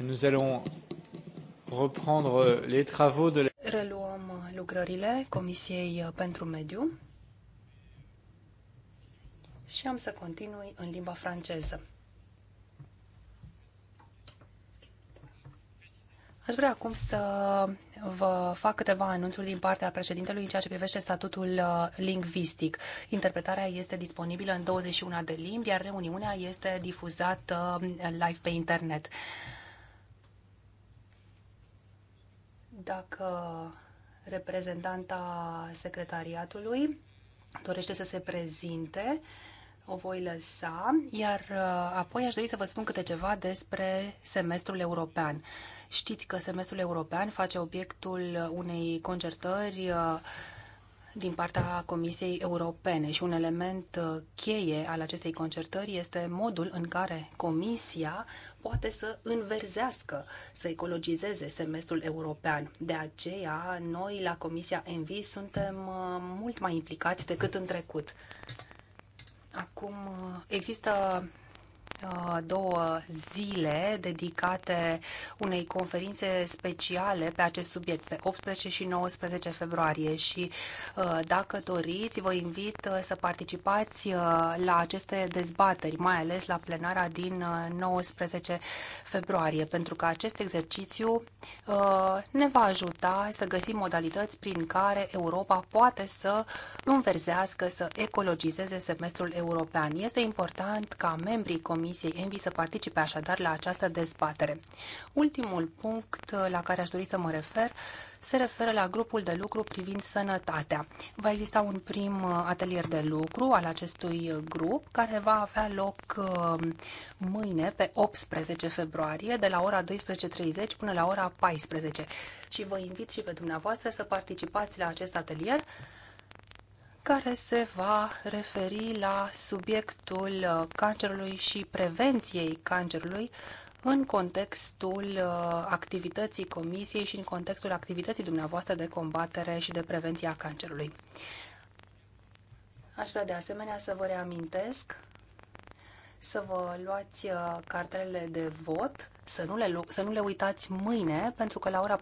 Nous allons reprendre les travaux de la... Reluăm lucrările Comisiei pentru Mediu și am să continui în limba franceză. vrea acum să vă fac câteva anunțuri din partea președintelui în ceea ce privește statutul uh, lingvistic. Interpretarea este disponibilă în 21 de limbi, iar reuniunea este difuzată uh, live pe internet. Dacă reprezentanta secretariatului dorește să se prezinte, o voi lăsa, iar uh, apoi aș dori să vă spun câte ceva despre semestrul european. Știți că semestrul european face obiectul unei concertări uh, din partea Comisiei Europene și un element uh, cheie al acestei concertări este modul în care Comisia poate să înverzească, să ecologizeze semestrul european. De aceea, noi la Comisia Envi suntem mult mai implicați decât în trecut. Acum uh, există Uh, două zile dedicate unei conferințe speciale pe acest subiect, pe 18 și 19 februarie și uh, dacă doriți, vă invit uh, să participați la aceste dezbateri, mai ales la plenara din 19 februarie, pentru că acest exercițiu ne va ajuta să găsim modalități prin care Europa poate să înverzească, să ecologizeze semestrul european. Este important ca membrii Comisiei Comisiei Envi să participe așadar la această dezbatere. Ultimul punct la care aș dori să mă refer se referă la grupul de lucru privind sănătatea. Va exista un prim uh, atelier de lucru al acestui grup care va avea loc uh, mâine pe 18 februarie de la ora 12.30 până la ora 14 și vă invit și pe dumneavoastră să participați la acest atelier care se va referi la subiectul uh, cancerului și prevenției cancerului în contextul uh, activității comisiei și în contextul activității dumneavoastră de combatere și de prevenție a cancerului. Aș vrea de asemenea să vă reamintesc să vă luați uh, cartelele de vot, să nu le, să nu le uitați mâine, pentru că la ora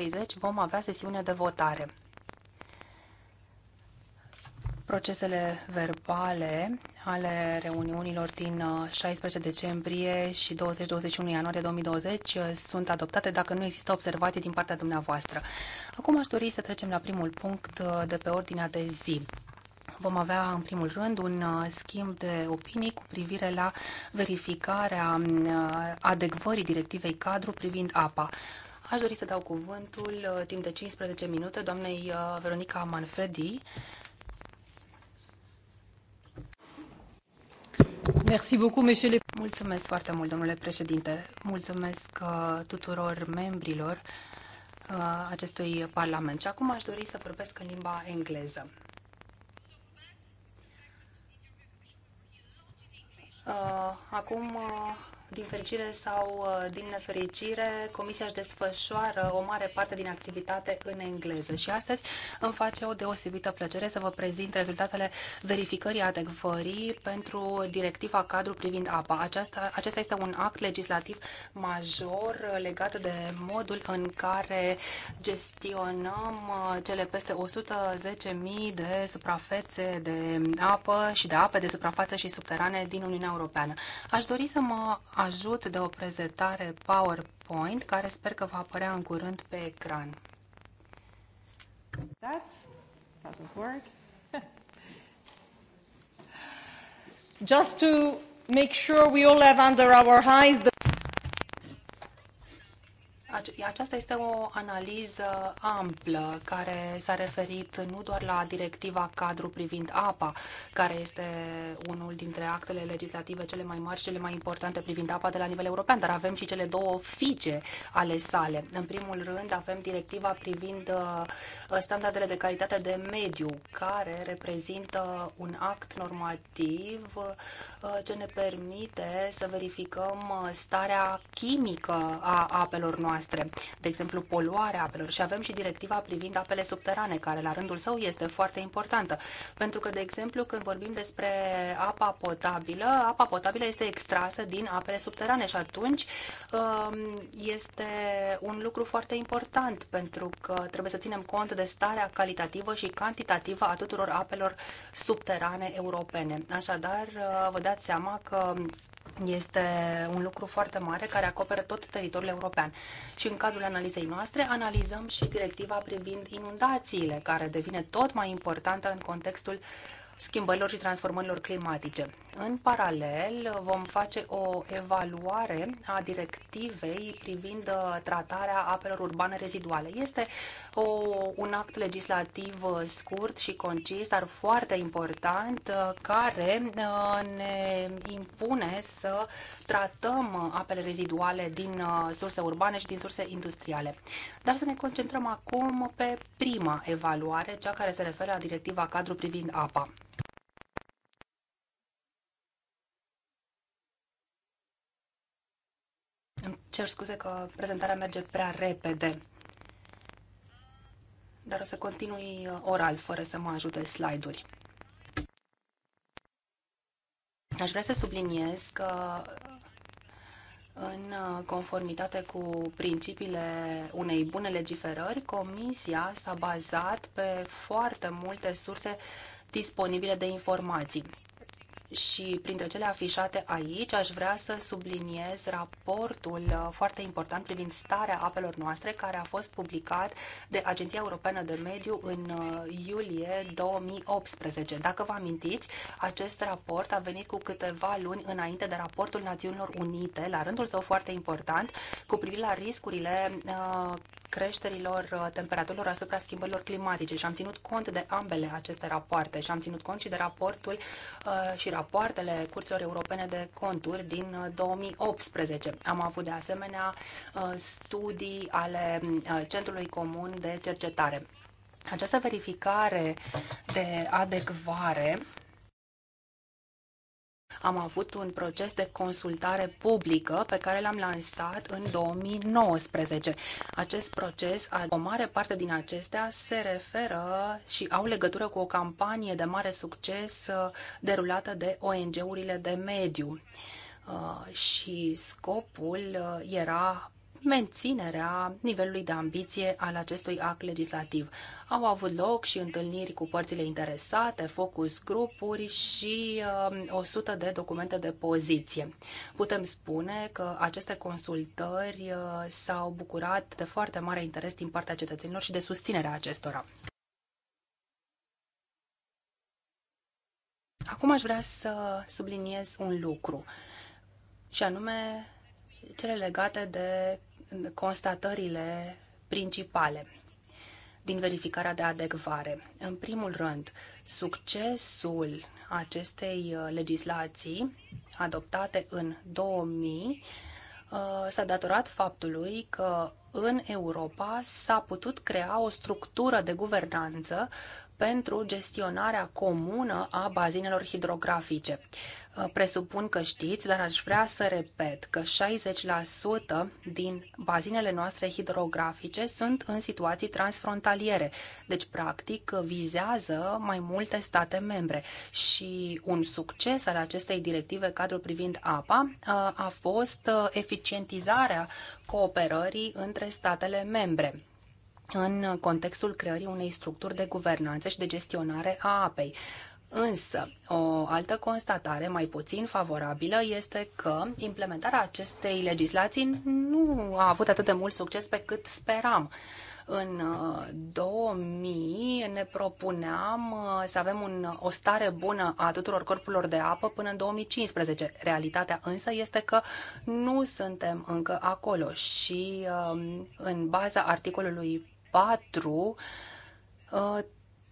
14.30 vom avea sesiune de votare procesele verbale ale reuniunilor din 16 uh, decembrie și 20-21 ianuarie 2020 uh, sunt adoptate dacă nu există observații din partea dumneavoastră. Acum aș dori să trecem la primul punct uh, de pe ordinea de zi. Vom avea în primul rând un schimb de opinii cu privire la verificarea adecvării directivei cadru privind apa. Aș dori să dau cuvântul timp de 15 minute doamnei Veronica Manfredi, Mulțumesc foarte mult, domnule președinte. Mulțumesc uh, tuturor membrilor uh, acestui parlament. Și acum aș dori să vorbesc în limba engleză. Uh, acum din fericire sau uh, din nefericire, comisia își desfășoară o mare parte din activitate în engleză și astăzi îmi face o deosebită plăcere să vă prezint rezultatele verificării adecvării pentru directiva cadru privind apa. Aceasta, acesta este un act legislativ major legat de modul în care gestionăm uh, cele peste 110.000 de suprafețe de apă și de ape de suprafață și subterane din Uniunea Europeană. Aș dori să mă ajut de o prezentare PowerPoint care sper că va apărea în curând pe ecran. That doesn't work. Just to make sure we all have under our eyes the aceasta este o analiză amplă care s-a referit nu doar la directiva cadru privind apa, care este unul dintre actele legislative cele mai mari și cele mai importante privind apa de la nivel european, dar avem și cele două fice ale sale. În primul rând avem directiva privind uh, standardele de calitate de mediu, care reprezintă un act normativ uh, ce ne permite să verificăm uh, starea chimică a apelor noastre noastre, de exemplu poluarea apelor și avem și directiva privind apele subterane, care la rândul său este foarte importantă, pentru că, de exemplu, când vorbim despre apa potabilă, apa potabilă este extrasă din apele subterane și atunci um, este un lucru foarte important pentru că trebuie să ținem cont de starea calitativă și cantitativă a tuturor apelor subterane europene. Așadar, uh, vă dați seama că este un lucru foarte mare care acoperă tot teritoriul european. Și în cadrul analizei noastre analizăm și directiva privind inundațiile, care devine tot mai importantă în contextul schimbărilor și transformărilor climatice. În paralel, vom face o evaluare a directivei privind uh, tratarea apelor urbane reziduale. Este o, un act legislativ uh, scurt și concis, dar foarte important, uh, care ne impune să tratăm apele reziduale din surse urbane și din surse industriale. Dar să ne concentrăm acum pe prima evaluare, cea care se referă la directiva cadru privind apa. Îmi cer scuze că prezentarea merge prea repede, dar o să continui uh, oral, fără să mă ajute slide-uri. Aș vrea să subliniez că în uh, conformitate cu principiile unei bune legiferări, Comisia s-a bazat pe foarte multe surse disponibile de informații și printre cele afișate aici aș vrea să subliniez raportul uh, foarte important privind starea apelor noastre care a fost publicat de Agenția Europeană de Mediu în uh, iulie 2018. Dacă vă amintiți, acest raport a venit cu câteva luni înainte de raportul Națiunilor Unite, la rândul său foarte important, cu privire la riscurile uh, creșterilor uh, temperaturilor asupra schimbărilor climatice și am ținut cont de ambele aceste rapoarte și am ținut cont și de raportul uh, și rapoartele Curților Europene de Conturi din 2018. Uh, am avut de asemenea studii ale Centrului Comun de Cercetare. Această verificare de adecvare am avut un proces de consultare publică pe care l-am lansat în 2019. Acest proces, o mare parte din acestea se referă și au legătură cu o campanie de mare succes uh, derulată de ONG-urile de mediu uh, și scopul uh, era menținerea nivelului de ambiție al acestui act legislativ. Au avut loc și întâlniri cu părțile interesate, focus grupuri și uh, um, 100 de documente de poziție. Putem spune că aceste consultări uh, s-au bucurat de foarte mare interes din partea cetățenilor și de susținerea acestora. Acum aș vrea să subliniez un lucru, și anume cele legate de constatările principale din verificarea de adecvare. În primul rând, succesul acestei uh, legislații adoptate în 2000 uh, s-a datorat faptului că în Europa s-a putut crea o structură de guvernanță pentru gestionarea comună a bazinelor hidrografice. Uh, presupun că știți, dar aș vrea să repet că 60% din bazinele noastre hidrografice sunt în situații transfrontaliere, deci practic vizează mai multe state membre și un succes al acestei directive cadru privind apa uh, a fost uh, eficientizarea cooperării între statele membre în contextul creării unei structuri de guvernanță și de gestionare a apei. Însă, o altă constatare mai puțin favorabilă este că implementarea acestei legislații nu a avut atât de mult succes pe cât speram. În 2000 uh, ne propuneam uh, să avem un, o stare bună a tuturor corpurilor de apă până în 2015. Realitatea însă este că nu suntem încă acolo și um, în baza articolului 4 uh,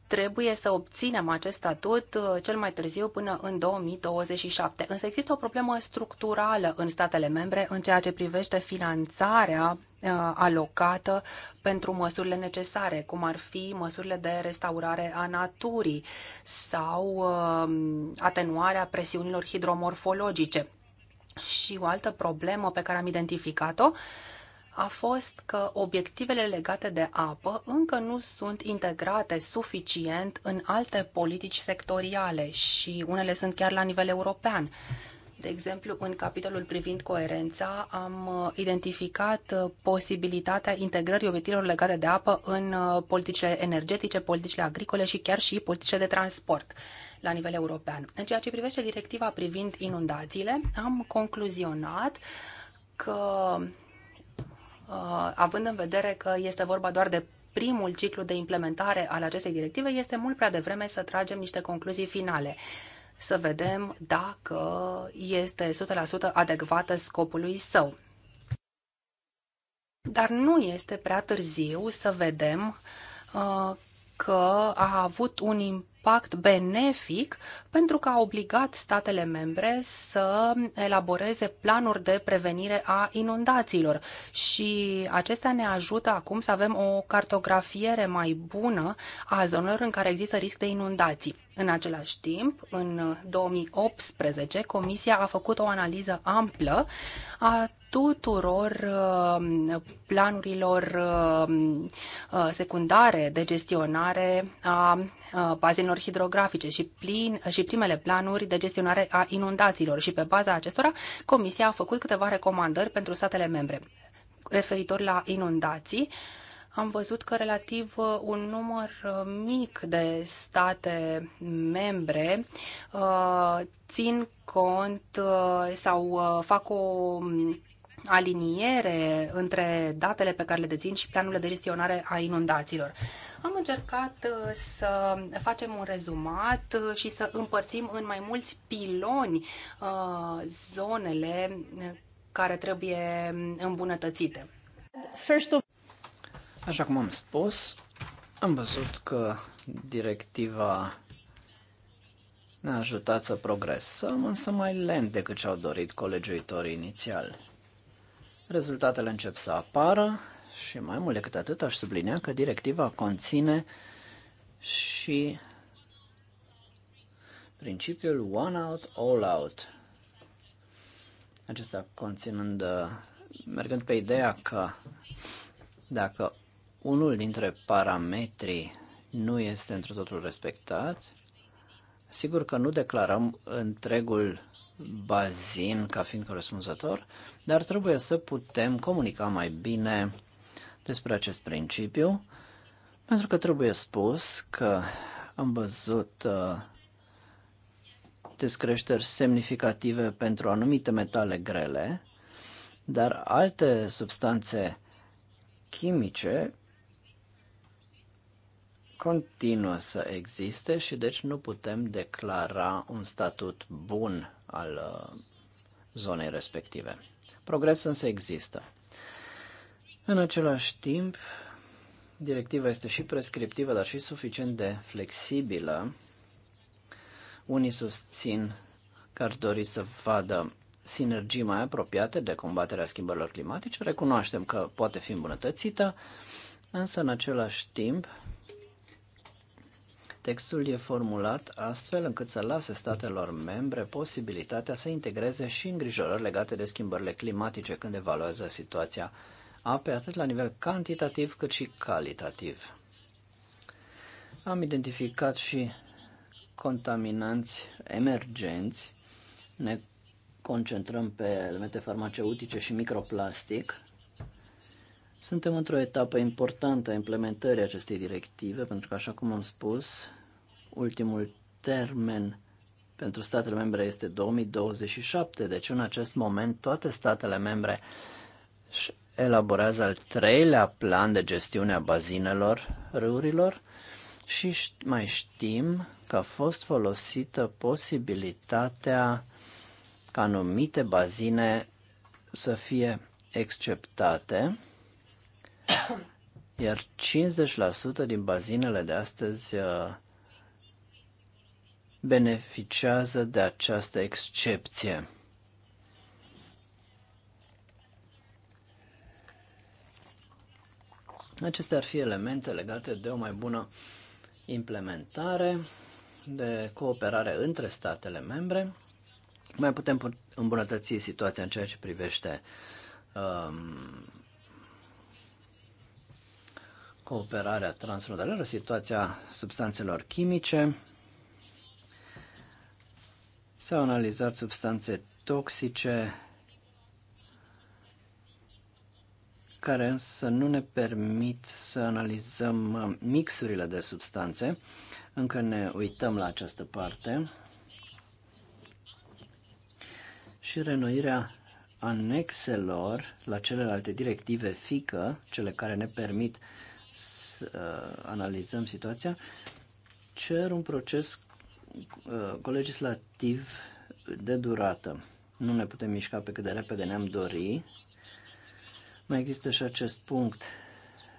trebuie să obținem acest statut uh, cel mai târziu până în 2027. Însă există o problemă structurală în statele membre în ceea ce privește finanțarea uh, alocată pentru măsurile necesare, cum ar fi măsurile de restaurare a naturii sau atenuarea presiunilor hidromorfologice. Și o altă problemă pe care am identificat-o a fost că obiectivele legate de apă încă nu sunt integrate suficient în alte politici sectoriale și unele sunt chiar la nivel european. De exemplu, în capitolul privind coerența am identificat posibilitatea integrării obiectivelor legate de apă în uh, politicile energetice, politicile agricole și chiar și politicile de transport la nivel european. În ceea ce privește directiva privind inundațiile, am concluzionat că Uh, având în vedere că este vorba doar de primul ciclu de implementare al acestei directive, este mult prea devreme să tragem niște concluzii finale să vedem dacă este 100% adecvată scopului său. Dar nu este prea târziu să vedem uh, că a avut un impact impact benefic pentru că a obligat statele membre să elaboreze planuri de prevenire a inundațiilor și acestea ne ajută acum să avem o cartografiere mai bună a zonelor în care există risc de inundații. În același timp, în 2018, uh, Comisia a făcut o analiză amplă a tuturor uh, planurilor uh, secundare de gestionare a bazinelor hidrografice și, plin, și primele planuri de gestionare a inundațiilor și pe baza acestora Comisia a făcut câteva recomandări pentru statele membre referitor la inundații. Uh, am văzut că relativ uh, un număr uh, mic de state membre uh, țin cont sau fac o mm, aliniere între datele pe care le dețin și planurile de gestionare a inundațiilor. Am încercat să facem un rezumat și să împărțim în mai mulți piloni zonele care trebuie mm, îmbunătățite. First of Așa cum am spus, am văzut că directiva ne-a ajutat să progresăm, însă mai lent decât ce-au dorit colegiuitorii inițial. Rezultatele încep să apară și mai mult decât atât aș sublinea că directiva conține și principiul one out, all out. Acesta conținând, mergând pe ideea că dacă unul dintre parametrii nu este într totul respectat, sigur că nu declarăm întregul bazin ca fiind corespunzător, dar trebuie să putem comunica mai bine despre acest principiu, pentru că trebuie spus că am văzut uh, descreșteri semnificative pentru anumite metale grele, dar alte substanțe chimice continuă să existe și deci nu putem declara un statut bun al uh, zonei respective. Progres însă există. În același timp, directiva este și prescriptivă, dar și suficient de flexibilă. Unii susțin că ar dori să vadă sinergii mai apropiate de combaterea schimbărilor climatice. Recunoaștem că poate fi îmbunătățită, însă în același timp Textul e formulat astfel încât să lase statelor membre posibilitatea să integreze și îngrijorări legate de schimbările climatice când evaluează situația apei, atât la nivel cantitativ cât și calitativ. Am identificat și contaminanți emergenți. Ne concentrăm pe elemente farmaceutice și microplastic. Suntem într-o etapă importantă a implementării acestei directive, pentru că, așa cum am spus, Ultimul termen pentru statele membre este 2027, deci în acest moment toate statele membre își elaborează al treilea plan de gestiune a bazinelor râurilor și mai știm că a fost folosită posibilitatea ca anumite bazine să fie exceptate, iar 50% din bazinele de astăzi uh, beneficiază de această excepție. Acestea ar fi elemente legate de o mai bună implementare, de cooperare între statele membre. Mai putem îmbunătăți situația în ceea ce privește um, cooperarea transfrontalieră, situația substanțelor chimice, S-au analizat substanțe toxice care însă nu ne permit să analizăm uh, mixurile de substanțe. Încă ne uităm la această parte. Și renoirea anexelor la celelalte directive FICA, cele care ne permit să uh, analizăm situația, cer un proces Uh, colegislativ de durată. Nu ne putem mișca pe cât de repede ne-am dori. Mai există și acest punct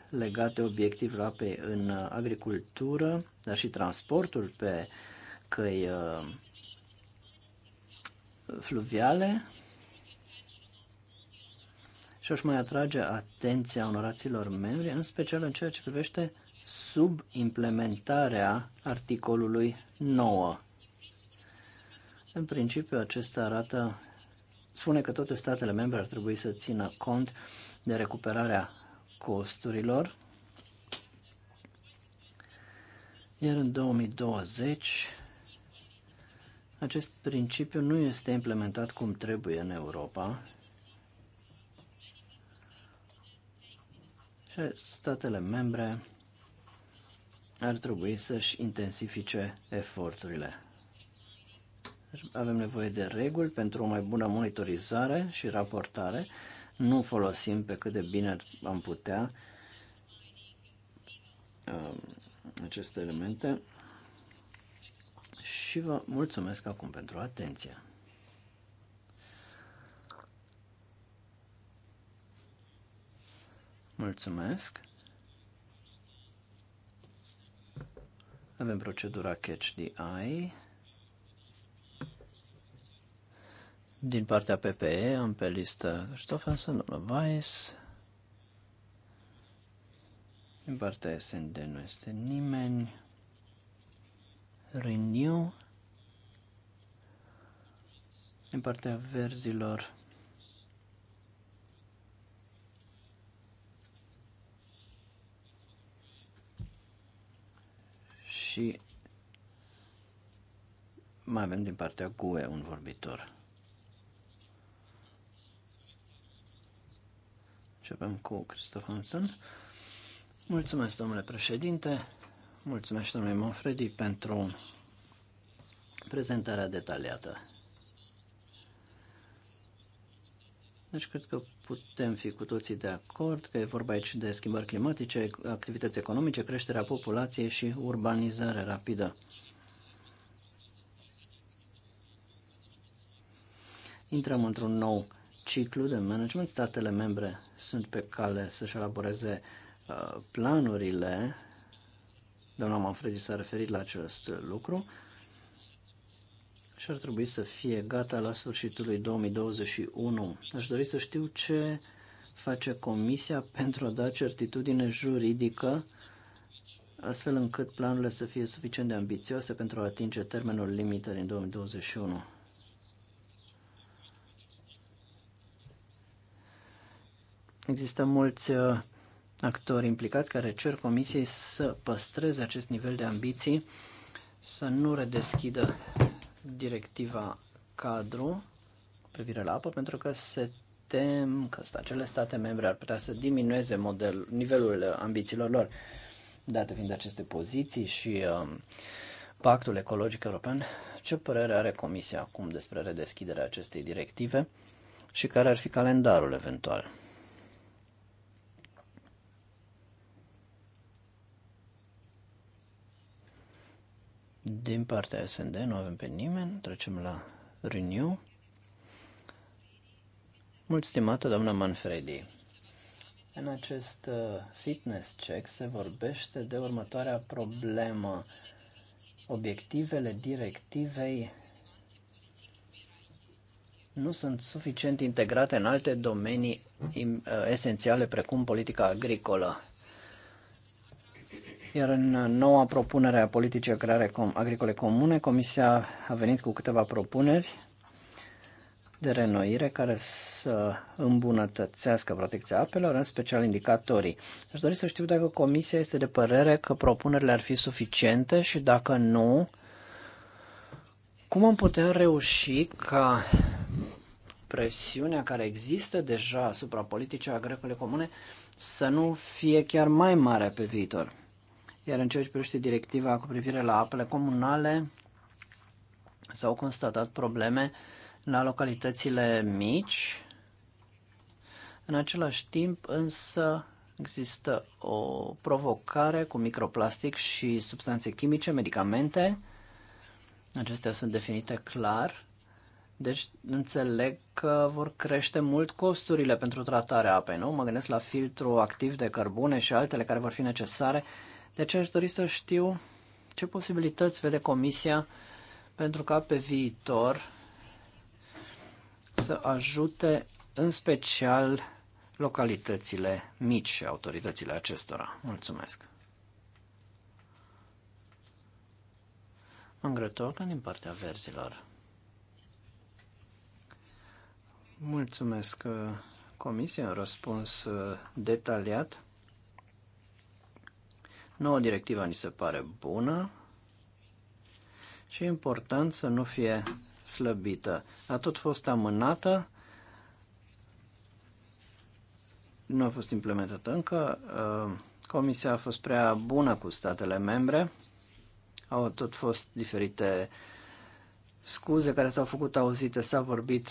legat de obiectivul apei în uh, agricultură, dar și transportul pe căi uh, fluviale. Și aș mai atrage atenția onoraților membri, în special în ceea ce privește sub implementarea articolului 9. În principiu, acesta arată, spune că toate statele membre ar trebui să țină cont de recuperarea costurilor, iar în 2020 acest principiu nu este implementat cum trebuie în Europa, statele membre ar trebui să-și intensifice eforturile. Avem nevoie de reguli pentru o mai bună monitorizare și raportare. Nu folosim pe cât de bine am putea um, aceste elemente și vă mulțumesc acum pentru atenție. Mulțumesc. Avem procedura Catch the Eye. Din partea PPE am pe listă Stoffensen, domnul Weiss. Din partea SND nu este nimeni. Renew. Din partea verzilor și mai avem din partea GUE un vorbitor. Începem cu Christoph Hansen. Mulțumesc, domnule președinte. Mulțumesc, domnule Monfredi, pentru prezentarea detaliată. Deci cred că putem fi cu toții de acord că e vorba aici de schimbări climatice, activități economice, creșterea populației și urbanizare rapidă. Intrăm într-un nou ciclu de management. Statele membre sunt pe cale să-și elaboreze uh, planurile. Doamna Manfredi s-a referit la acest lucru și ar trebui să fie gata la sfârșitul lui 2021. Aș dori să știu ce face Comisia pentru a da certitudine juridică astfel încât planurile să fie suficient de ambițioase pentru a atinge termenul limită din 2021. Există mulți uh, actori implicați care cer Comisiei să păstreze acest nivel de ambiții, să nu redeschidă directiva cadru cu privire la apă pentru că se tem că acele state membre ar putea să diminueze model, nivelul ambițiilor lor. Date fiind aceste poziții și um, pactul ecologic european, ce părere are Comisia acum despre redeschiderea acestei directive și care ar fi calendarul eventual? Din partea SND nu avem pe nimeni, trecem la Renew. Mult stimată doamna Manfredi, în acest uh, fitness check se vorbește de următoarea problemă. Obiectivele directivei nu sunt suficient integrate în alte domenii uh, esențiale precum politica agricolă. Iar în noua propunere a politicii agrare creare agricole comune, Comisia a venit cu câteva propuneri de renoire care să îmbunătățească protecția apelor, în special indicatorii. Aș dori să știu dacă Comisia este de părere că propunerile ar fi suficiente și dacă nu, cum am putea reuși ca presiunea care există deja asupra politicii agricole comune să nu fie chiar mai mare pe viitor? Iar în ceea ce privește directiva cu privire la apele comunale, s-au constatat probleme la localitățile mici. În același timp, însă, există o provocare cu microplastic și substanțe chimice, medicamente. Acestea sunt definite clar. Deci înțeleg că vor crește mult costurile pentru tratarea apei, nu? Mă gândesc la filtru activ de cărbune și altele care vor fi necesare. De aceea aș dori să știu ce posibilități vede Comisia pentru ca pe viitor să ajute în special localitățile mici și autoritățile acestora. Mulțumesc! Îngrătorca din partea verzilor. Mulțumesc Comisia, un răspuns uh, detaliat. Noua directivă ni se pare bună și e important să nu fie slăbită. A tot fost amânată, nu a fost implementată încă. Uh, comisia a fost prea bună cu statele membre. Au tot fost diferite scuze care s-au făcut auzite, s-a vorbit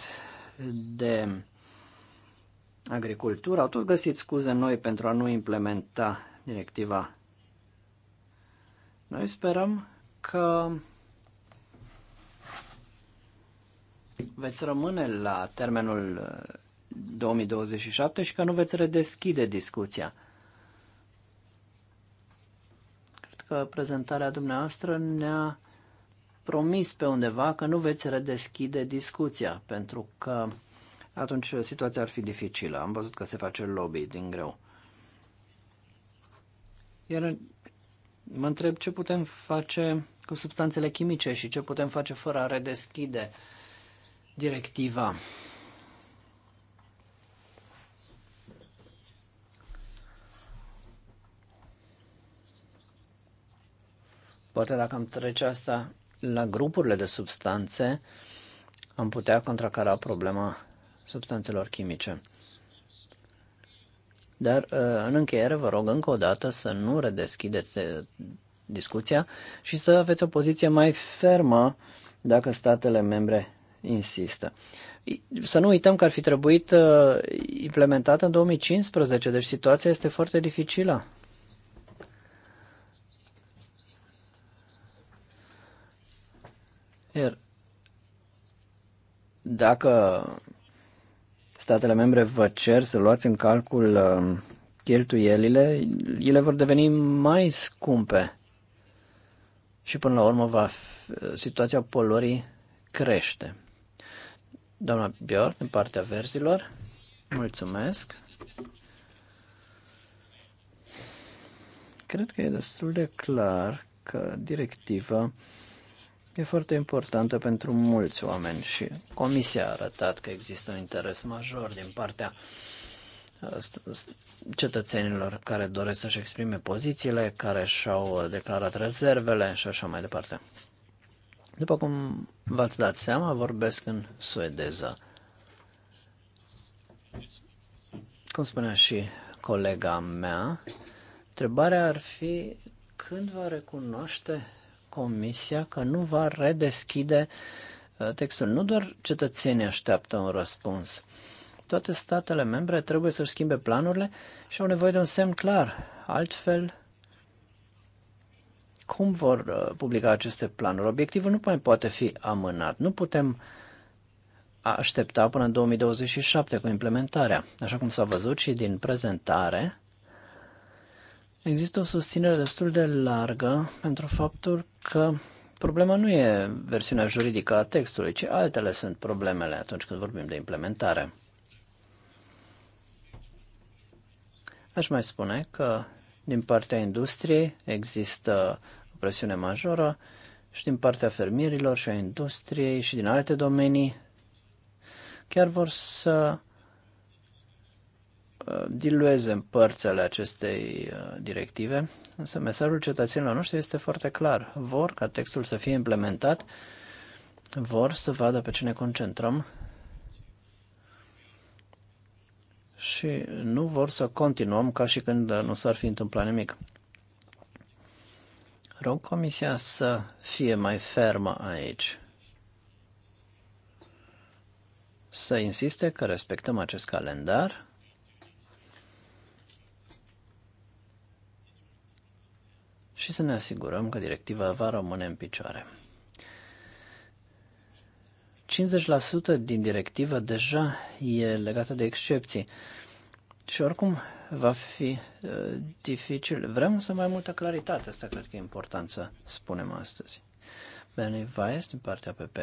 de agricultură. Au tot găsit scuze noi pentru a nu implementa directiva noi sperăm că veți rămâne la termenul 2027 uh, și că nu veți redeschide discuția. Cred că prezentarea dumneavoastră ne-a promis pe undeva că nu veți redeschide discuția, pentru că atunci situația ar fi dificilă. Am văzut că se face lobby din greu. Iar Mă întreb ce putem face cu substanțele chimice și ce putem face fără a redeschide directiva. Poate dacă am trece asta la grupurile de substanțe, am putea contracara problema substanțelor chimice. Dar uh, în încheiere vă rog încă o dată să nu redeschideți uh, discuția și să aveți o poziție mai fermă dacă statele membre insistă. Să nu uităm că ar fi trebuit uh, implementată în 2015, deci situația este foarte dificilă. Iar dacă statele membre vă cer să luați în calcul um, cheltuielile, ele vor deveni mai scumpe. Și până la urmă va fi, situația poluării crește. Doamna Bior, din partea verzilor, mulțumesc. Cred că e destul de clar că directiva e foarte importantă pentru mulți oameni și Comisia a arătat că există un interes major din partea uh, cetățenilor care doresc să-și exprime pozițiile, care și-au declarat rezervele și așa mai departe. După cum v-ați dat seama, vorbesc în suedeză. Cum spunea și colega mea, întrebarea ar fi când va recunoaște Comisia că nu va redeschide uh, textul. Nu doar cetățenii așteaptă un răspuns. Toate statele membre trebuie să-și schimbe planurile și au nevoie de un semn clar. Altfel, cum vor uh, publica aceste planuri? Obiectivul nu mai poate fi amânat. Nu putem aștepta până în 2027 cu implementarea. Așa cum s-a văzut și din prezentare, Există o susținere destul de largă pentru faptul că problema nu e versiunea juridică a textului, ci altele sunt problemele atunci când vorbim de implementare. Aș mai spune că din partea industriei există o presiune majoră și din partea fermierilor și a industriei și din alte domenii chiar vor să Uh, dilueze părțile acestei uh, directive, însă mesajul cetățenilor noștri este foarte clar. Vor ca textul să fie implementat, vor să vadă pe ce ne concentrăm și nu vor să continuăm ca și când nu s-ar fi întâmplat nimic. Rog Comisia să fie mai fermă aici. Să insiste că respectăm acest calendar și să ne asigurăm că directiva va rămâne în picioare. 50% din directivă deja e legată de excepții și oricum va fi uh, dificil. Vrem să mai multă claritate, asta cred că e important să spunem astăzi. Benny Weiss din partea PP.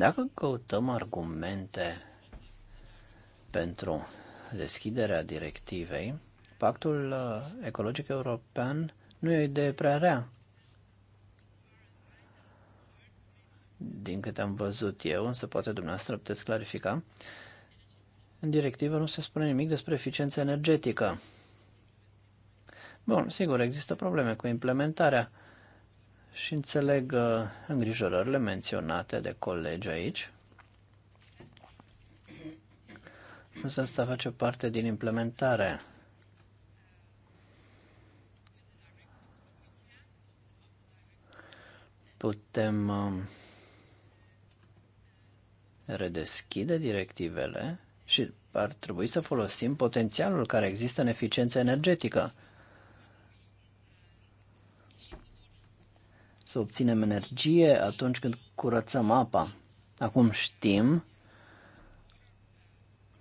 Dacă căutăm argumente pentru deschiderea directivei, pactul uh, ecologic european nu e o idee prea rea. Din câte am văzut eu, însă poate dumneavoastră puteți clarifica, în directivă nu se spune nimic despre eficiență energetică. Bun, sigur, există probleme cu implementarea, și înțeleg uh, îngrijorările menționate de colegi aici. Însă asta face parte din implementare. Putem um, redeschide directivele și ar trebui să folosim potențialul care există în eficiență energetică. să obținem energie atunci când curățăm apa. Acum știm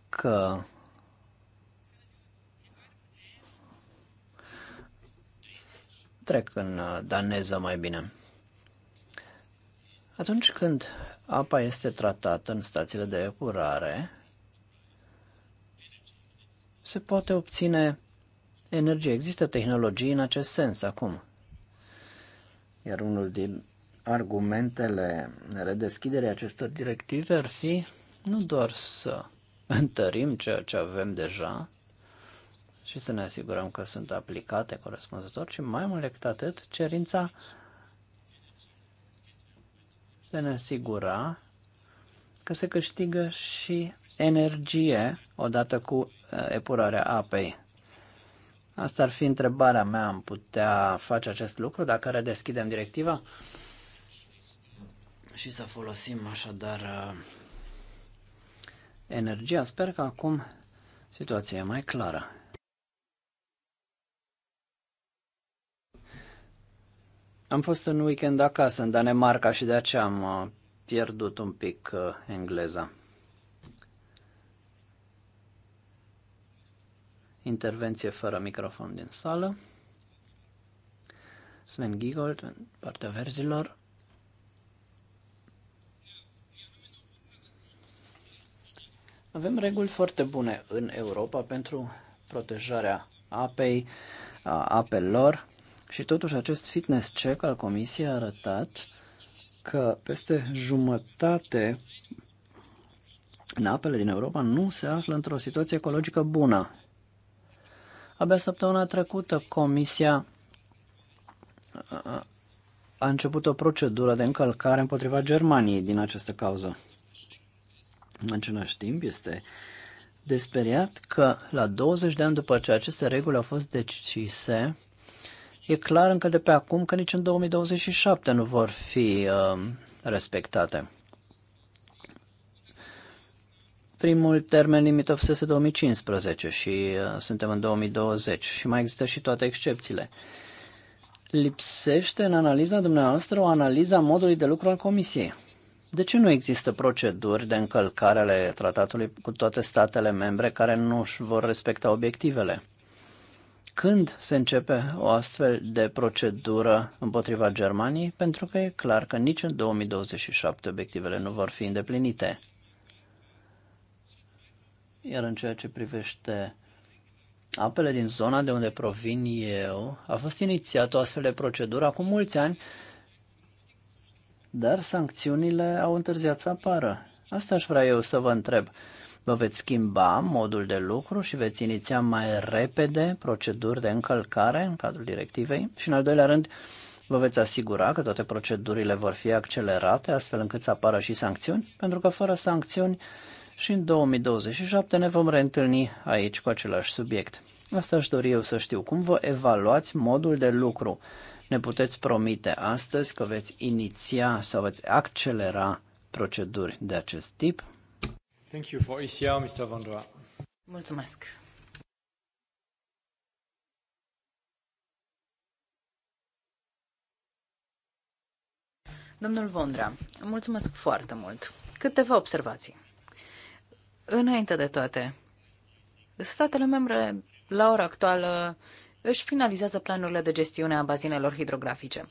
că trec în uh, daneză mai bine. Atunci când apa este tratată în stațiile de epurare, se poate obține energie. Există tehnologii în acest sens acum. Iar unul din argumentele redeschiderii acestor directive ar fi nu doar să întărim ceea ce avem deja și să ne asigurăm că sunt aplicate corespunzător, ci mai mult decât atât cerința de ne asigura că se câștigă și energie odată cu uh, epurarea apei. Asta ar fi întrebarea mea, am putea face acest lucru dacă redeschidem directiva și să folosim așadar uh, energia. Sper că acum situația e mai clară. Am fost în weekend acasă în Danemarca și de aceea am uh, pierdut un pic uh, engleza. Intervenție fără microfon din sală. Sven Giegold, partea verzilor. Avem reguli foarte bune în Europa pentru protejarea apei, a apelor și totuși acest fitness check al Comisiei a arătat că peste jumătate în apele din Europa nu se află într-o situație ecologică bună. Abia săptămâna trecută Comisia a început o procedură de încălcare împotriva Germaniei din această cauză. În același timp, este desperiat că la 20 de ani după ce aceste reguli au fost decise, e clar încă de pe acum că nici în 2027 nu vor fi uh, respectate primul termen limită fusese 2015 și uh, suntem în 2020 și mai există și toate excepțiile. Lipsește în analiza dumneavoastră o analiză a modului de lucru al Comisiei. De ce nu există proceduri de încălcare ale tratatului cu toate statele membre care nu își vor respecta obiectivele? Când se începe o astfel de procedură împotriva Germaniei? Pentru că e clar că nici în 2027 obiectivele nu vor fi îndeplinite. Iar în ceea ce privește apele din zona de unde provin eu, a fost inițiată o astfel de procedură acum mulți ani, dar sancțiunile au întârziat să apară. Asta aș vrea eu să vă întreb. Vă veți schimba modul de lucru și veți iniția mai repede proceduri de încălcare în cadrul directivei? Și în al doilea rând, vă veți asigura că toate procedurile vor fi accelerate astfel încât să apară și sancțiuni? Pentru că fără sancțiuni și în 2027 ne vom reîntâlni aici cu același subiect. Asta aș dori eu să știu. Cum vă evaluați modul de lucru? Ne puteți promite astăzi că veți iniția sau veți accelera proceduri de acest tip? Thank you for ICA, Mr. Vandua. Mulțumesc. Domnul Vondra, mulțumesc foarte mult. Câteva observații. Înainte de toate, statele membre la ora actuală își finalizează planurile de gestiune a bazinelor hidrografice.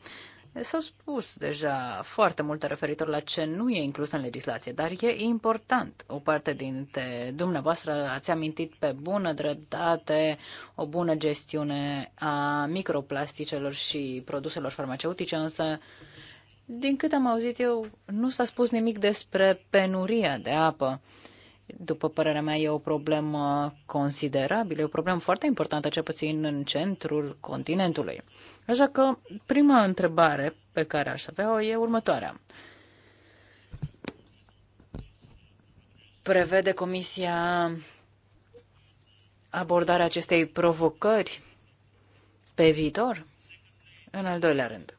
S-au spus deja foarte multe referitor la ce nu e inclus în legislație, dar e important. O parte dintre dumneavoastră ați amintit pe bună dreptate o bună gestiune a microplasticelor și produselor farmaceutice, însă din câte am auzit eu, nu s-a spus nimic despre penuria de apă. Uh, după părerea mea, e o problemă considerabilă, e o problemă foarte importantă, cel puțin în centrul continentului. Așa că prima întrebare pe care aș avea-o e următoarea. Prevede Comisia abordarea acestei provocări pe viitor? În al doilea rând,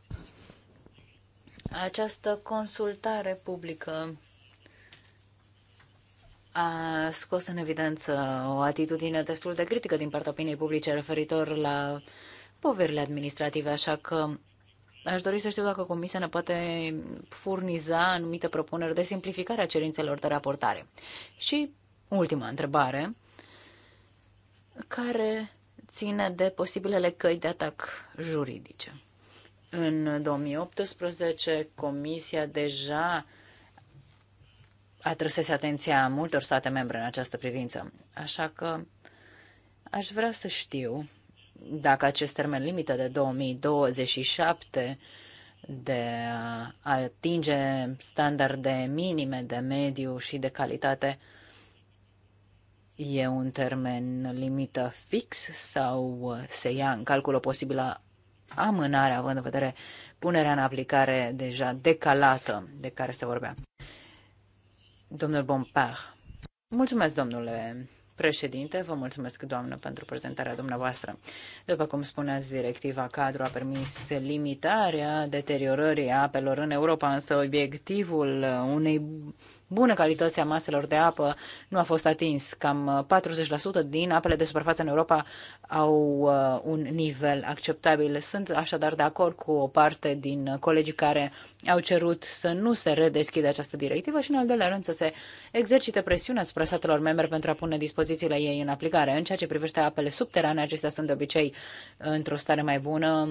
această consultare publică a scos în evidență o atitudine destul de critică din partea opiniei publice referitor la poverile administrative, așa că aș dori să știu dacă Comisia ne poate furniza anumite propuneri de simplificare a cerințelor de raportare. Și ultima întrebare, care ține de posibilele căi de atac juridice. În 2018, Comisia deja atrăsese atenția multor state membre în această privință. Așa că aș vrea să știu dacă acest termen limită de 2027 de a atinge standarde minime de mediu și de calitate e un termen limită fix sau se ia în calcul o posibilă amânare având în vedere punerea în aplicare deja decalată de care se vorbea? Domnul Bompard. Mulțumesc, domnule președinte, vă mulțumesc, doamnă, pentru prezentarea dumneavoastră. După cum spuneați, directiva cadru a permis limitarea deteriorării apelor în Europa, însă obiectivul unei bună calitate a maselor de apă nu a fost atins. Cam 40% uh, din apele de suprafață în Europa au uh, un nivel acceptabil. Sunt așadar de acord cu o parte din colegii care au cerut să nu se redeschide această directivă și, în al doilea rând, să se exercite presiune asupra statelor membre pentru a pune dispozițiile ei în aplicare. În ceea ce privește apele subterane, acestea sunt de obicei într-o stare mai bună.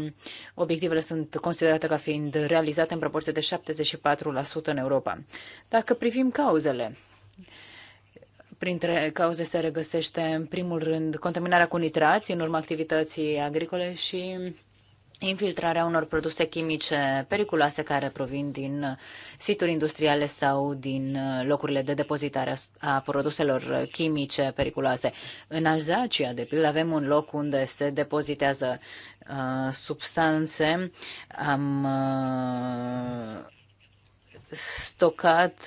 Obiectivele sunt considerate ca fiind realizate în proporție de 74% în Europa. Dacă privim sunt cauzele. Printre cauze se regăsește, în primul rând, contaminarea cu nitrați în urma activității agricole și infiltrarea unor produse chimice periculoase care provin din situri industriale sau din locurile de depozitare a produselor chimice periculoase. În Alzacia, de pildă, avem un loc unde se depozitează uh, substanțe. Am uh, stocat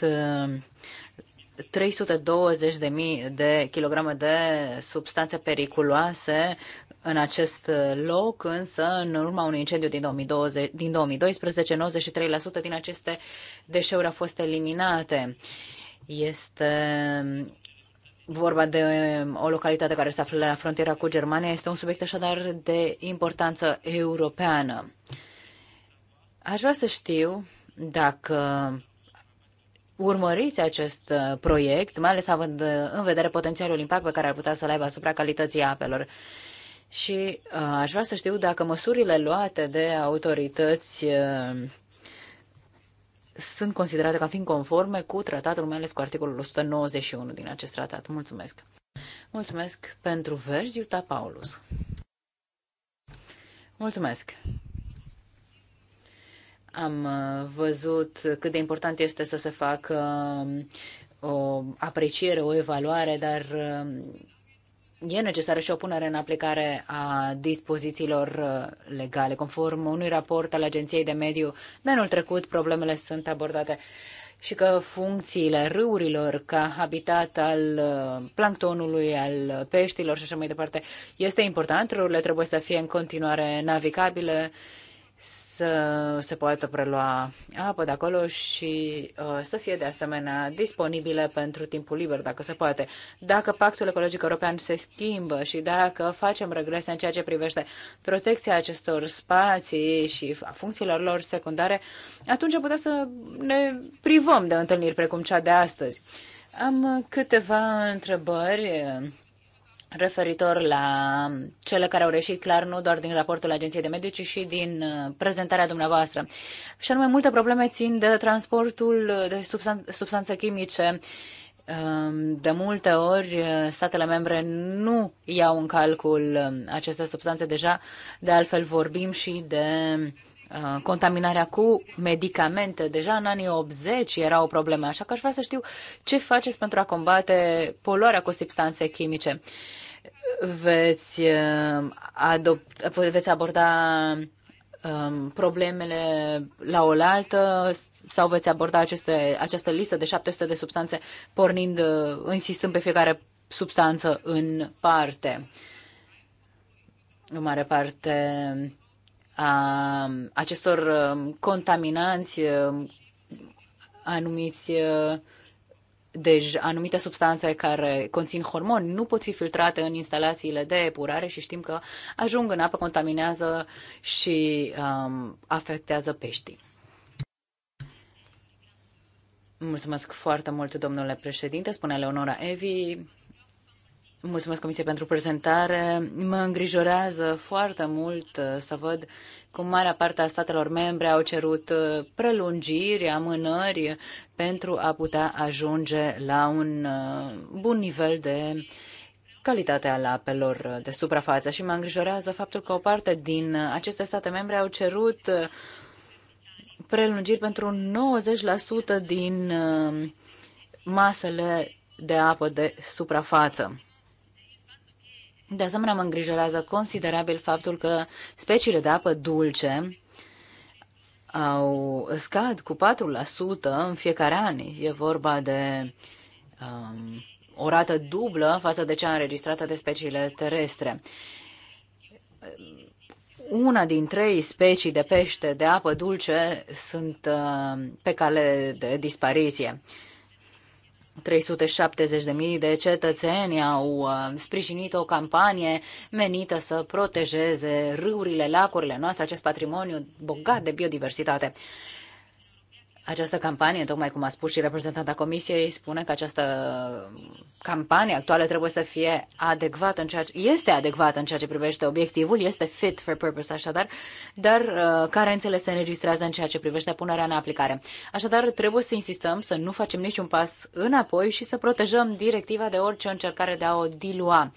320.000 uh, de kilograme de substanțe periculoase în acest loc, însă în urma unui incendiu din, 2020, din 2012, 93% din aceste deșeuri au fost eliminate. Este vorba de o localitate care se află la frontiera cu Germania. Este un subiect așadar de importanță europeană. Aș vrea să știu dacă urmăriți acest uh, proiect, mai ales având uh, în vedere potențialul impact pe care ar putea să-l aibă asupra calității apelor. Și uh, aș vrea să știu dacă măsurile luate de autorități sunt considerate ca fiind conforme cu tratatul, mai ales cu articolul 191 din acest tratat. Mulțumesc! Mulțumesc pentru verzi, Iuta Paulus! Mulțumesc! Am uh, văzut cât de important este să se facă um, o apreciere, o evaluare, dar um, e necesară și o punere în aplicare a dispozițiilor uh, legale. Conform unui raport al Agenției de Mediu de anul trecut, problemele sunt abordate și că funcțiile râurilor ca habitat al uh, planctonului, al peștilor și așa mai departe este important. Râurile trebuie să fie în continuare navigabile să se poată prelua apă de acolo și uh, să fie de asemenea disponibile pentru timpul liber, dacă se poate. Dacă pactul ecologic european se schimbă și dacă facem regrese în ceea ce privește protecția acestor spații și a funcțiilor lor secundare, atunci putem să ne privăm de întâlniri precum cea de astăzi. Am câteva întrebări uh, referitor la cele care au reșit clar nu doar din raportul Agenției de Mediu, ci și din uh, prezentarea dumneavoastră. Și anume, multe probleme țin de transportul de substan- substanțe chimice. Um, de multe ori, uh, statele membre nu iau în calcul um, aceste substanțe deja, de altfel vorbim și de Uh, contaminarea cu medicamente. Deja în anii 80 era o problemă, așa că aș vrea să știu ce faceți pentru a combate poluarea cu substanțe chimice. Veți, uh, adopt, veți aborda um, problemele la oaltă sau veți aborda aceste, această listă de 700 de substanțe pornind, uh, insistând pe fiecare substanță în parte. În mare parte, Um, acestor um, contaminanți um, anumiți deci anumite substanțe care conțin hormoni nu pot fi filtrate în instalațiile de epurare și știm că ajung în apă, contaminează și um, afectează peștii. Mulțumesc foarte mult, domnule președinte, spune Leonora Evi. Mulțumesc, Comisie, pentru prezentare. Mă îngrijorează foarte mult uh, să văd cum marea parte a statelor membre au cerut uh, prelungiri, amânări pentru a putea ajunge la un uh, bun nivel de calitate al apelor de suprafață. Și mă îngrijorează faptul că o parte din aceste state membre au cerut prelungiri pentru 90% din masele de apă de suprafață. De asemenea, mă îngrijorează considerabil faptul că speciile de apă dulce au scad cu 4% în fiecare an. E vorba de um, o rată dublă față de cea înregistrată de speciile terestre. Una din trei specii de pește de apă dulce sunt uh, pe cale de dispariție. Uh, 370.000 de cetățeni au uh, sprijinit o campanie menită să protejeze râurile, lacurile noastre, acest patrimoniu bogat de biodiversitate. Această campanie, tocmai cum a spus și reprezentanta comisiei, spune că această campanie actuală trebuie să fie adecvată în ceea ce, este adecvată în ceea ce privește obiectivul, este fit for purpose așadar, dar uh, carențele se înregistrează în ceea ce privește punerea în aplicare. Așadar, trebuie să insistăm să nu facem niciun pas înapoi și să protejăm directiva de orice încercare de a o dilua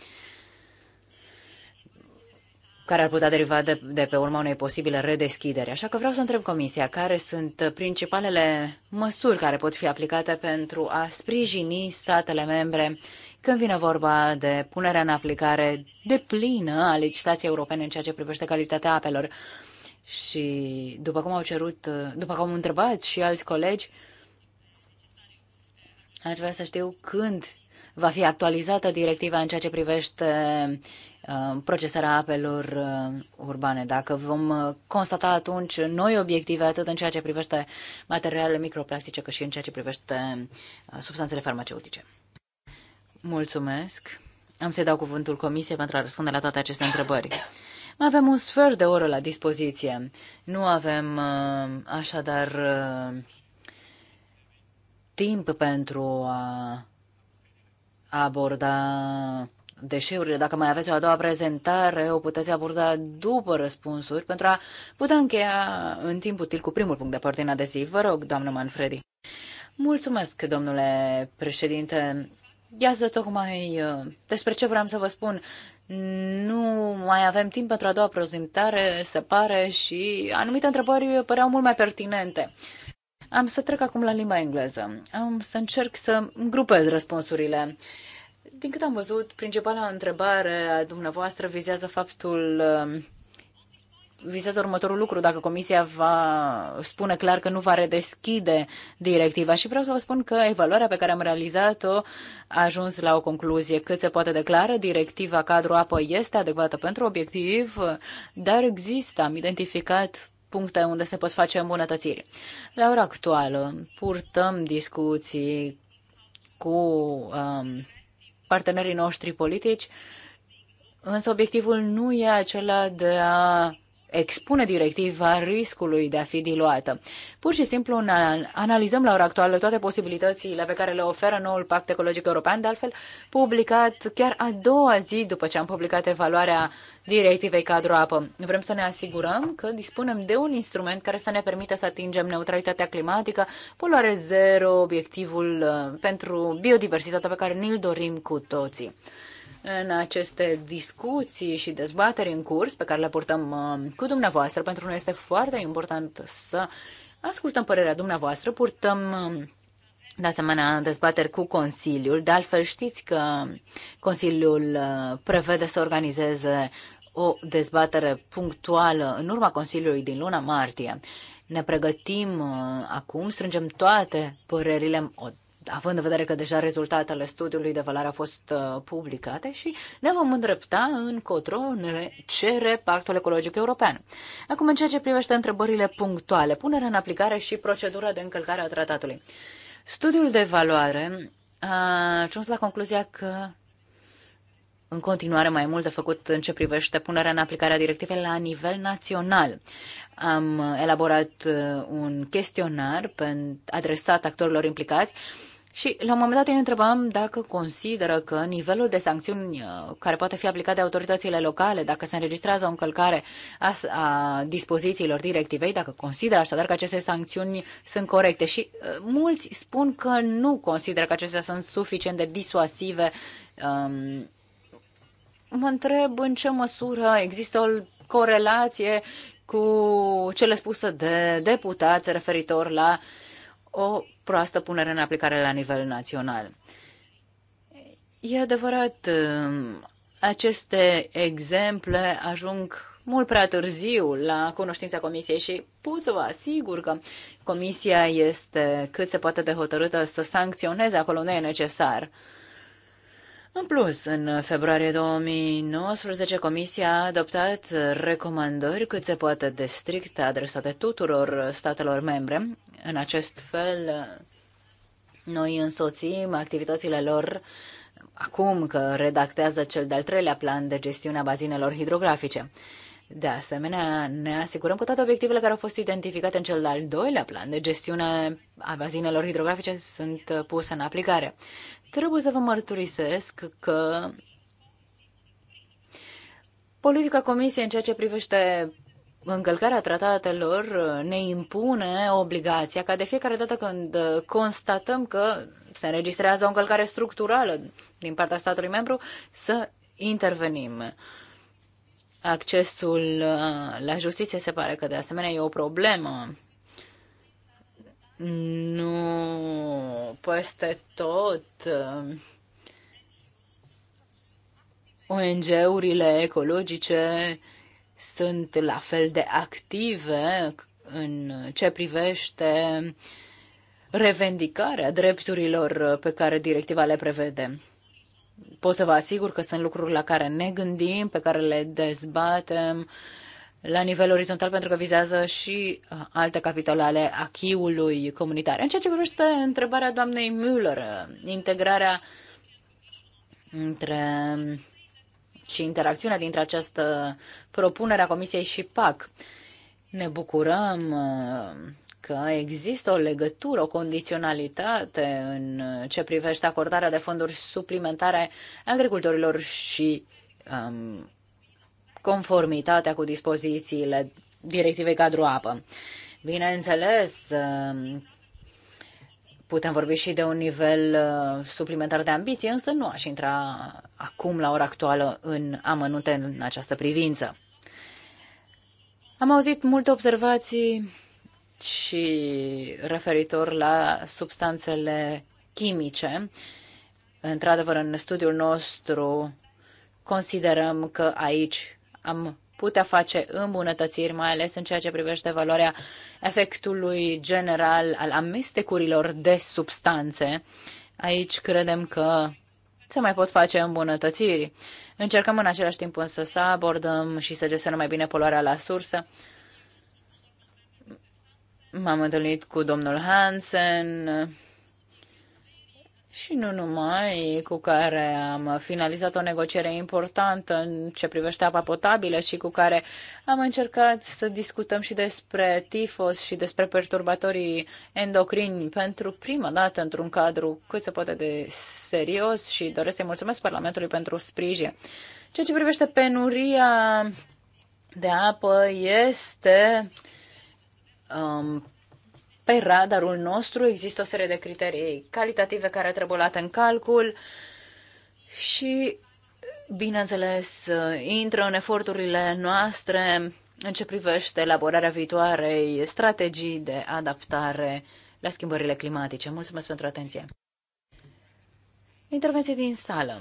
care ar putea deriva de, de pe urma unei posibile redeschideri. Așa că vreau să întreb Comisia care sunt principalele măsuri care pot fi aplicate pentru a sprijini statele membre când vine vorba de punerea în aplicare deplină a legislației europene în ceea ce privește calitatea apelor. Și după cum au cerut, după cum au întrebat și alți colegi, aș vrea să știu când va fi actualizată directiva în ceea ce privește Uh, procesarea apelor uh, urbane. Dacă vom uh, constata atunci noi obiective atât în ceea ce privește materialele microplastice, cât și în ceea ce privește substanțele farmaceutice. Mulțumesc. Am să-i dau cuvântul Comisiei pentru a răspunde la toate aceste întrebări. Mai avem un sfert de oră la dispoziție. Nu avem așadar timp pentru a aborda deșeurile. Dacă mai aveți o a doua prezentare, o puteți aborda după răspunsuri pentru a putea încheia în timp util cu primul punct de pe ordinea de zi. Vă rog, doamnă Manfredi. Mulțumesc, domnule președinte. Iată tocmai uh, despre ce vreau să vă spun. Nu mai avem timp pentru a doua prezentare, se pare, și anumite întrebări păreau mult mai pertinente. Am să trec acum la limba engleză. Am să încerc să grupez răspunsurile. Din cât am văzut, principala întrebare a dumneavoastră vizează faptul um, vizează următorul lucru, dacă Comisia va spune clar că nu va redeschide directiva. Și vreau să vă spun că evaluarea pe care am realizat-o a ajuns la o concluzie cât se poate declară. Directiva cadru apă este adecvată pentru obiectiv, dar există, am identificat puncte unde se pot face îmbunătățiri. La ora actuală purtăm discuții cu um, partenerii noștri politici, însă obiectivul nu e acela de a expune directiva riscului de a fi diluată. Pur și simplu analizăm la ora actuală toate posibilitățile pe care le oferă noul Pact Ecologic European, de altfel publicat chiar a doua zi după ce am publicat evaluarea directivei cadru apă. Vrem să ne asigurăm că dispunem de un instrument care să ne permită să atingem neutralitatea climatică, poluare zero, obiectivul uh, pentru biodiversitatea pe care ni-l dorim cu toții în aceste discuții și dezbateri în curs pe care le purtăm uh, cu dumneavoastră. Pentru noi este foarte important să ascultăm părerea dumneavoastră, purtăm uh, de asemenea dezbateri cu Consiliul. De altfel știți că Consiliul uh, prevede să organizeze o dezbatere punctuală în urma Consiliului din luna martie. Ne pregătim acum, strângem toate părerile având în vedere că deja rezultatele studiului de valoare au fost uh, publicate și ne vom îndrepta încotro ne cere Pactul Ecologic European. Acum, în ceea ce privește întrebările punctuale, punerea în aplicare și procedura de încălcare a tratatului. Studiul de valoare a ajuns la concluzia că în continuare mai mult de făcut în ce privește punerea în aplicare a directivei la nivel național. Am elaborat uh, un chestionar adresat actorilor implicați și la un moment dat îi întrebam dacă consideră că nivelul de sancțiuni uh, care poate fi aplicat de autoritățile locale, dacă se înregistrează o încălcare a, a dispozițiilor directivei, dacă consideră așadar că aceste sancțiuni sunt corecte. Și uh, mulți spun că nu consideră că acestea sunt suficient de disuasive. Um, mă întreb în ce măsură există o corelație cu cele spuse de deputați referitor la uh, o proastă punere în aplicare la nivel național. E adevărat, um, aceste exemple ajung mult prea târziu la cunoștința comisiei și pot să vă asigur că comisia este cât se poate de hotărâtă să sancționeze acolo unde e necesar. Uh, în plus, în februarie 2019, Comisia a adoptat recomandări cât se poate de strict adresate tuturor statelor membre. În acest fel, noi însoțim activitățile lor acum că redactează cel de-al treilea plan de gestiune a bazinelor hidrografice. De asemenea, ne asigurăm că toate obiectivele care au fost identificate în cel de-al doilea plan de gestiune a bazinelor hidrografice sunt puse în aplicare. Trebuie să vă mărturisesc că politica Comisiei în ceea ce privește încălcarea tratatelor ne impune obligația ca de fiecare dată când constatăm că se înregistrează o încălcare structurală din partea statului membru să intervenim. Accesul la justiție se pare că de asemenea e o problemă nu peste tot uh, ONG-urile ecologice sunt la fel de active în ce privește revendicarea drepturilor pe care directiva le prevede. Pot să vă asigur că sunt lucruri la care ne gândim, pe care le dezbatem, uh, la nivel orizontal pentru că vizează și uh, alte capitole ale achiului comunitar. În ceea ce privește întrebarea doamnei Müller, uh, integrarea între și interacțiunea dintre această propunere a Comisiei și PAC. Ne bucurăm uh, că există o legătură, o condiționalitate în ce privește acordarea de fonduri suplimentare agricultorilor și um, conformitatea cu dispozițiile directivei cadru apă. Bineînțeles, um, putem vorbi și de un nivel uh, suplimentar de ambiție, însă nu aș intra acum, la ora actuală, în amănunte în această privință. Am auzit multe observații și referitor la substanțele chimice. Într-adevăr, în studiul nostru considerăm că aici am putea face îmbunătățiri, mai ales în ceea ce privește valoarea efectului general al amestecurilor de substanțe. Aici credem că se mai pot face îmbunătățiri. Încercăm în același timp însă să abordăm și să gestionăm mai bine poluarea la sursă. M-am întâlnit cu domnul Hansen, și nu numai, cu care am finalizat o negociere importantă în ce privește apa potabilă și cu care am încercat să discutăm și despre tifos și despre perturbatorii endocrini pentru prima dată într-un cadru cât se poate de serios și doresc să-i mulțumesc Parlamentului pentru sprijin. Ceea ce privește penuria de apă este um, pe radarul nostru. Există o serie de criterii calitative care trebuie luate în calcul și, bineînțeles, intră în eforturile noastre în ce privește elaborarea viitoarei strategii de adaptare la schimbările climatice. Mulțumesc pentru atenție. Intervenție din sală.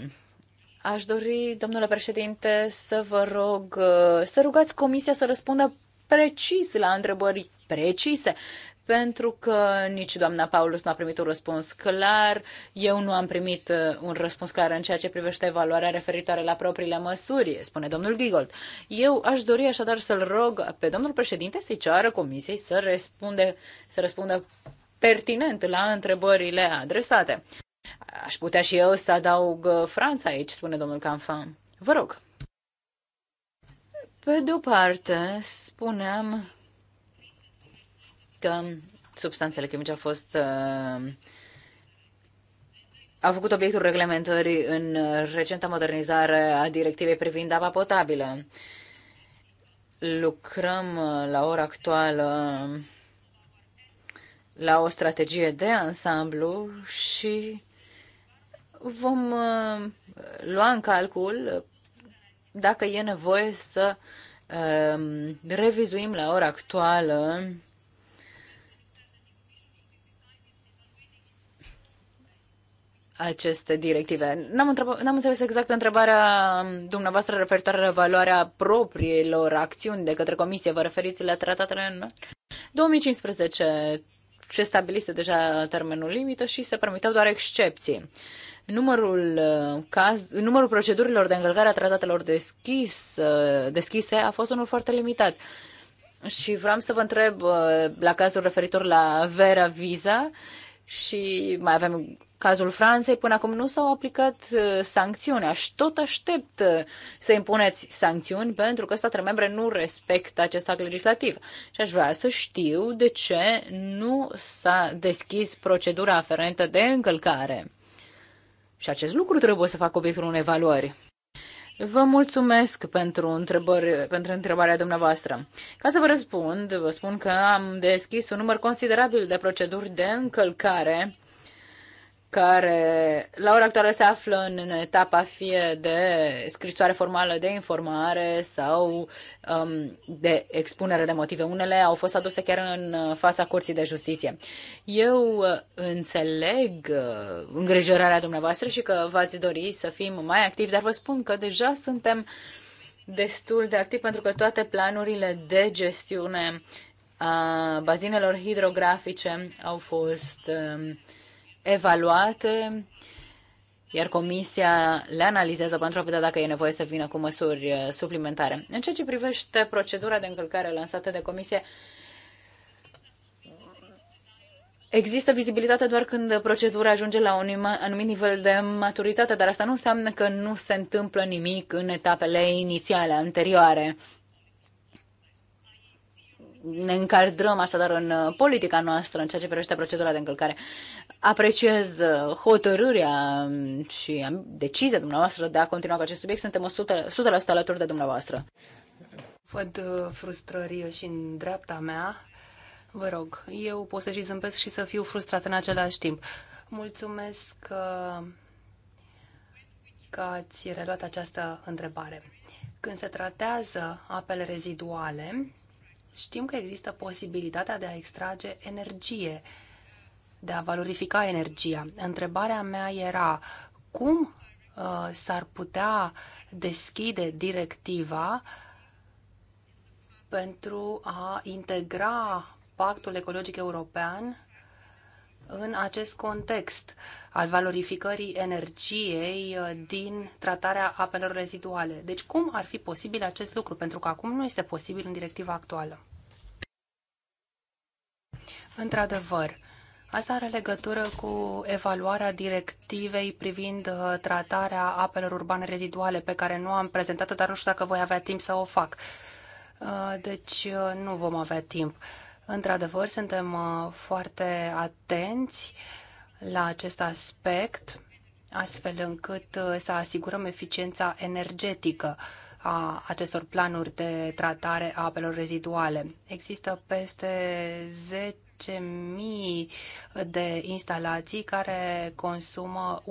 Aș dori, domnule președinte, să vă rog uh, să rugați comisia să răspundă precis la întrebări precise pentru că nici doamna Paulus nu a primit un răspuns clar, eu nu am primit uh, un răspuns clar în ceea ce privește evaluarea referitoare la propriile măsuri, spune domnul Gigold. Eu aș dori așadar să-l rog pe domnul președinte să-i ceară comisiei să, răspunde, să răspundă pertinent la întrebările adresate. Aș putea și eu să adaug uh, Franța aici, spune domnul Canfan. Vă rog. Pe de-o parte, spuneam că substanțele chimice au fost uh, au făcut obiectul reglementării în recenta modernizare a directivei privind apa potabilă. Lucrăm uh, la ora actuală la o strategie de ansamblu și vom uh, lua în calcul dacă e nevoie să uh, revizuim la ora actuală aceste directive. N-am, întreba, n-am înțeles exact întrebarea um, dumneavoastră referitoare la valoarea propriilor acțiuni de către Comisie. Vă referiți la tratatele în 2015 ce stabilise deja termenul limită și se permiteau doar excepții. Numărul, uh, caz, numărul procedurilor de încălcare a tratatelor deschis, uh, deschise a fost unul foarte limitat. Și vreau să vă întreb uh, la cazul referitor la Vera Visa și mai avem cazul Franței, până acum nu s-au aplicat uh, sancțiuni. Aș tot aștept uh, să impuneți sancțiuni pentru că statele membre nu respectă acest act legislativ. Și aș vrea să știu de ce nu s-a deschis procedura aferentă de încălcare. Și acest lucru trebuie să facă obiectul unei evaluări. Vă mulțumesc pentru, întrebări, pentru întrebarea dumneavoastră. Ca să vă răspund, vă spun că am deschis un număr considerabil de proceduri de încălcare care la ora actuală se află în etapa fie de scrisoare formală de informare sau um, de expunere de motive. Unele au fost aduse chiar în fața Curții de Justiție. Eu uh, înțeleg uh, îngrijorarea dumneavoastră și că v-ați dori să fim mai activi, dar vă spun că deja suntem destul de activi pentru că toate planurile de gestiune a bazinelor hidrografice au fost um, evaluate, iar comisia le analizează pentru a vedea dacă e nevoie să vină cu măsuri uh, suplimentare. În ceea ce privește procedura de încălcare lansată de comisie, Există vizibilitate doar când procedura ajunge la un anumit nivel de maturitate, dar asta nu înseamnă că nu se întâmplă nimic în etapele inițiale, anterioare. Ne încadrăm așadar în uh, politica noastră în ceea ce privește procedura de încălcare. Apreciez uh, hotărârea um, și decizia dumneavoastră de a continua cu acest subiect. Suntem 100%, 100% alături de dumneavoastră. Văd uh, frustrări și în dreapta mea. Vă rog, eu pot să și zâmbesc și să fiu frustrat în același timp. Mulțumesc că, uh, că ați reluat această întrebare. Când se tratează apele reziduale, știm că există posibilitatea de a extrage energie de a valorifica energia. Întrebarea mea era cum uh, s-ar putea deschide directiva pentru a integra pactul ecologic european în acest context al valorificării energiei uh, din tratarea apelor reziduale. Deci cum ar fi posibil acest lucru? Pentru că acum nu este posibil în directiva actuală. Într-adevăr, Asta are legătură cu evaluarea directivei privind uh, tratarea apelor urbane reziduale, pe care nu am prezentat-o, dar nu știu dacă voi avea timp să o fac. Uh, deci uh, nu vom avea timp. Într-adevăr, suntem foarte atenți la acest aspect, astfel încât să asigurăm eficiența energetică a acestor planuri de tratare a apelor reziduale. Există peste 10 10.000 de instalații care consumă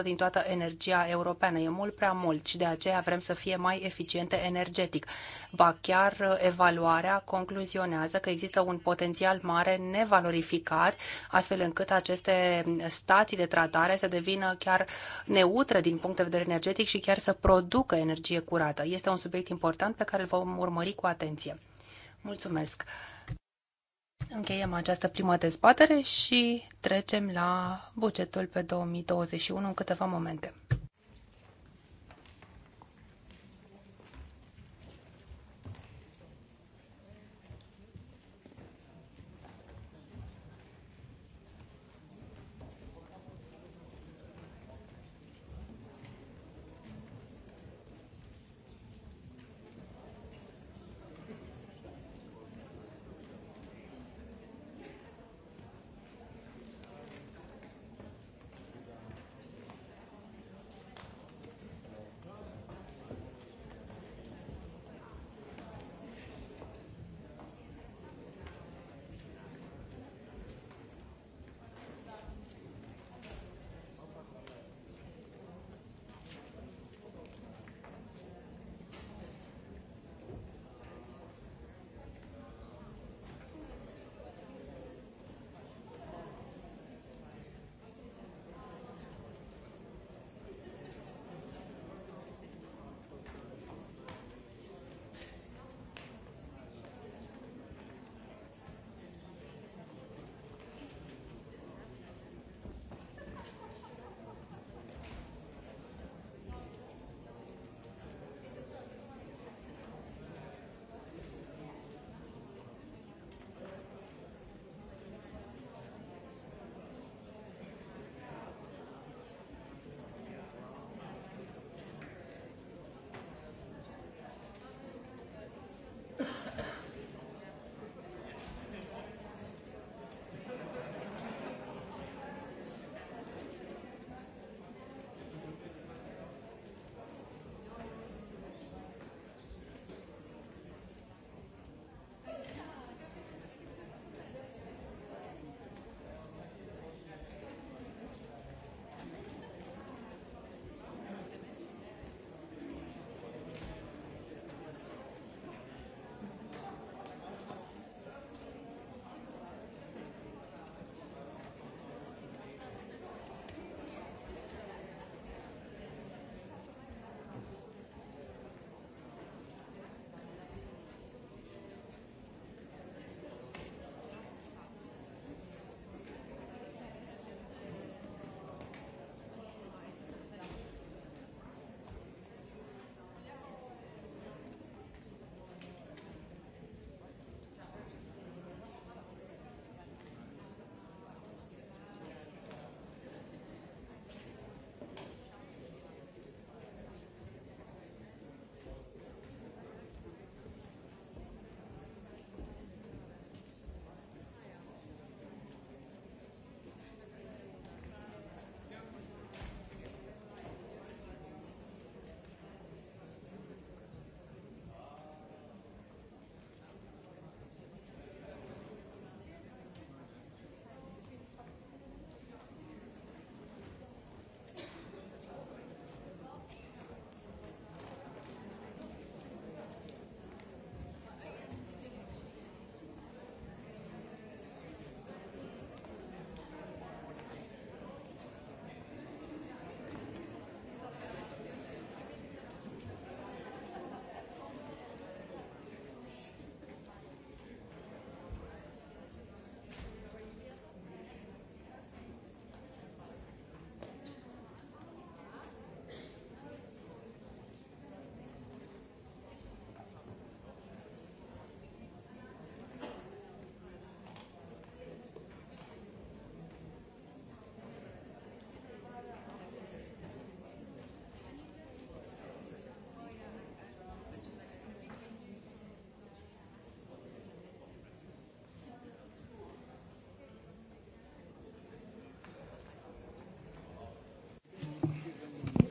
1% din toată energia europeană. E mult prea mult și de aceea vrem să fie mai eficiente energetic. Ba chiar evaluarea concluzionează că există un potențial mare nevalorificat, astfel încât aceste stații de tratare să devină chiar neutre din punct de vedere energetic și chiar să producă energie curată. Este un subiect important pe care îl vom urmări cu atenție. Mulțumesc! Încheiem această primă dezbatere și trecem la bugetul pe 2021 în câteva momente.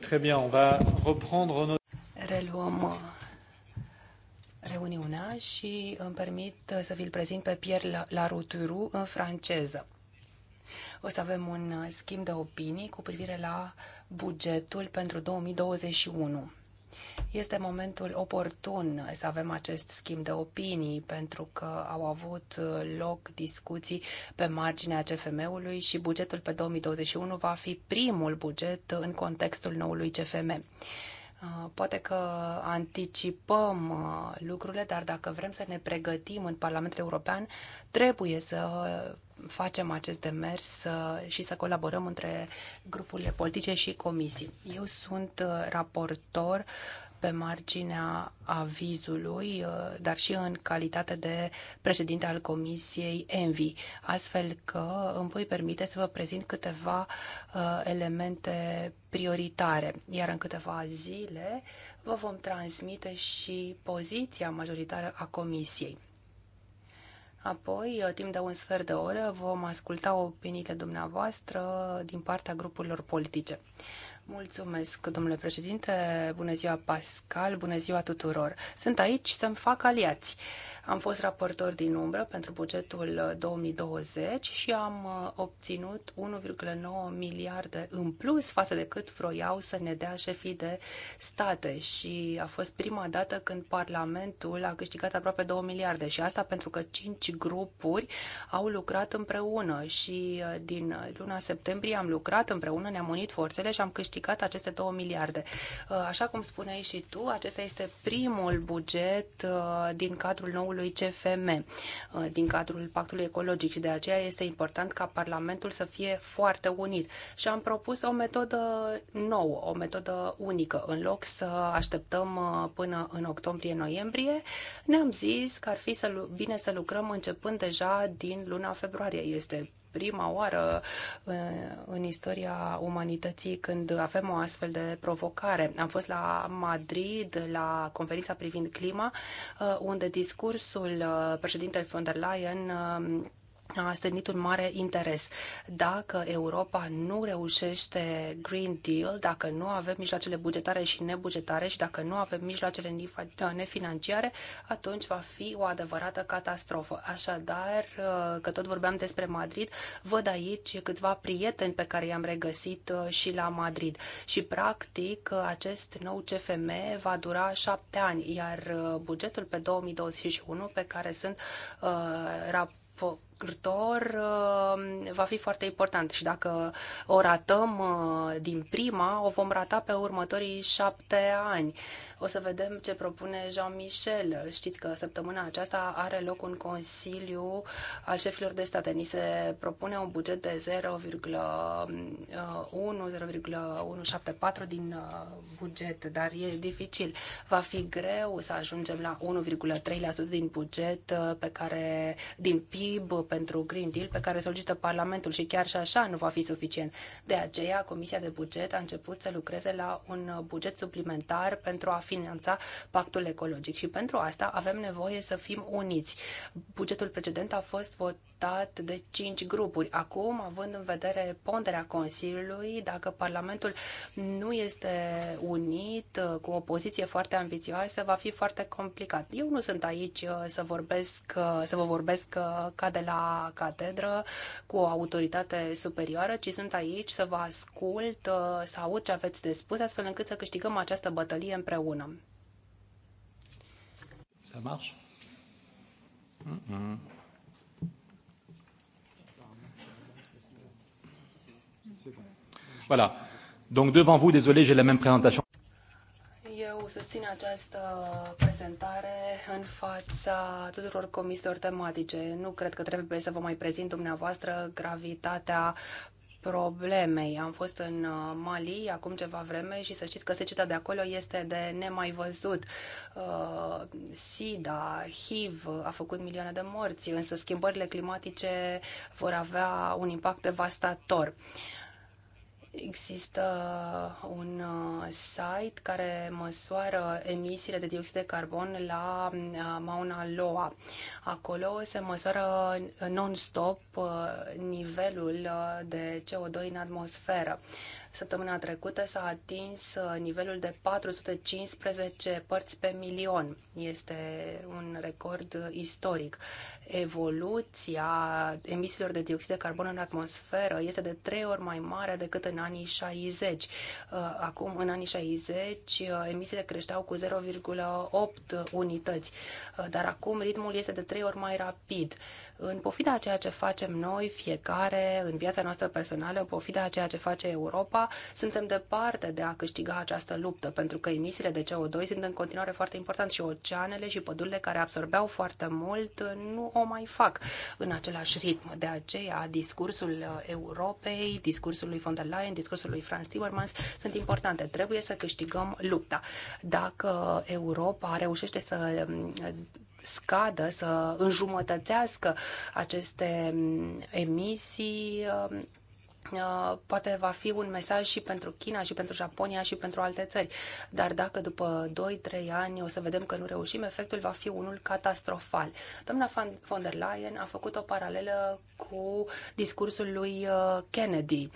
Très bien, on va reprendre nos... Reluăm uh, reuniunea și îmi permit uh, să vi-l prezint pe Pierre Laruturu în franceză. O să avem un uh, schimb de opinii cu privire la bugetul pentru 2021. Este momentul oportun să avem acest schimb de opinii pentru că au avut loc discuții pe marginea CFM-ului și bugetul pe 2021 va fi primul buget în contextul noului CFM. Uh, poate că anticipăm uh, lucrurile, dar dacă vrem să ne pregătim în Parlamentul European, trebuie să facem acest demers și să colaborăm între grupurile politice și comisii. Eu sunt uh, raportor pe marginea avizului, uh, dar și în calitate de președinte al Comisiei ENVI, astfel că îmi voi permite să vă prezint câteva uh, elemente prioritare, iar în câteva zile vă vom transmite și poziția majoritară a Comisiei. Apoi, uh, timp de un sfert de oră, vom asculta opiniile dumneavoastră din partea grupurilor politice. Mulțumesc, domnule președinte. Bună ziua, Pascal. Bună ziua tuturor. Sunt aici să-mi fac aliați. Am fost raportor din umbră pentru bugetul 2020 și am uh, obținut 1,9 miliarde în plus față de cât vroiau să ne dea șefii de state și a fost prima dată când Parlamentul a câștigat aproape 2 miliarde și asta pentru că 5 grupuri au lucrat împreună și uh, din luna septembrie am lucrat împreună, ne-am unit forțele și am câștigat câștigat aceste 2 miliarde. Uh, așa cum spuneai și tu, acesta este primul buget uh, din cadrul noului CFM, uh, din cadrul Pactului Ecologic și de aceea este important ca Parlamentul să fie foarte unit. Și am propus o metodă nouă, o metodă unică. În loc să așteptăm până în octombrie-noiembrie, ne-am zis că ar fi să, bine să lucrăm începând deja din luna februarie. Este prima oară uh, în istoria umanității când avem o astfel de provocare. Am fost la Madrid, la conferința privind clima, uh, unde discursul uh, președintele von der Leyen a stârnit un mare interes. Dacă Europa nu reușește Green Deal, dacă nu avem mijloacele bugetare și nebugetare și dacă nu avem mijloacele nefinanciare, atunci va fi o adevărată catastrofă. Așadar, uh, că tot vorbeam despre Madrid, văd aici câțiva prieteni pe care i-am regăsit uh, și la Madrid. Și, practic, uh, acest nou CFM va dura șapte ani, iar bugetul pe 2021, pe care sunt uh, rap- sector uh, va fi foarte important și dacă o ratăm uh, din prima, o vom rata pe următorii șapte ani. O să vedem ce propune Jean-Michel. Știți că săptămâna aceasta are loc un consiliu al șefilor de state. Ni se propune un buget de 0,1-0,174 uh, din buget, dar e dificil. Va fi greu să ajungem la 1,3% din buget pe care din PIB pentru Green Deal pe care solicită Parlamentul și chiar și așa nu va fi suficient. De aceea, Comisia de Buget a început să lucreze la un buget suplimentar pentru a finanța pactul ecologic și pentru asta avem nevoie să fim uniți. Bugetul precedent a fost votat votat de cinci grupuri. Acum, având în vedere ponderea Consiliului, dacă Parlamentul nu este unit uh, cu o poziție foarte ambițioasă, va fi foarte complicat. Eu nu sunt aici uh, să, vorbesc, uh, să vă vorbesc ca de la catedră cu o autoritate superioară, ci sunt aici să vă ascult, să aud ce aveți de spus, astfel încât să câștigăm această bătălie împreună. Ça marche? Mm-mm. Voilà. Donc devant vous, désolé, j'ai la même présentation. Eu susțin această prezentare în fața tuturor comisiilor tematice. Nu cred că trebuie să vă mai prezint dumneavoastră gravitatea problemei. Am fost în uh, Mali acum ceva vreme și să știți că seceta de acolo este de nemai văzut. Uh, SIDA, HIV a făcut milioane de morți, însă schimbările climatice vor avea un impact devastator. Uh, Există un uh, site care măsoară emisiile de dioxid de carbon la uh, Mauna Loa. Acolo se măsoară non-stop uh, nivelul de CO2 în atmosferă. Săptămâna trecută s-a atins uh, nivelul de 415 părți pe milion. Este un record istoric. Evoluția emisiilor de dioxid de carbon în atmosferă este de trei ori mai mare decât în anii 60. Uh, acum, în anii 60, uh, emisiile creșteau cu 0,8 unități, dar acum ritmul este de trei ori mai rapid. În pofida a ceea ce facem noi, fiecare, în viața noastră personală, în pofida a ceea ce face Europa, suntem departe de a câștiga această luptă, pentru că emisiile de CO2 sunt în continuare foarte importante și oceanele și pădurile care absorbeau foarte mult nu o mai fac în același ritm. De aceea, discursul uh, Europei, discursul lui von der Leyen, discursul lui Franz Timmermans sunt importante. Trebuie să câștigăm lupta. Dacă Europa reușește să um, scadă, să înjumătățească aceste um, emisii, um, Uh, poate va fi un mesaj și pentru China, și pentru Japonia, și pentru alte țări. Dar dacă după 2-3 ani o să vedem că nu reușim, efectul va fi unul catastrofal. Doamna von der Leyen a făcut o paralelă cu discursul lui uh, Kennedy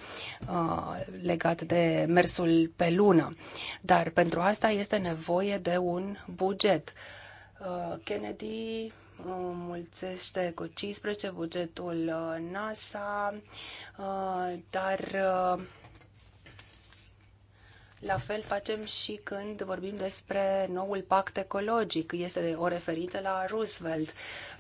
uh, legat de mersul pe lună. Dar pentru asta este nevoie de un buget. Kennedy mulțește cu 15 bugetul uh, NASA, uh, dar uh, la fel facem și când vorbim despre noul pact ecologic. Este o referință la Roosevelt.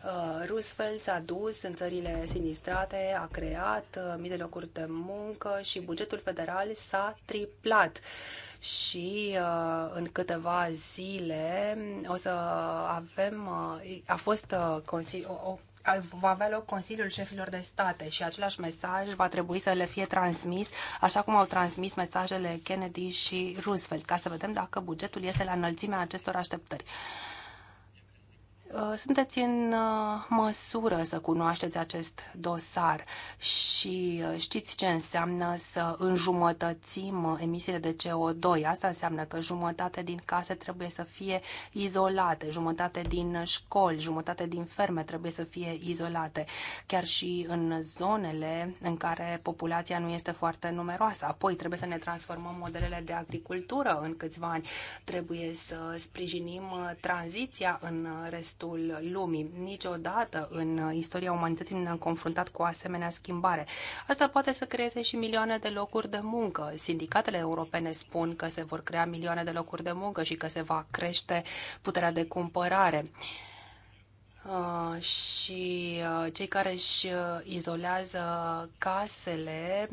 Uh, Roosevelt s-a dus în țările sinistrate, a creat uh, mii de locuri de muncă și bugetul federal s-a triplat. Și uh, în câteva zile o să avem, a fost o va avea loc Consiliul Șefilor de State și același mesaj va trebui să le fie transmis, așa cum au transmis mesajele Kennedy și Roosevelt, ca să vedem dacă bugetul este la înălțimea acestor așteptări. Uh, sunteți în uh, măsură să cunoașteți acest dosar și uh, știți ce înseamnă să înjumătățim emisiile de CO2. Asta înseamnă că jumătate din case trebuie să fie izolate, jumătate din școli, jumătate din ferme trebuie să fie izolate, chiar și în zonele în care populația nu este foarte numeroasă. Apoi trebuie să ne transformăm modelele de agricultură în câțiva ani, trebuie să sprijinim tranziția în rest restul lumii. Niciodată în istoria umanității nu ne-am confruntat cu o asemenea schimbare. Asta poate să creeze și milioane de locuri de muncă. Sindicatele europene spun că se vor crea milioane de locuri de muncă și că se va crește puterea de cumpărare. Uh, și uh, cei care își izolează casele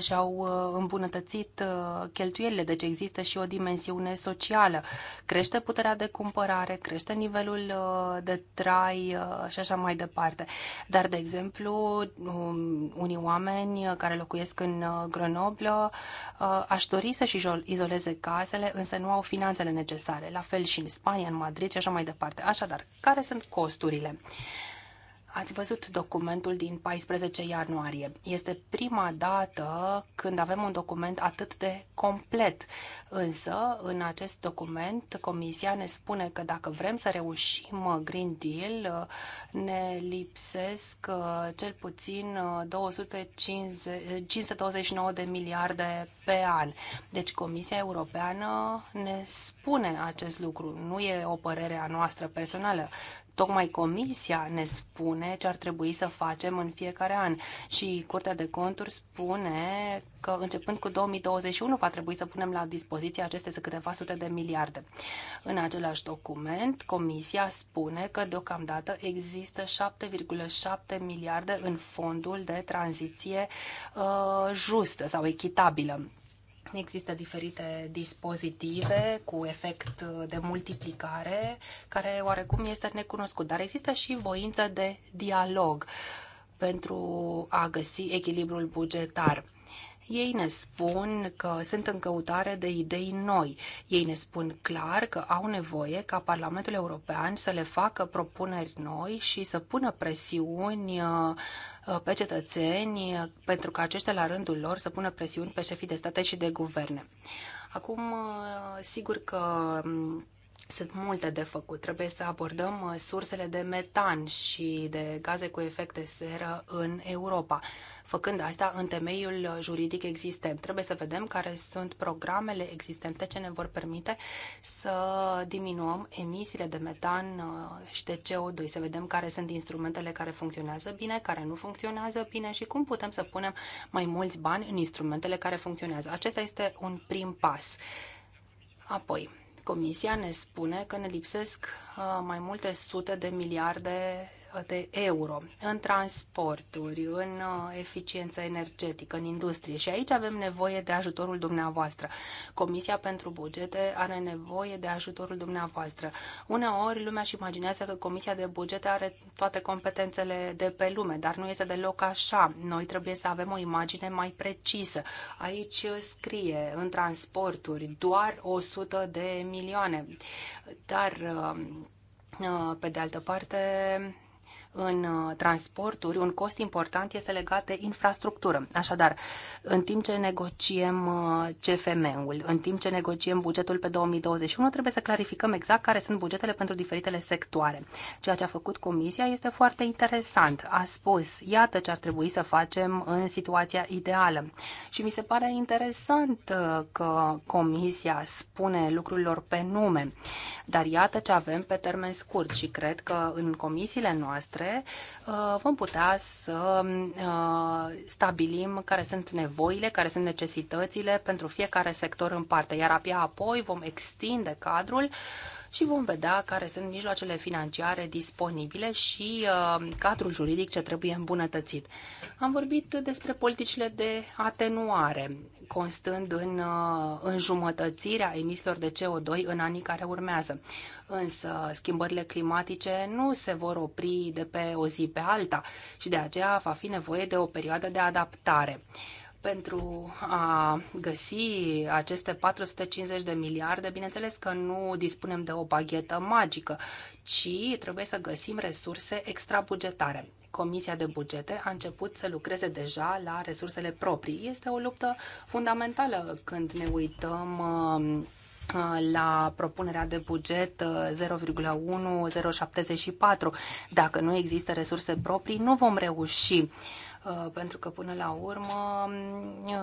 și-au uh, îmbunătățit uh, cheltuielile, deci există și o dimensiune socială. Crește puterea de cumpărare, crește nivelul uh, de trai și așa mai departe. Dar, de exemplu, um, unii oameni care locuiesc în Grenoble aș dori să-și izoleze casele, însă nu au finanțele necesare. La fel și în Spania, în Madrid și așa mai departe. Așadar, care sunt costurile? Ați văzut documentul din 14 ianuarie. Este prima dată când avem un document atât de complet. Însă, în acest document, Comisia ne spune că dacă vrem să reușim Green Deal, ne lipsesc uh, cel puțin 250, uh, 529 de miliarde pe an. Deci Comisia Europeană ne spune acest lucru. Nu e o părere a noastră personală, tocmai Comisia ne spune ce ar trebui să facem în fiecare an și Curtea de Conturi spune că începând cu 2021 va trebui să punem la dispoziție aceste câteva sute de miliarde. În același document, Comisia spune că deocamdată există 7,7 miliarde în fondul de tranziție uh, justă sau echitabilă Există diferite dispozitive cu efect de multiplicare, care oarecum este necunoscut, dar există și voință de dialog pentru a găsi echilibrul bugetar. Ei ne spun că sunt în căutare de idei noi. Ei ne spun clar că au nevoie ca Parlamentul European să le facă propuneri noi și să pună presiuni uh, Uh, pe cetățeni uh, pentru ca aceștia la rândul lor să pună presiuni pe șefii de state și de guverne. Acum, uh, sigur că um, sunt multe de făcut. Trebuie să abordăm uh, sursele de metan și de gaze cu efect de seră în Europa, făcând asta în temeiul uh, juridic existent. Trebuie să vedem care sunt programele existente ce ne vor permite să diminuăm emisiile de metan uh, și de CO2, să vedem care sunt instrumentele care funcționează bine, care nu funcționează bine și cum putem să punem mai mulți bani în instrumentele care funcționează. Acesta este un prim pas. Apoi, Comisia ne spune că ne lipsesc uh, mai multe sute de miliarde de euro în transporturi, în uh, eficiență energetică, în industrie și aici avem nevoie de ajutorul dumneavoastră. Comisia pentru bugete are nevoie de ajutorul dumneavoastră. Uneori lumea și imaginează că Comisia de bugete are toate competențele de pe lume, dar nu este deloc așa. Noi trebuie să avem o imagine mai precisă. Aici scrie în transporturi doar 100 de milioane, dar uh, uh, pe de altă parte, în uh, transporturi, un cost important este legat de infrastructură. Așadar, în timp ce negociem uh, CFM-ul, în timp ce negociem bugetul pe 2021, trebuie să clarificăm exact care sunt bugetele pentru diferitele sectoare. Ceea ce a făcut Comisia este foarte interesant. A spus, iată ce ar trebui să facem în situația ideală. Și mi se pare interesant uh, că Comisia spune lucrurilor pe nume. Dar iată ce avem pe termen scurt și cred că în comisiile noastre care uh, vom putea să uh, stabilim care sunt nevoile, care sunt necesitățile pentru fiecare sector în parte, iar abia apoi vom extinde cadrul și vom vedea care sunt mijloacele financiare disponibile și uh, cadrul juridic ce trebuie îmbunătățit. Am vorbit despre politicile de atenuare, constând în uh, înjumătățirea emisiilor de CO2 în anii care urmează. Însă schimbările climatice nu se vor opri de pe o zi pe alta și de aceea va fi nevoie de o perioadă de adaptare. Uh, pentru a găsi aceste 450 de miliarde, bineînțeles că nu dispunem de o baghetă magică, ci trebuie să găsim resurse extrabugetare. Comisia de Bugete a început să lucreze deja la resursele proprii. Este o luptă fundamentală când ne uităm uh, la propunerea de buget 0,1074. Uh, Dacă nu există resurse proprii, nu vom reuși Uh, pentru că până la urmă mm, uh,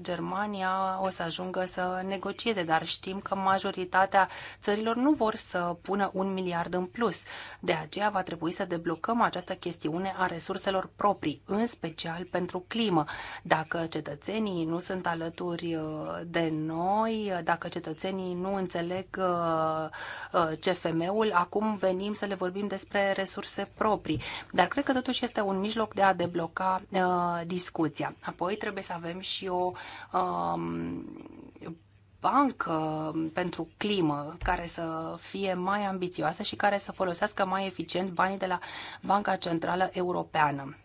Germania o să ajungă să negocieze, dar știm că majoritatea țărilor nu vor să pună un miliard în plus. De aceea va trebui să deblocăm această chestiune a resurselor proprii, în special pentru climă. Dacă cetățenii nu sunt alături uh, de noi, dacă cetățenii nu înțeleg CFM-ul, acum venim să le vorbim despre resurse proprii. Dar cred că totuși este un mijloc de a debloca Uh, discuția. Apoi trebuie să avem și o um, bancă pentru climă care să fie mai ambițioasă și care să folosească mai eficient banii de la Banca Centrală Europeană.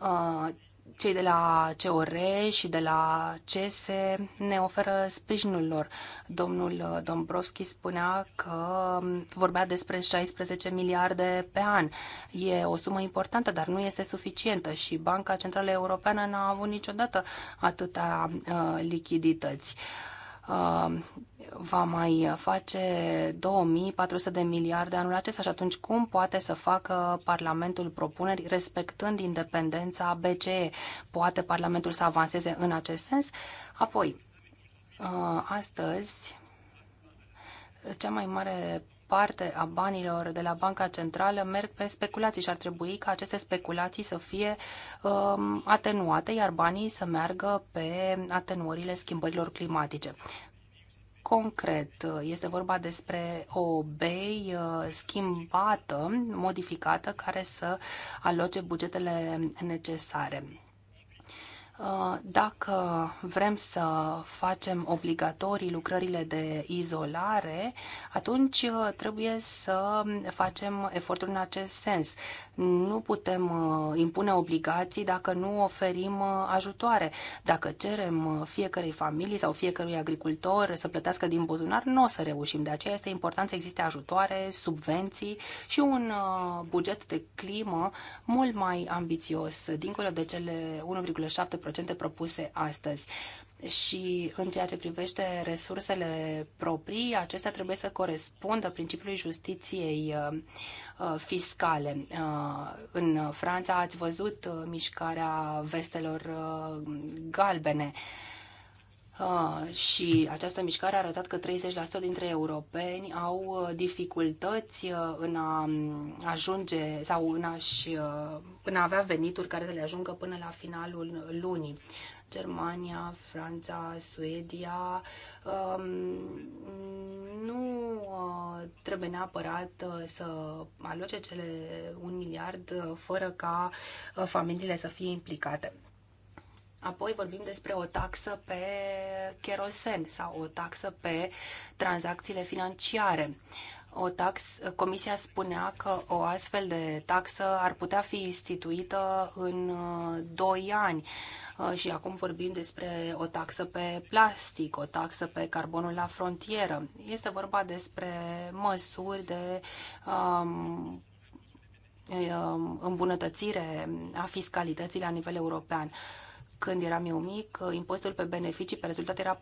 Uh, cei de la COR și de la CESE ne oferă sprijinul lor. Domnul Dombrovski spunea că vorbea despre 16 miliarde pe an. E o sumă importantă, dar nu este suficientă și Banca Centrală Europeană n-a avut niciodată atâta uh, lichidități. Uh, va mai face 2400 de miliarde anul acesta și atunci cum poate să facă Parlamentul propuneri respectând independența BCE? Poate Parlamentul să avanseze în acest sens? Apoi, uh, astăzi, cea mai mare parte a banilor de la Banca Centrală merg pe speculații și ar trebui ca aceste speculații să fie um, atenuate, iar banii să meargă pe atenuările schimbărilor climatice concret. Este vorba despre o BEI uh, schimbată, modificată, care să aloce bugetele necesare. Uh, dacă vrem să facem obligatorii lucrările de izolare, atunci uh, trebuie să facem eforturi în acest sens. Nu putem uh, impune obligații dacă nu oferim ajutoare. Dacă cerem fiecărei familii sau fiecărui agricultor să plătească din buzunar, nu o să reușim. De aceea este important să existe ajutoare, subvenții și un buget de climă mult mai ambițios, dincolo de cele 1,7 procente propuse astăzi. Și în ceea ce privește resursele proprii, acestea trebuie să corespundă principiului justiției uh, uh, fiscale. Uh, în Franța ați văzut mișcarea vestelor galbene Ah, și această mișcare a arătat că 30% dintre europeni au uh, dificultăți uh, în a mm, ajunge sau în, a-și, uh, în a avea venituri care să le ajungă până la finalul lunii. Germania, Franța, Suedia, um, nu uh, trebuie neapărat uh, să aloce cele un miliard uh, fără ca familiile să fie implicate. Apoi vorbim despre o taxă pe cherosen sau o taxă pe tranzacțiile financiare. O tax, comisia spunea că o astfel de taxă ar putea fi instituită în 2 uh, ani uh, și acum vorbim despre o taxă pe plastic, o taxă pe carbonul la frontieră. Este vorba despre măsuri de um, um îmbunătățire a fiscalității la nivel european. Uh, când eram eu mic, impozitul pe beneficii pe rezultat era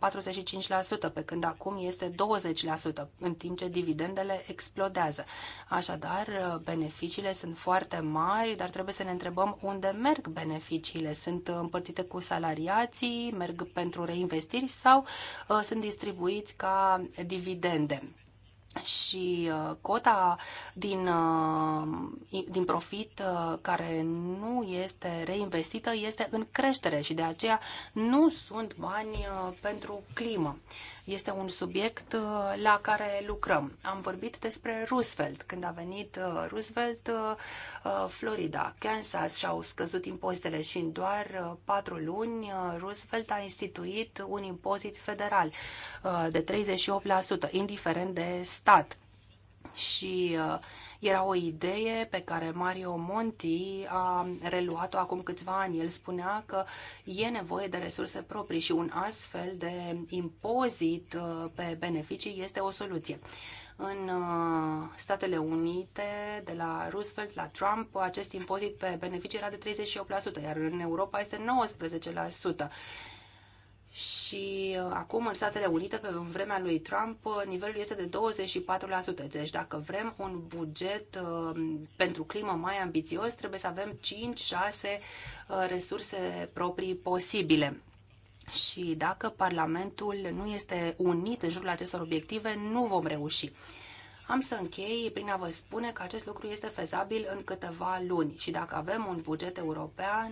45%, pe când acum este 20%, în timp ce dividendele explodează. Așadar, beneficiile sunt foarte mari, dar trebuie să ne întrebăm unde merg beneficiile. Sunt împărțite cu salariații, merg pentru reinvestiri sau uh, sunt distribuiți ca dividende și uh, cota din, uh, din profit uh, care nu este reinvestită este în creștere și de aceea nu sunt bani pentru climă. Este un subiect uh, la care lucrăm. Am vorbit despre Roosevelt. Când a venit uh, Roosevelt, uh, Florida, Kansas și-au scăzut impozitele și în doar patru luni Roosevelt a instituit un impozit federal de 38%, indiferent de stat. Și uh, era o idee pe care Mario Monti a reluat-o acum câțiva ani. El spunea că e nevoie de resurse proprii și un astfel de impozit uh, pe beneficii este o soluție în uh, Statele Unite, de la Roosevelt la Trump, acest impozit pe beneficii era de 38%, iar în Europa este 19% și uh, acum în Statele Unite, pe vremea lui Trump, uh, nivelul este de 24%. Deci dacă vrem un buget uh, pentru climă mai ambițios, trebuie să avem 5-6 resurse proprii posibile. Și dacă Parlamentul nu este unit în jurul acestor obiective, nu vom reuși. Am să închei prin a vă spune că acest lucru este fezabil în câteva luni și dacă avem un buget european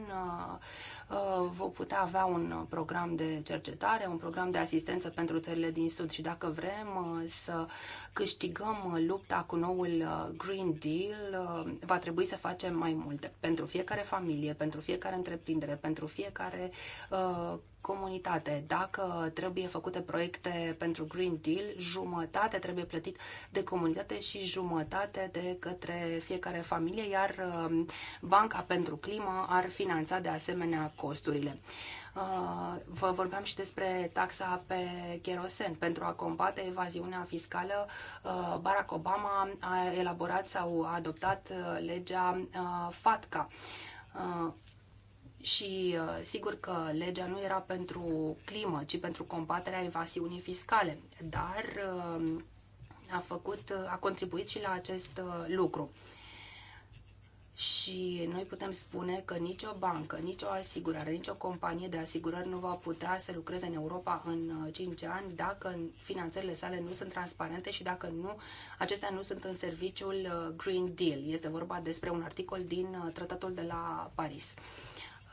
Uh, vom putea avea un uh, program de cercetare, un program de asistență pentru țările din Sud și dacă vrem uh, să câștigăm lupta cu noul Green Deal, va trebui să facem mai multe pentru fiecare familie, pentru fiecare întreprindere, pentru fiecare comunitate. Dacă trebuie făcute proiecte pentru Green Deal, jumătate trebuie plătit de comunitate și jumătate de către fiecare familie, iar Banca pentru Climă ar finanța de asemenea costurile. Uh, vă vorbeam și despre taxa pe cherosen. Pentru a combate evaziunea fiscală, uh, Barack Obama a elaborat sau a adoptat uh, legea FATCA și sigur că legea nu era pentru climă, ci pentru combaterea evasiunii fiscale, dar a făcut, a contribuit și la acest lucru și noi putem spune că nicio bancă, nicio asigurare, nicio companie de asigurări nu va putea să lucreze în Europa în 5 uh, ani dacă finanțările sale nu sunt transparente și dacă nu, acestea nu sunt în serviciul uh, Green Deal. Este vorba despre un articol din uh, Tratatul de la Paris.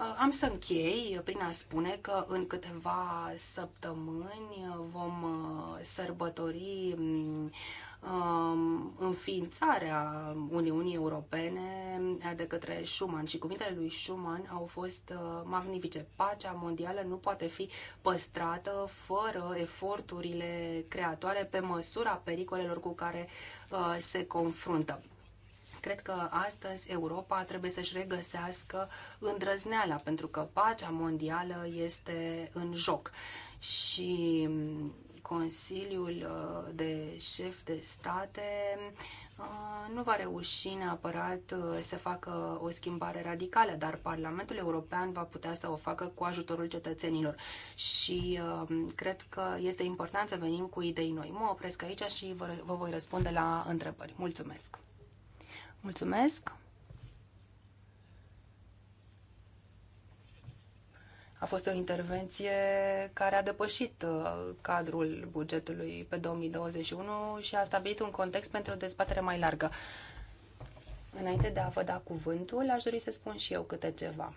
Uh, am să închei prin a spune că în câteva săptămâni vom uh, sărbători um, înființarea Uniunii Europene de către Schuman și cuvintele lui Schuman au fost uh, magnifice. Pacea mondială nu poate fi păstrată fără eforturile creatoare pe măsura pericolelor cu care se confruntă cred că astăzi Europa trebuie să-și regăsească îndrăzneala, pentru că pacea mondială este în joc. Și mm, Consiliul uh, de șef de state uh, nu va reuși neapărat uh, să facă o schimbare radicală, dar Parlamentul European va putea să o facă cu ajutorul cetățenilor. Și cred că este important să venim cu idei noi. Mă opresc aici și vă, vă voi răspunde la întrebări. Mulțumesc! Mulțumesc. A fost o intervenție care a depășit uh, cadrul bugetului pe 2021 și a stabilit un context pentru o dezbatere mai largă. Înainte de a vă da cuvântul, aș dori să spun și eu câte ceva.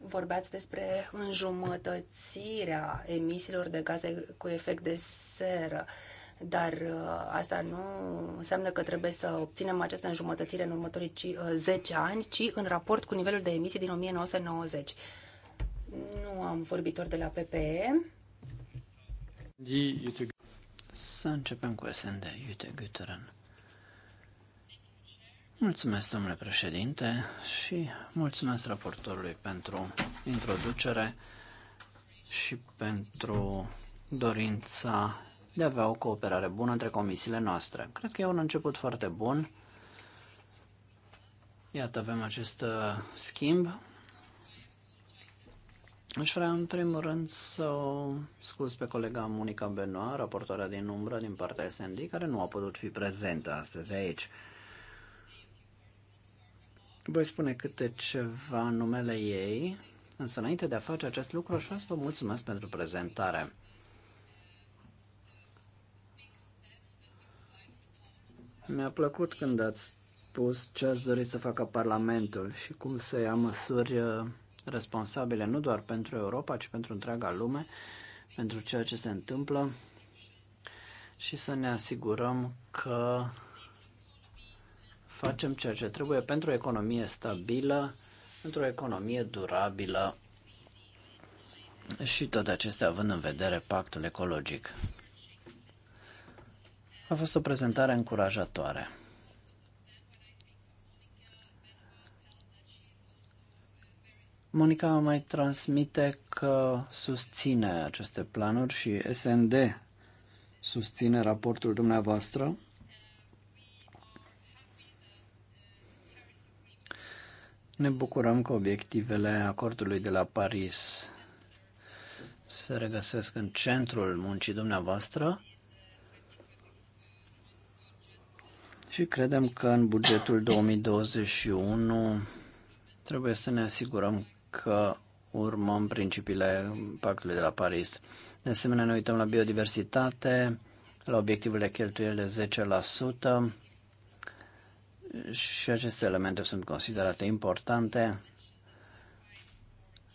vorbeați despre înjumătățirea emisiilor de gaze cu efect de seră. Uh, dar uh, asta nu înseamnă că trebuie să obținem această înjumătățire în următorii 10 uh, ani, ci în raport cu nivelul de emisii din 1990. Nu am vorbitor de la PPE. Să începem cu SND, Iute Guteran. Mulțumesc, domnule președinte, și mulțumesc raportorului pentru introducere și pentru dorința de a avea o cooperare bună între comisiile noastre. Cred că e un început foarte bun. Iată, avem acest uh, schimb. Aș vrea în primul rând să o scuz pe colega Monica Benoa, raportoarea din umbră din partea SND, care nu a putut fi prezentă astăzi aici. Voi spune câte ceva în numele ei, însă înainte de a face acest lucru aș vrea să vă mulțumesc pentru prezentare. Mi-a plăcut când ați spus ce ați dori să facă Parlamentul și cum să ia măsuri uh, responsabile nu doar pentru Europa, ci pentru întreaga lume, pentru ceea ce se întâmplă și să ne asigurăm că facem ceea ce trebuie pentru o economie stabilă, pentru o economie durabilă și toate acestea având în vedere pactul ecologic. A fost o prezentare încurajatoare. Monica mai transmite că susține aceste planuri și SND susține raportul dumneavoastră. Ne bucurăm că obiectivele acordului de la Paris se regăsesc în centrul muncii dumneavoastră și credem că în bugetul 2021 trebuie să ne asigurăm că urmăm principiile pactului de la Paris. De asemenea, ne uităm la biodiversitate, la obiectivul de cheltuieli de 10% și aceste elemente sunt considerate importante.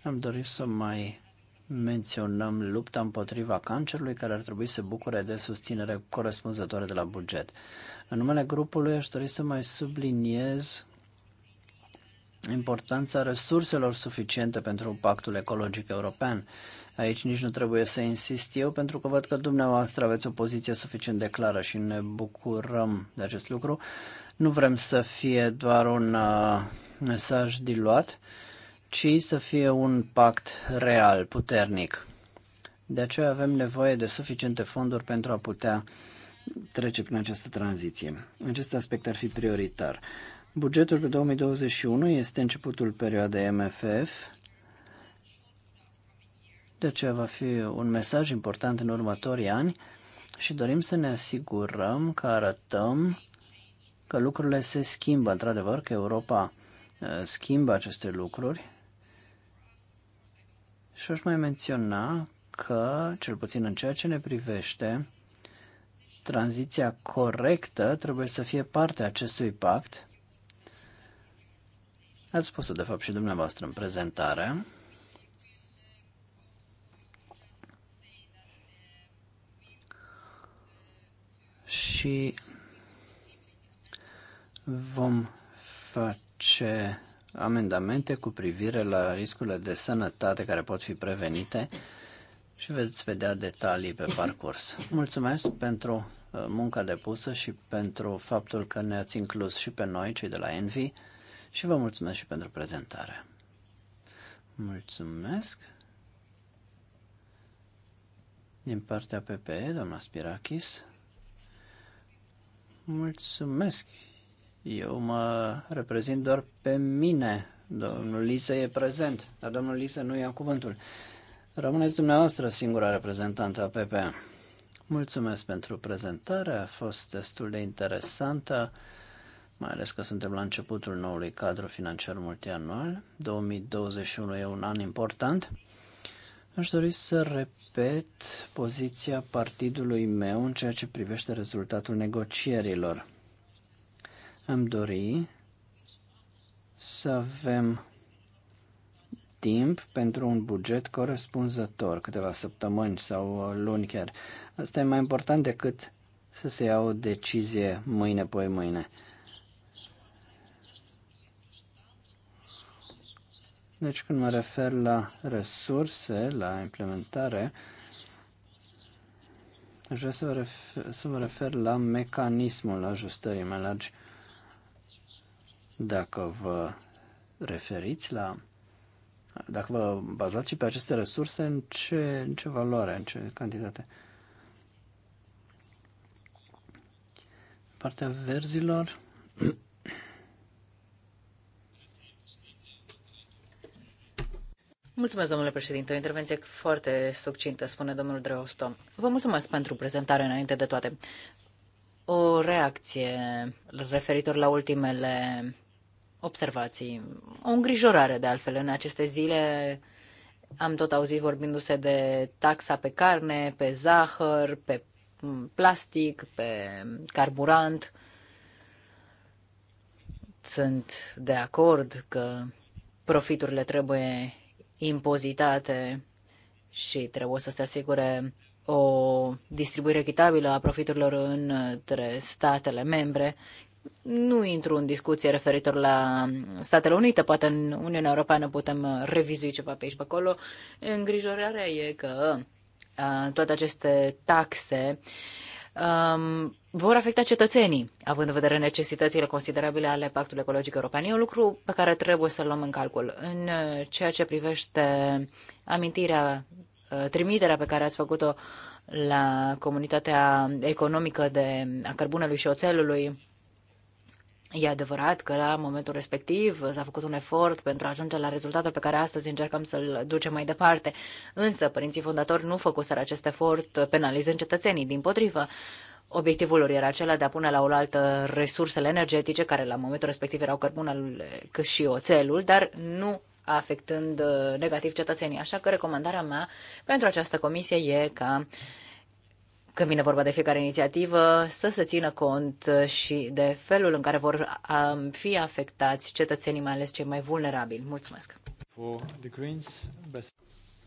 Am dorit să mai menționăm lupta împotriva cancerului, care ar trebui să bucure de susținere corespunzătoare de la buget. În numele grupului aș dori să mai subliniez importanța resurselor suficiente pentru pactul ecologic european. Aici nici nu trebuie să insist eu, pentru că văd că dumneavoastră aveți o poziție suficient de clară și ne bucurăm de acest lucru. Nu vrem să fie doar un uh, mesaj diluat, uh, ci să fie un pact real, puternic. De aceea avem nevoie de suficiente fonduri pentru a putea trece prin această tranziție. Acest aspect ar fi prioritar. Bugetul pe 2021 este începutul perioadei MFF, de aceea va fi un mesaj important în următorii ani și dorim să ne asigurăm că arătăm că lucrurile se schimbă, într-adevăr, că Europa eh, schimbă aceste lucruri și aș mai menționa că, cel puțin în ceea ce ne privește, tranziția corectă trebuie să fie parte a acestui pact. Ați spus-o, de fapt, și dumneavoastră în prezentare. Și vom face amendamente cu privire la riscurile de sănătate care pot fi prevenite și veți vedea detalii pe parcurs. Mulțumesc pentru uh, munca depusă și pentru faptul că ne-ați inclus și pe noi, cei de la Envy, și vă mulțumesc și pentru prezentare. Mulțumesc. Din partea PPE, doamna Spirakis. Mulțumesc. Eu mă reprezint doar pe mine. Domnul Lise e prezent, dar domnul Lise nu ia cuvântul. Rămâneți dumneavoastră singura reprezentantă a PPA. Mulțumesc pentru prezentare, a fost destul de interesantă, mai ales că suntem la începutul noului cadru financiar multianual. 2021 e un an important. Aș dori să repet poziția partidului meu în ceea ce privește rezultatul negocierilor. Am dori să avem timp pentru un buget corespunzător, câteva săptămâni sau uh, luni chiar. Asta e mai important decât să se ia o decizie mâine, poi mâine. Deci când mă refer la resurse, la implementare, aș vrea să, refer, să mă refer la mecanismul ajustării mai largi. Uh, dacă vă referiți la dacă vă bazați și pe aceste resurse, în ce, în ce valoare, în ce cantitate? Partea verzilor. Mulțumesc, domnule președinte. O intervenție foarte succintă, spune domnul Dreosto. Vă mulțumesc pentru prezentare înainte de toate. O reacție referitor la ultimele observații. O îngrijorare, de altfel, în aceste zile am tot auzit vorbindu-se de taxa pe carne, pe zahăr, pe plastic, pe carburant. Sunt de acord că profiturile trebuie impozitate și trebuie să se asigure o distribuire echitabilă a profiturilor între statele membre nu intru în discuție referitor la Statele Unite, poate în Uniunea Europeană putem uh, revizui ceva pe aici pe acolo. Îngrijorarea e că uh, toate aceste taxe um, vor afecta cetățenii, având în vedere necesitățile considerabile ale Pactului Ecologic European. E un lucru pe care trebuie să-l luăm în calcul. În uh, ceea ce privește amintirea, trimiterea pe care ați făcut-o la comunitatea economică de, a cărbunelui și oțelului, E adevărat că la momentul respectiv s-a făcut un efort pentru a ajunge la rezultatul pe care astăzi încercăm să-l ducem mai departe. Însă, părinții fondatori nu făcuseră acest efort penalizând cetățenii. Din potrivă, obiectivul lor era acela de a pune la oaltă resursele energetice, care la momentul respectiv erau cărbunul și oțelul, dar nu afectând uh, negativ cetățenii. Așa că recomandarea mea pentru această comisie e ca când vine vorba de fiecare inițiativă, să se țină cont și de felul în care vor fi afectați cetățenii, mai ales cei mai vulnerabili. Mulțumesc!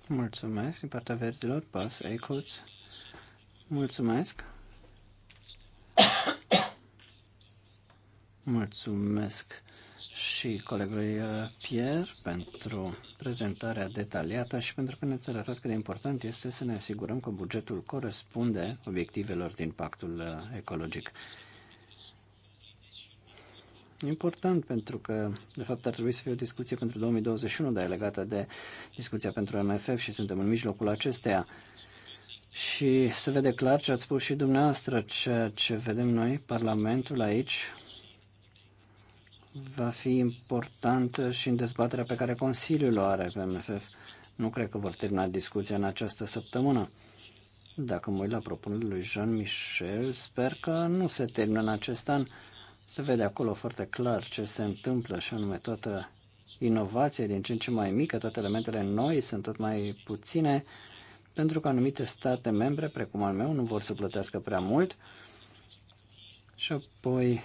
Mulțumesc din partea verzilor, pas, ecoți. Mulțumesc! Mulțumesc! și colegului uh, Pierre pentru prezentarea detaliată și pentru că ne-ați arătat cât de important este să ne asigurăm că bugetul corespunde obiectivelor din pactul uh, ecologic. Important pentru că, de fapt, ar trebui să fie o discuție pentru 2021, dar e legată de discuția pentru MFF și suntem în mijlocul acesteia. Și se vede clar ce ați spus și dumneavoastră, ceea ce vedem noi, Parlamentul aici, va fi importantă și în dezbaterea pe care Consiliul o are pe MFF. Nu cred că vor termina discuția în această săptămână. Dacă mă uit la propunerea lui Jean-Michel, sper că nu se termină în acest an. Se vede acolo foarte clar ce se întâmplă și anume toată inovația din ce în ce mai mică, toate elementele noi sunt tot mai puține, pentru că anumite state membre, precum al meu, nu vor să plătească prea mult. Și apoi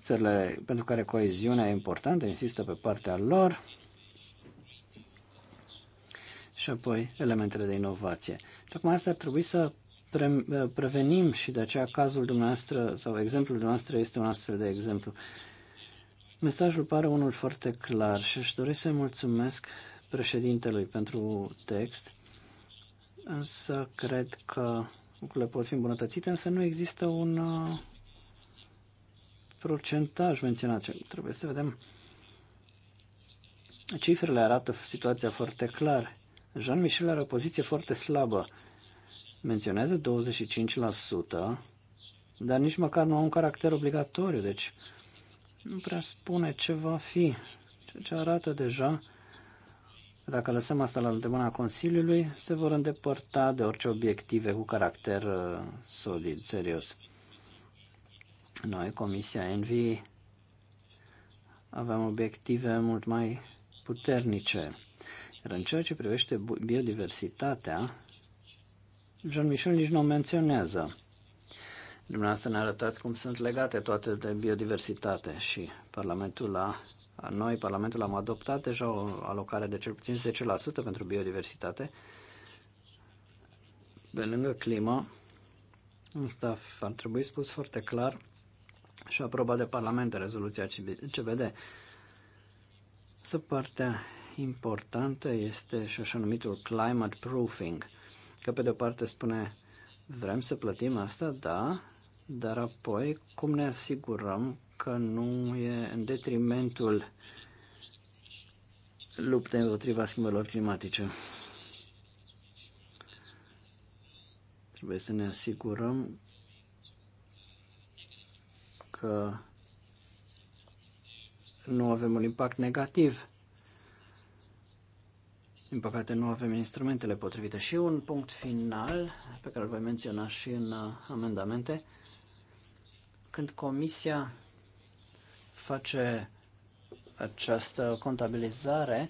țările pentru care coeziunea e importantă, insistă pe partea lor, și apoi elementele de inovație. Tocmai asta ar trebui să pre- prevenim și de aceea cazul dumneavoastră sau exemplul dumneavoastră este un astfel de exemplu. Mesajul pare unul foarte clar și aș dori să-i mulțumesc președintelui pentru text, însă cred că lucrurile pot fi îmbunătățite, însă nu există un uh, procentaj menționat. Trebuie să vedem. Cifrele arată situația foarte clar. Jean Michel are o poziție foarte slabă. Menționează 25%, dar nici măcar nu au un caracter obligatoriu, deci nu prea spune ce va fi. Ceea ce arată deja, dacă lăsăm asta la îndemâna Consiliului, se vor îndepărta de orice obiective cu caracter uh, solid, serios. Noi, Comisia Envy, aveam obiective mult mai puternice. Iar în ceea ce privește biodiversitatea, Jean Michel nici nu o menționează. Dumneavoastră ne arătați cum sunt legate toate de biodiversitate și Parlamentul a, noi, Parlamentul am adoptat deja o alocare de cel puțin 10% pentru biodiversitate. Pe lângă climă, asta ar trebui spus foarte clar, și aprobat de Parlament rezoluția CBD. Să partea importantă este și așa numitul climate proofing, că pe de o parte spune vrem să plătim asta, da, dar apoi cum ne asigurăm că nu e în detrimentul luptei împotriva schimbărilor climatice. Trebuie să ne asigurăm că nu avem un impact negativ. Din păcate nu avem instrumentele potrivite. Și un punct final pe care îl voi menționa și în uh, amendamente, când comisia face această contabilizare,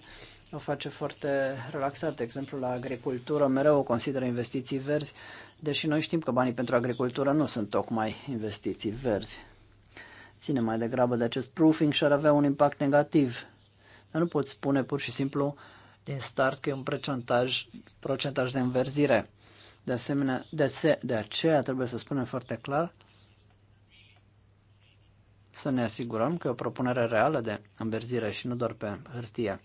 o face foarte relaxat. De exemplu, la agricultură mereu o consideră investiții verzi, deși noi știm că banii pentru agricultură nu sunt tocmai investiții verzi ține mai degrabă de acest proofing și ar avea un impact negativ. Dar nu pot spune pur și simplu din start că e un procentaj, procentaj de înverzire. De asemenea, de, se, de aceea trebuie să spunem foarte clar să ne asigurăm că e o propunere reală de înverzire și nu doar pe hârtie.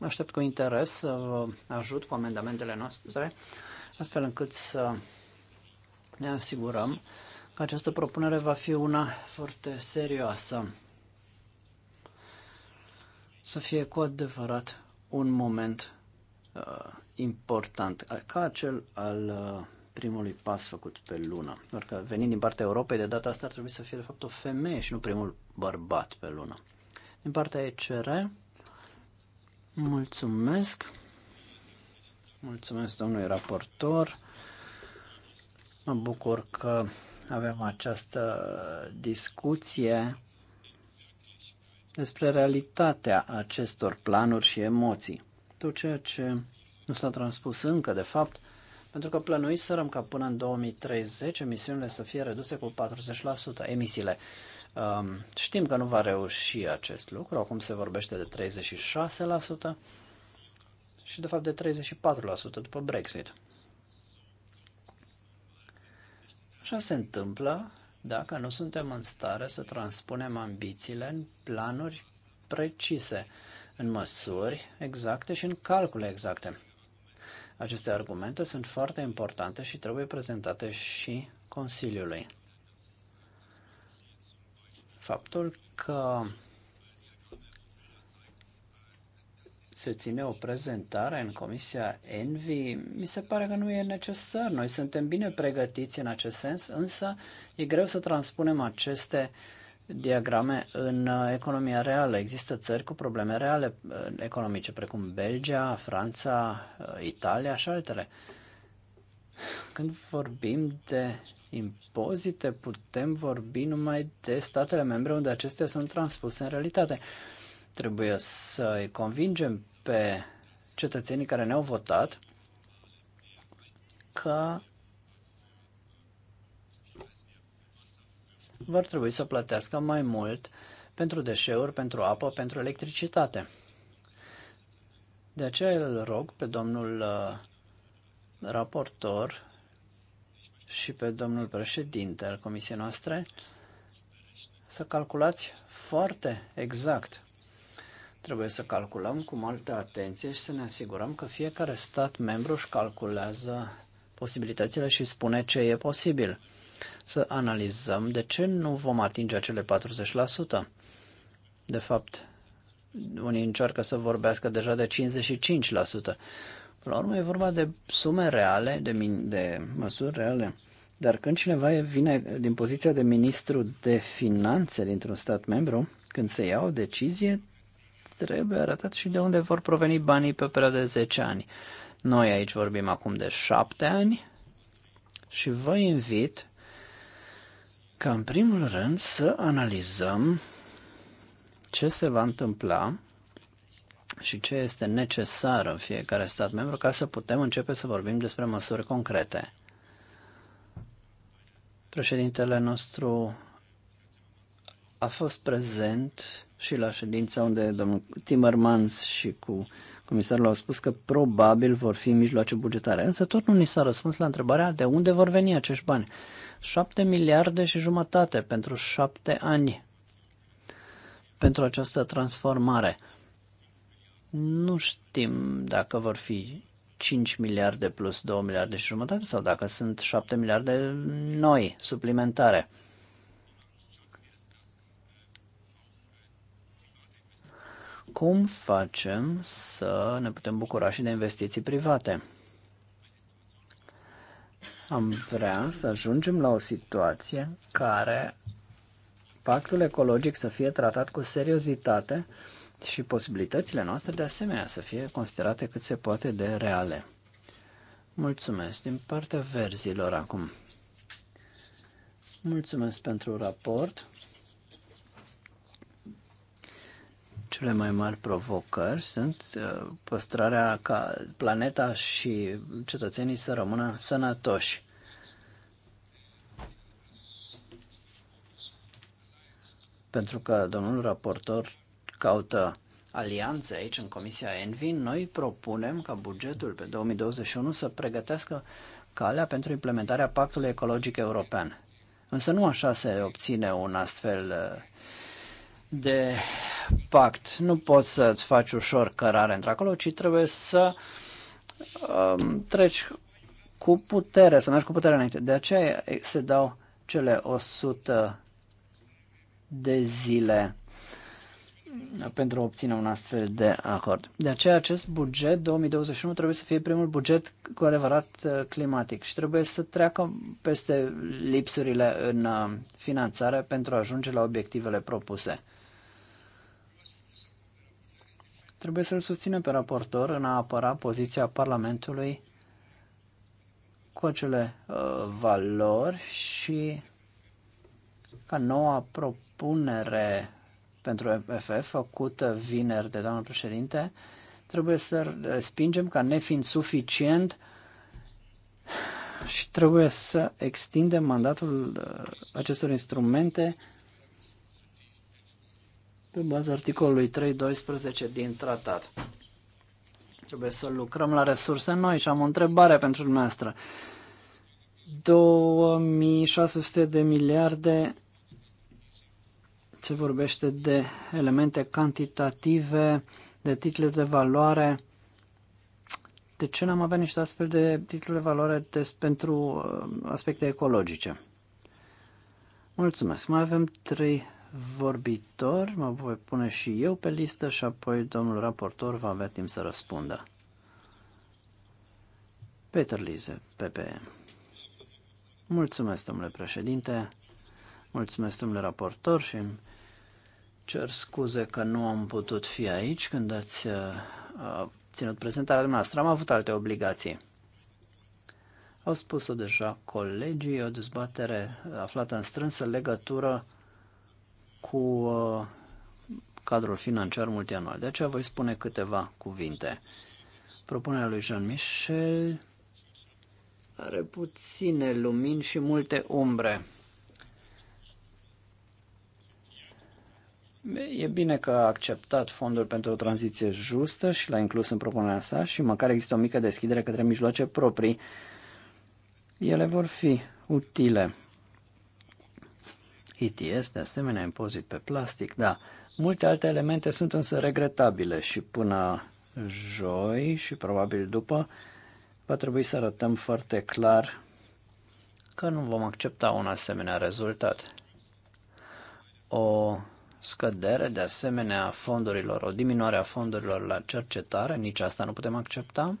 Aștept cu interes să vă ajut cu amendamentele noastre, astfel încât să ne asigurăm că această propunere va fi una foarte serioasă. Să fie cu adevărat un moment uh, important, uh, ca cel al uh, primului pas făcut pe lună. Doar că venind din partea Europei, de data asta ar trebui să fie de fapt o femeie și nu primul bărbat pe lună. Din partea ECR, mulțumesc. Mulțumesc domnului raportor. Mă bucur că avem această discuție despre realitatea acestor planuri și emoții. Tot ceea ce nu s-a transpus încă, de fapt, pentru că plănuiserăm ca până în 2030 emisiunile să fie reduse cu 40%, emisiile. Um, știm că nu va reuși acest lucru, acum se vorbește de 36% și de fapt de 34% după Brexit. Așa se întâmplă dacă nu suntem în stare să transpunem ambițiile în planuri precise, în măsuri exacte și în calcule exacte. Aceste argumente sunt foarte importante și trebuie prezentate și Consiliului. Faptul că se ține o prezentare în Comisia Envi, mi se pare că nu e necesar. Noi suntem bine pregătiți în acest sens, însă e greu să transpunem aceste diagrame în uh, economia reală. Există țări cu probleme reale uh, economice, precum Belgia, Franța, uh, Italia și altele. Când vorbim de impozite, putem vorbi numai de statele membre unde acestea sunt transpuse în realitate. Trebuie să îi convingem pe cetățenii care ne-au votat că vor trebui să plătească mai mult pentru deșeuri, pentru apă, pentru electricitate. De aceea îl rog pe domnul uh, raportor și pe domnul președinte al comisiei noastre să calculați foarte exact Trebuie să calculăm cu multă atenție și să ne asigurăm că fiecare stat membru își calculează posibilitățile și spune ce e posibil. Să analizăm de ce nu vom atinge acele 40%. De fapt, unii încearcă să vorbească deja de 55%. la urmă e vorba de sume reale, de, min- de măsuri reale. Dar când cineva vine din poziția de ministru de finanțe dintr-un stat membru, când se ia o decizie, trebuie arătat și de unde vor proveni banii pe perioada de 10 ani. Noi aici vorbim acum de 7 ani și vă invit ca în primul rând să analizăm ce se va întâmpla și ce este necesar în fiecare stat membru ca să putem începe să vorbim despre măsuri concrete. Președintele nostru a fost prezent și la ședința unde domnul Timmermans și cu comisarul au spus că probabil vor fi mijloace bugetare. Însă tot nu ni s-a răspuns la întrebarea de unde vor veni acești bani. 7 miliarde și jumătate pentru 7 ani pentru această transformare. Nu știm dacă vor fi 5 miliarde plus 2 miliarde și jumătate sau dacă sunt 7 miliarde noi, suplimentare. cum facem să ne putem bucura și de investiții private? Am vrea să ajungem la o situație care pactul ecologic să fie tratat cu seriozitate și posibilitățile noastre de asemenea să fie considerate cât se poate de reale. Mulțumesc din partea verzilor acum. Mulțumesc pentru raport. Cele mai mari provocări sunt uh, păstrarea ca planeta și cetățenii să rămână sănătoși. Pentru că domnul raportor caută alianțe aici în Comisia Envi, noi propunem ca bugetul pe 2021 să pregătească calea pentru implementarea Pactului Ecologic European. Însă nu așa se obține un astfel uh, de pact. Nu poți să-ți faci ușor cărare într-acolo, ci trebuie să um, treci cu putere, să mergi cu putere înainte. De aceea se dau cele 100 de zile pentru a obține un astfel de acord. De aceea acest buget 2021 trebuie să fie primul buget cu adevărat uh, climatic și trebuie să treacă peste lipsurile în uh, finanțare pentru a ajunge la obiectivele propuse. Trebuie să-l susțină pe raportor în a apăra poziția Parlamentului cu acele uh, valori și ca noua propunere pentru FF făcută vineri de doamnă președinte, trebuie să respingem ca nefiind suficient și trebuie să extindem mandatul uh, acestor instrumente pe baza articolului 3.12 din tratat. Trebuie să lucrăm la resurse noi și am o întrebare pentru dumneavoastră. 2600 de miliarde se vorbește de elemente cantitative, de titluri de valoare. De ce n-am avea niște astfel de titluri de valoare des pentru uh, aspecte ecologice? Mulțumesc. Mai avem trei Vorbitor, mă voi pune și eu pe listă și apoi domnul raportor va avea timp să răspundă. Peter Lize, PPE. Mulțumesc, domnule președinte, mulțumesc, domnule raportor și îmi cer scuze că nu am putut fi aici când ați uh, uh ținut prezentarea dumneavoastră. Am avut alte obligații. Au spus-o deja colegii, o dezbatere aflată în strânsă legătură cu uh, cadrul financiar multianual. De aceea voi spune câteva cuvinte. Propunerea lui Jean-Michel are puține lumini și multe umbre. E bine că a acceptat fondul pentru o tranziție justă și l-a inclus în propunerea sa și măcar există o mică deschidere către mijloace proprii, ele vor fi utile. ETS, de asemenea, impozit pe plastic, da. Multe alte elemente sunt însă regretabile și până joi și probabil după va trebui să arătăm foarte clar că nu vom accepta un asemenea rezultat. O scădere de asemenea fondurilor, o diminuare a fondurilor la cercetare, nici asta nu putem accepta.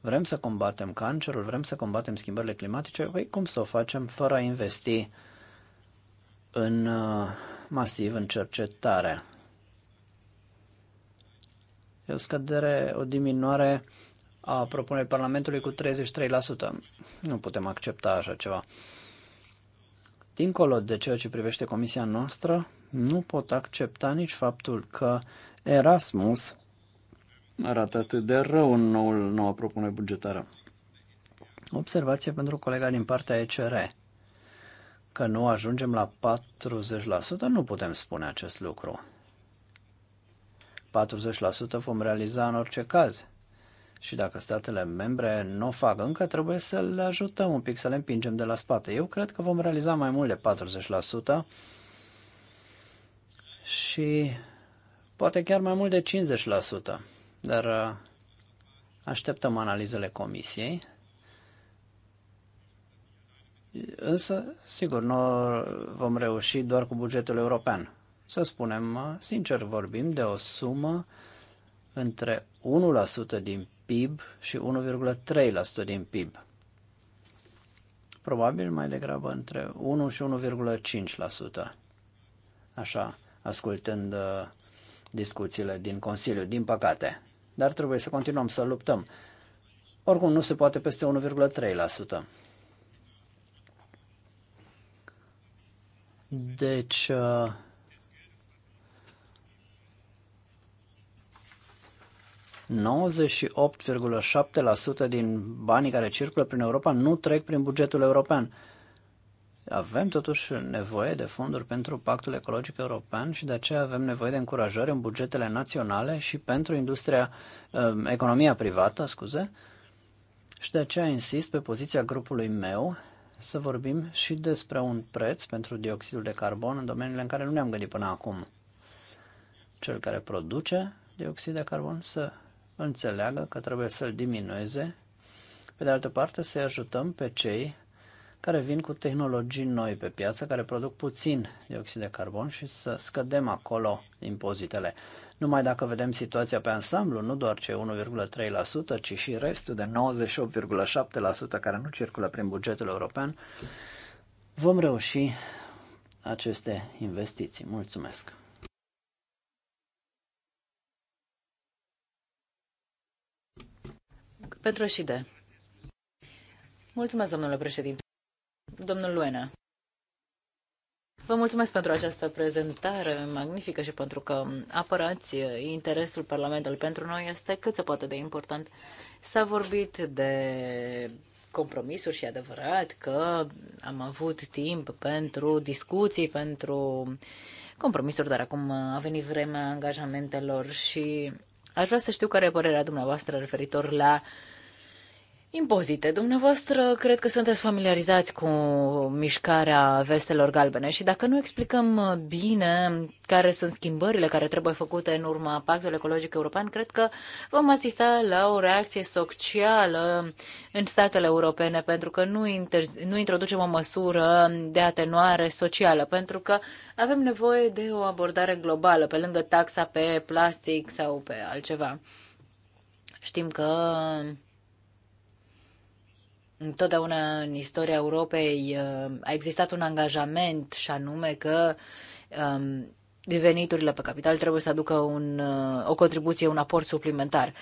Vrem să combatem cancerul, vrem să combatem schimbările climatice, păi cum să o facem fără a investi în, uh, masiv în cercetare. E o scădere, o diminuare a propunerii Parlamentului cu 33%. Nu putem accepta așa ceva. Dincolo de ceea ce privește comisia noastră, nu pot accepta nici faptul că Erasmus arată atât de rău în noul, noua propunere bugetară. Observație pentru colega din partea ECR că nu ajungem la 40%, nu putem spune acest lucru. 40% vom realiza în orice caz. Și dacă statele membre nu o fac încă, trebuie să le ajutăm un pic, să le împingem de la spate. Eu cred că vom realiza mai mult de 40% și poate chiar mai mult de 50%. Dar uh, așteptăm analizele comisiei Însă, sigur, nu vom reuși doar cu bugetul european. Să spunem, sincer, vorbim de o sumă între 1% din PIB și 1,3% din PIB. Probabil mai degrabă între 1 și 1,5%. Așa, ascultând uh, discuțiile din Consiliu, din păcate. Dar trebuie să continuăm să luptăm. Oricum nu se poate peste 1,3%. Deci, uh, 98,7% din banii care circulă prin Europa nu trec prin bugetul european. Avem totuși nevoie de fonduri pentru Pactul Ecologic European și de aceea avem nevoie de încurajare în bugetele naționale și pentru industria, uh, economia privată, scuze, și de aceea insist pe poziția grupului meu să vorbim și despre un preț pentru dioxidul de carbon în domeniile în care nu ne-am gândit până acum. Cel care produce dioxid de carbon să înțeleagă că trebuie să-l diminueze, pe de altă parte să-i ajutăm pe cei care vin cu tehnologii noi pe piață, care produc puțin dioxid de carbon și să scădem acolo impozitele. Numai dacă vedem situația pe ansamblu, nu doar cei 1,3%, ci și restul de 98,7% care nu circulă prin bugetul european, vom reuși aceste investiții. Mulțumesc! Pentru și de. Mulțumesc, domnule președinte. Domnul Luena. Vă mulțumesc pentru această prezentare magnifică și pentru că apărați interesul Parlamentului. Pentru noi este cât se poate de important. S-a vorbit de compromisuri și adevărat că am avut timp pentru discuții, pentru compromisuri, dar acum a venit vremea angajamentelor și aș vrea să știu care e părerea dumneavoastră referitor la uh, Impozite. Dumneavoastră, cred că sunteți familiarizați cu mișcarea vestelor galbene și dacă nu explicăm bine care sunt schimbările care trebuie făcute în urma Pactului Ecologic European, cred că vom asista la o reacție socială în statele europene, pentru că nu, inter- nu introducem o măsură de atenuare socială, pentru că avem nevoie de o abordare globală, pe lângă taxa pe plastic sau pe altceva. Știm că Întotdeauna în istoria Europei uh, a existat un angajament și anume că um, veniturile pe capital trebuie să aducă un, uh, o contribuție, un aport suplimentar.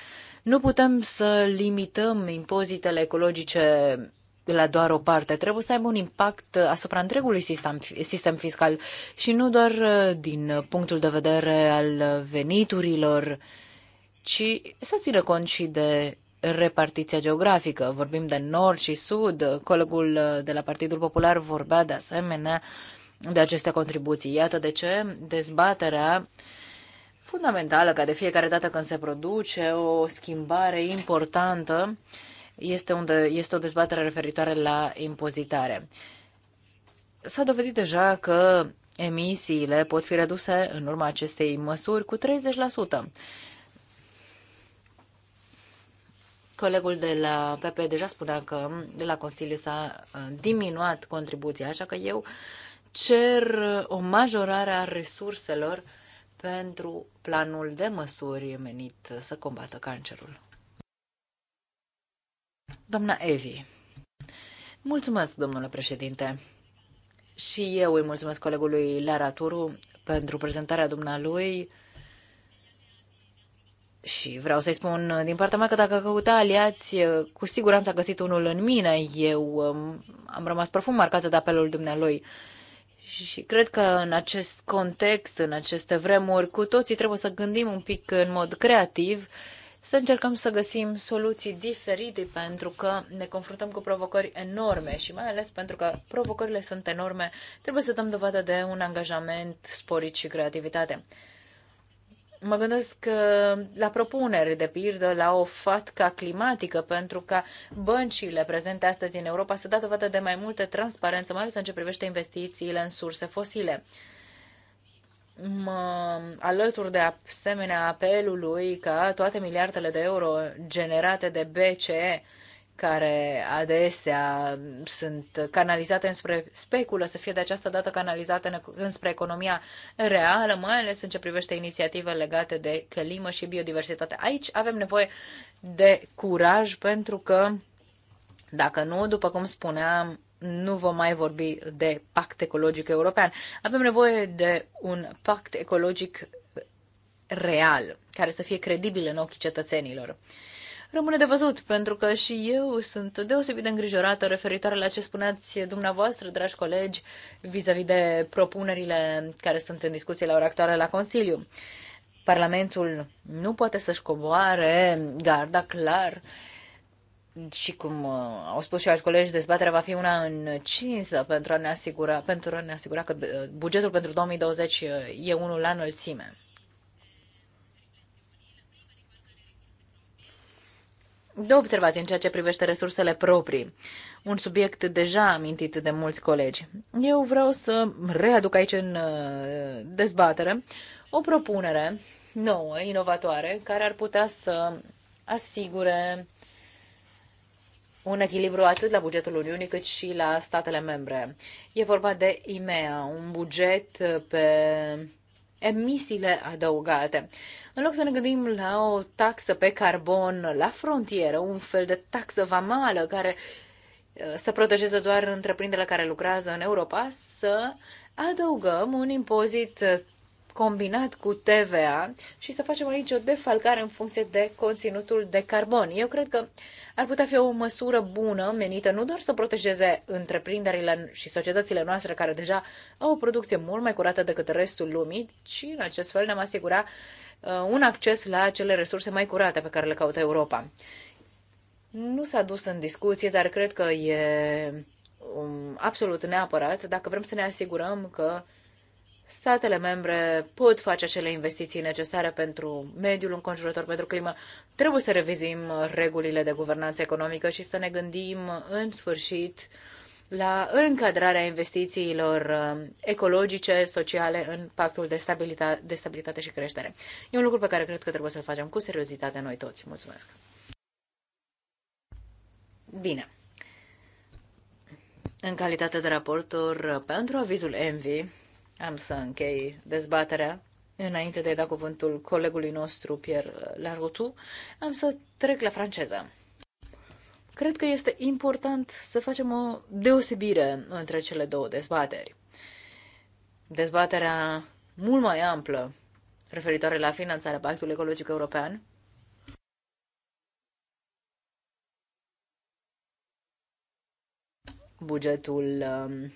Nu putem să limităm impozitele ecologice la doar o parte. Trebuie să aibă un impact asupra întregului sistem, sistem fiscal și nu doar uh, din punctul de vedere al veniturilor, ci să țină cont și de repartiția geografică. Vorbim de nord și sud. Colegul uh, de la Partidul Popular vorbea de asemenea de aceste contribuții. Iată de ce dezbaterea fundamentală, ca de fiecare dată când se produce o schimbare importantă, este, unde, este o dezbatere referitoare la impozitare. S-a dovedit deja că emisiile pot fi reduse în urma acestei măsuri cu 30%. Colegul de la PP deja spunea că de la Consiliu s-a uh, diminuat contribuția, așa că eu cer o majorare a resurselor pentru planul de măsuri menit să combată cancerul. Doamna Evi. Mulțumesc, domnule președinte. Și eu îi mulțumesc colegului Lara Turu pentru prezentarea dumnealui. Și vreau să-i spun uh, din partea mea că dacă căuta aliați, uh, cu siguranță a găsit unul în mine. Eu um, am rămas profund marcată de apelul dumnealui. Și cred că în acest context, în aceste vremuri, cu toții trebuie să gândim un pic în mod creativ, să încercăm să găsim soluții diferite pentru că ne confruntăm cu provocări enorme și mai ales pentru că provocările sunt enorme, trebuie să dăm dovadă de un angajament sporit și creativitate. Mă gândesc la propuneri, de pildă, la o fatca climatică, pentru ca băncile prezente astăzi în Europa să dea dovadă de mai multă transparență, mai ales în ce privește investițiile în surse fosile. Mă alături de asemenea apelului ca toate miliardele de euro generate de BCE care adesea sunt canalizate înspre speculă, să fie de această dată canalizate înspre economia reală, mai ales în ce privește inițiative legate de climă și biodiversitate. Aici avem nevoie de curaj pentru că, dacă nu, după cum spuneam, nu vom mai vorbi de pact ecologic european. Avem nevoie de un pact ecologic real, care să fie credibil în ochii cetățenilor. Rămâne de văzut, pentru că și eu sunt deosebit de îngrijorată referitoare la ce spuneați dumneavoastră, dragi colegi, vis-a-vis -vis de propunerile care sunt în discuție la ora actuală la Consiliu. Parlamentul nu poate să-și coboare garda clar și cum uh, au spus și alți colegi, dezbaterea va fi una în cinză pentru a ne asigura, pentru a ne asigura că uh, bugetul pentru 2020 uh, e unul la înălțime. Două observații în ceea ce privește resursele proprii, un subiect deja amintit de mulți colegi. Eu vreau să readuc aici în uh, dezbatere o propunere nouă, inovatoare, care ar putea să asigure un echilibru atât la bugetul Uniunii cât și la statele membre. E vorba de IMEA, un buget pe emisiile adăugate. În loc să ne gândim la o taxă pe carbon la frontieră, un fel de taxă vamală care uh, să protejeze doar întreprinderile care lucrează în Europa, să adăugăm un impozit combinat cu TVA și să facem aici o defalcare în funcție de conținutul de carbon. Eu cred că ar putea fi o măsură bună menită nu doar să protejeze întreprinderile și societățile noastre care deja au o producție mult mai curată decât restul lumii, ci în acest fel ne-am asigura uh, un acces la acele resurse mai curate pe care le caută Europa. Nu s-a dus în discuție, dar cred că e um, absolut neapărat dacă vrem să ne asigurăm că uh, statele membre pot face acele investiții necesare pentru mediul înconjurător, pentru climă. Trebuie să revizuim regulile de guvernanță economică și să ne gândim în sfârșit la încadrarea investițiilor uh, ecologice, sociale în pactul de, stabilita- de stabilitate și creștere. E un lucru pe care cred că trebuie să-l facem cu seriozitate noi toți. Mulțumesc! Bine. În calitate de raportor pentru avizul Envy, am să închei dezbaterea. Înainte de a da cuvântul colegului nostru, Pierre Larotu, am să trec la franceză. Cred că este important să facem o deosebire între cele două dezbateri. Dezbaterea mult mai amplă referitoare la finanțarea Pactului Ecologic European bugetul um,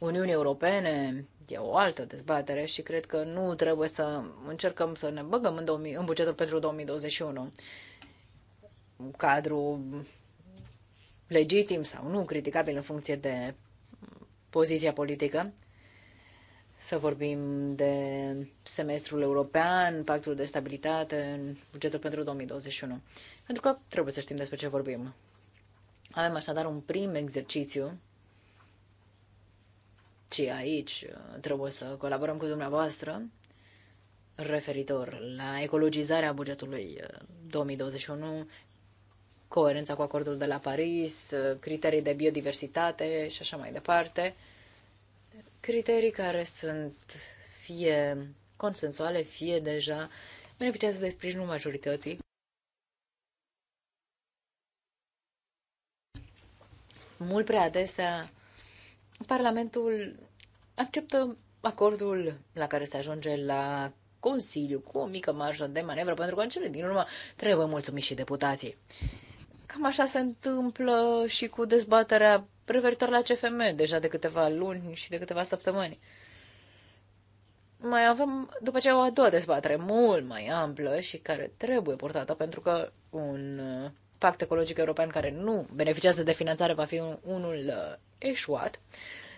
Uniunii Europene e o altă dezbatere și cred că nu trebuie să încercăm să ne băgăm în, 2000, în bugetul pentru 2021. Un cadru legitim sau nu, criticabil în funcție de poziția politică, să vorbim de semestrul european, pactul de stabilitate, bugetul pentru 2021. Pentru că trebuie să știm despre ce vorbim. Avem așadar un prim exercițiu ci aici uh, trebuie să colaborăm cu dumneavoastră referitor la ecologizarea bugetului 2021, uh, coerența cu acordul de la Paris, uh, criterii de biodiversitate și așa mai departe. Criterii care sunt fie consensuale, fie deja beneficiază de sprijinul majorității. Mult prea adesea Parlamentul acceptă acordul la care se ajunge la Consiliu cu o mică marjă de manevră, pentru că în cele din urmă trebuie mulțumiți și deputații. Cam așa se întâmplă și cu dezbaterea referitoare la CFM, deja de câteva luni și de câteva săptămâni. Mai avem după aceea o a doua dezbatere mult mai amplă și care trebuie purtată pentru că un pact ecologic european care nu beneficiază de finanțare va fi unul eșuat.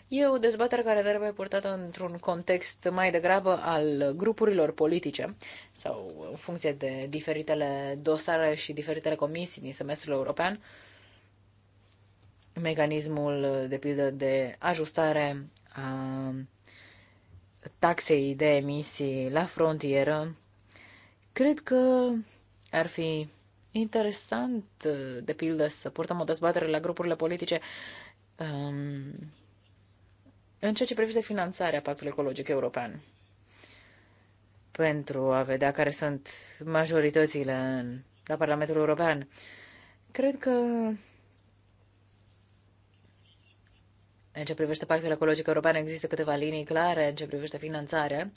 E o dezbatere care trebuie purtată într-un context mai degrabă al grupurilor politice sau în funcție de diferitele dosare și diferitele comisii din semestrul european, mecanismul de pildă de ajustare a taxei de emisii la frontieră, cred că ar fi interesant, de pildă, să purtăm o dezbatere la grupurile politice um, în ceea ce privește finanțarea Pactului Ecologic European. Pentru a vedea care sunt majoritățile în, la Parlamentul European, cred că în ce privește Pactul Ecologic European există câteva linii clare în ce privește finanțarea.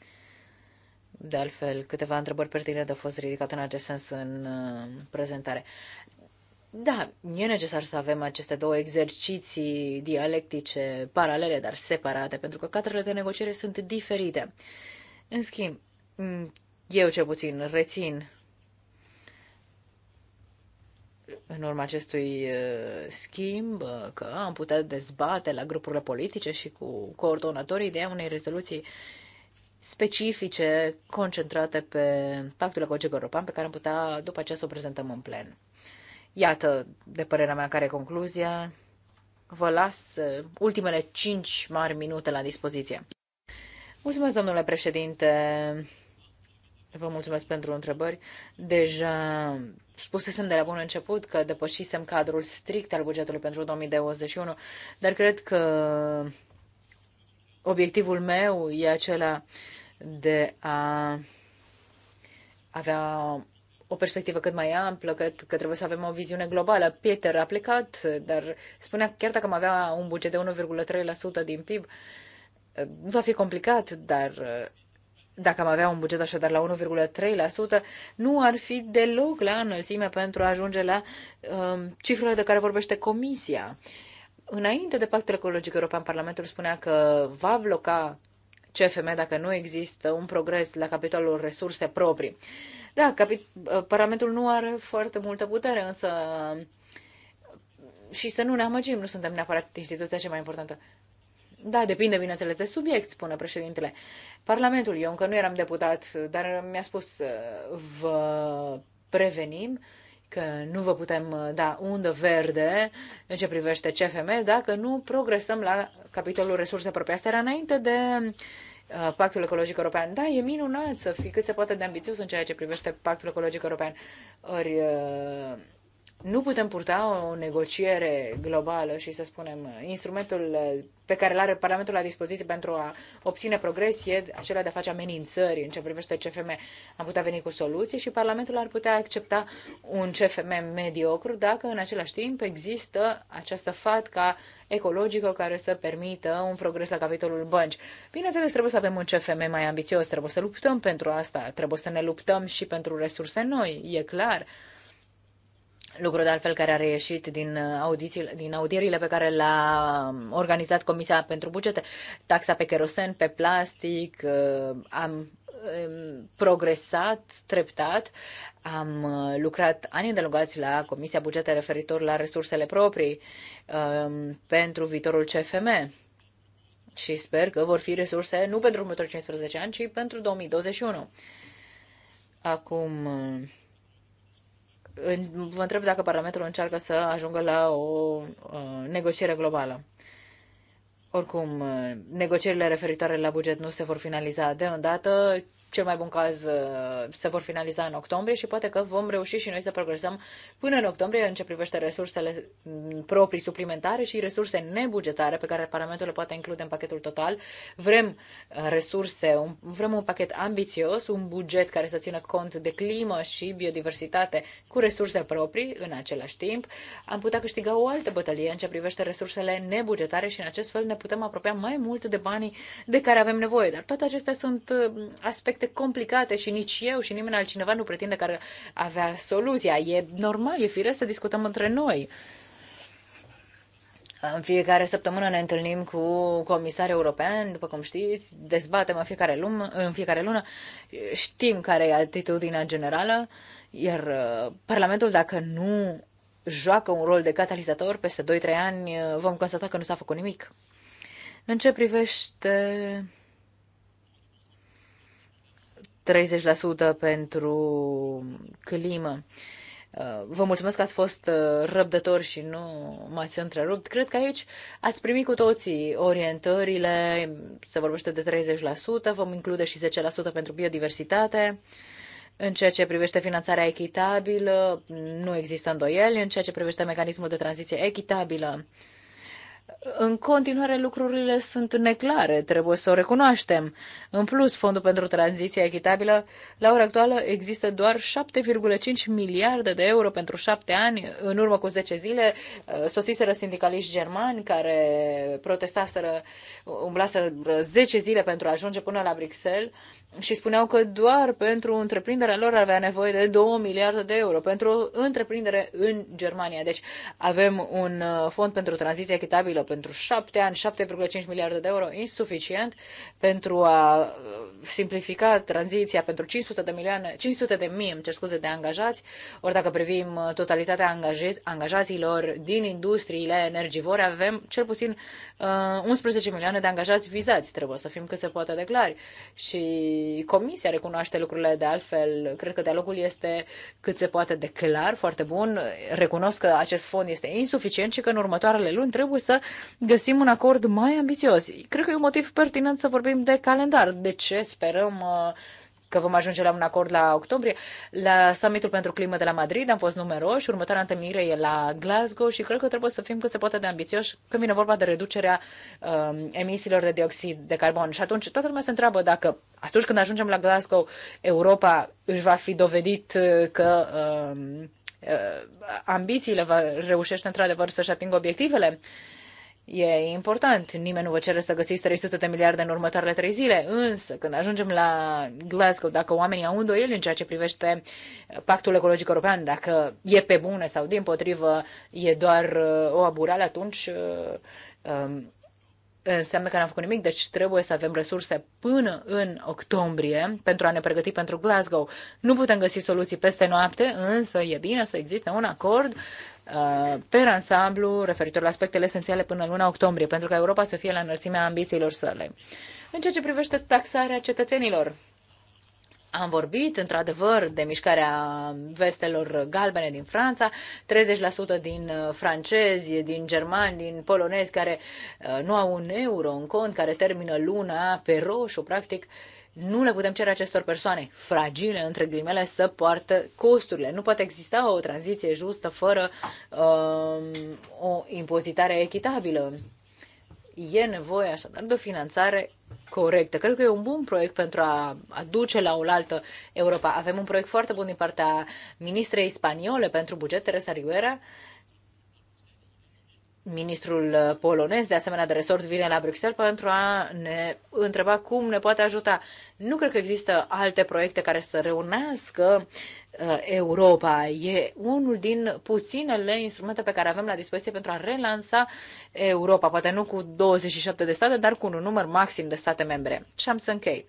De altfel, câteva întrebări pertinente au fost ridicate în acest sens în uh, prezentare. Da, e necesar să avem aceste două exerciții dialectice paralele, dar separate, pentru că cadrele de negociere sunt diferite. În schimb, eu ce puțin rețin în urma acestui uh, schimb uh, că am putea dezbate la grupurile politice și cu coordonatorii ideea unei rezoluții specifice concentrate pe pactul ecologic european pe care am putea după aceea să o prezentăm în plen. Iată, de părerea mea, care e concluzia. Vă las uh, ultimele cinci mari minute la dispoziție. Mulțumesc, domnule președinte. Vă mulțumesc pentru întrebări. Deja spusesem de la bun început că depășisem cadrul strict al bugetului pentru 2021, dar cred că obiectivul meu e acela de a avea o perspectivă cât mai amplă, cred că trebuie să avem o viziune globală. Peter a plecat, dar spunea chiar dacă am avea un buget de 1,3% din PIB, va fi complicat, dar uh, dacă am avea un buget așadar la 1,3%, nu ar fi deloc la înălțime pentru a ajunge la um, cifrele de care vorbește Comisia. Înainte de Pactul Ecologic European, Parlamentul spunea că va bloca CFM dacă nu există un progres la capitolul resurse proprii. Da, ă, Parlamentul nu are foarte multă putere, însă și să nu ne amăgim, nu suntem neapărat instituția cea mai importantă. Da, depinde, bineînțeles, de subiect, spune președintele. Parlamentul, eu încă nu eram deputat, dar mi-a spus, ă, vă prevenim că nu vă putem ă, da undă verde în ce privește CFM dacă nu progresăm la capitolul resurse proprii. Asta era înainte de Uh, Pactul Ecologic European. Da, e minunat să fii cât se poate de ambițios în ceea ce privește Pactul Ecologic European. Ori uh, nu putem purta o negociere globală și, să spunem, instrumentul pe care îl are Parlamentul la dispoziție pentru a obține progres e acela de a face amenințări în ce privește CFM. Am putea veni cu soluții și Parlamentul ar putea accepta un CFM mediocru dacă în același timp există această fatca ecologică care să permită un progres la capitolul bănci. Bineînțeles, trebuie să avem un CFM mai ambițios, trebuie să luptăm pentru asta, trebuie să ne luptăm și pentru resurse noi, e clar Lucru de altfel care a reieșit din, uh, audiții, din audierile pe care le-a um, organizat Comisia pentru Bugete, taxa pe kerosen, pe plastic, uh, am um, progresat treptat. Am uh, lucrat ani îndelungați la Comisia Bugete referitor la resursele proprii um, pentru viitorul CFM. Și sper că vor fi resurse nu pentru următorii 15 ani, ci pentru 2021. Acum, vă întreb dacă Parlamentul încearcă să ajungă la o uh, negociere globală. Oricum, uh, negocierile referitoare la buget nu se vor finaliza de îndată, cel mai bun caz uh, se vor finaliza în octombrie și poate că vom reuși și noi să progresăm până în octombrie în ce privește resursele mm, proprii suplimentare și resurse nebugetare pe care Parlamentul le poate include în pachetul total. Vrem uh, resurse, un, vrem un pachet ambițios, un buget care să țină cont de climă și biodiversitate cu resurse proprii în același timp. Am putea câștiga o altă bătălie în ce privește resursele nebugetare și în acest fel ne putem apropia mai mult de banii de care avem nevoie. Dar toate acestea sunt uh, aspecte aspecte complicate și nici eu și nimeni altcineva nu pretinde că ar avea soluția. E normal, e firesc să discutăm între noi. În fiecare săptămână ne întâlnim cu comisari europeni, după cum știți, dezbatem în fiecare, lum- în fiecare lună, știm care e atitudinea generală, iar uh, Parlamentul, dacă nu joacă un rol de catalizator, peste 2-3 ani uh, vom constata că nu s-a făcut nimic. În ce privește 30% pentru climă. Uh, vă mulțumesc că ați fost uh, răbdători și nu m-ați întrerupt. Cred că aici ați primit cu toții orientările, se vorbește de 30%, vom include și 10% pentru biodiversitate. În ceea ce privește finanțarea echitabilă, nu există îndoieli. În ceea ce privește mecanismul de tranziție echitabilă, în continuare, lucrurile sunt neclare, trebuie să o recunoaștem. În plus, Fondul pentru Tranziție Echitabilă, la ora actuală există doar 7,5 miliarde de euro pentru șapte ani. În urmă cu 10 zile, uh, sosiseră sindicaliști germani care protestaseră, umblaseră 10 zile pentru a ajunge până la Bruxelles și spuneau că doar pentru întreprinderea lor avea nevoie de 2 miliarde de euro pentru o întreprindere în Germania. Deci avem un uh, fond pentru tranziție echitabilă disponibilă pentru șapte ani, 7,5 miliarde de euro, insuficient pentru a uh, simplifica tranziția pentru 500 de milioane, 500 de mii, îmi cer scuze, de angajați, ori dacă privim uh, totalitatea angajaților din industriile energivore, avem cel puțin 11 uh, milioane de angajați vizați, trebuie să fim cât se poate declari. Și comisia recunoaște lucrurile de altfel, cred că dialogul este cât se poate declar, foarte bun, recunosc că acest fond este insuficient și că în următoarele luni trebuie să găsim un acord mai ambițios. Cred că e un motiv pertinent să vorbim de calendar. De ce sperăm uh, că vom ajunge la un acord la octombrie. La summitul pentru climă de la Madrid am fost numeroși, următoarea întâlnire e la Glasgow și cred că trebuie să fim cât se poate de ambițioși când vine vorba de reducerea um, emisiilor de dioxid de carbon. Și atunci toată lumea se întreabă dacă atunci când ajungem la Glasgow, Europa își va fi dovedit uh, că um, uh, ambițiile va, reușește într-adevăr să-și atingă obiectivele. Uh, E important, nimeni nu vă cere să găsiți 300 de miliarde în următoarele trei zile, însă când ajungem la Glasgow, dacă oamenii au îndoieli în ceea ce privește pactul ecologic european, dacă e pe bune sau din potrivă e doar uh, o aburală, atunci uh, um, înseamnă că n-am făcut nimic, deci trebuie să avem resurse până în octombrie pentru a ne pregăti pentru Glasgow. Nu putem găsi soluții peste noapte, însă e bine să existe un acord Uh, pe ansamblu referitor la aspectele esențiale până în luna octombrie, pentru ca Europa să fie la înălțimea ambițiilor sale. În ceea ce privește taxarea cetățenilor, am vorbit, într-adevăr, de mișcarea vestelor galbene din Franța, 30% din uh, francezi, din germani, din polonezi care uh, nu au un euro în cont, care termină luna pe roșu, practic, uh, nu le putem cere acestor persoane fragile, între grimele, să poartă costurile. Nu poate exista o tranziție justă fără um, o impozitare echitabilă. E nevoie așadar de o finanțare corectă. Cred că e un bun proiect pentru a aduce la oaltă Europa. Avem un proiect foarte bun din partea ministrei spaniole pentru buget, Teresa Rivera, uh, Ministrul uh, polonez, de asemenea de resort, vine la Bruxelles pentru a ne întreba cum ne poate ajuta. Nu cred că există alte proiecte care să reunească uh, Europa. E unul din puținele instrumente pe care avem la dispoziție pentru a relansa Europa. Poate nu cu 27 de state, dar cu un număr maxim de state membre. Și am să închei.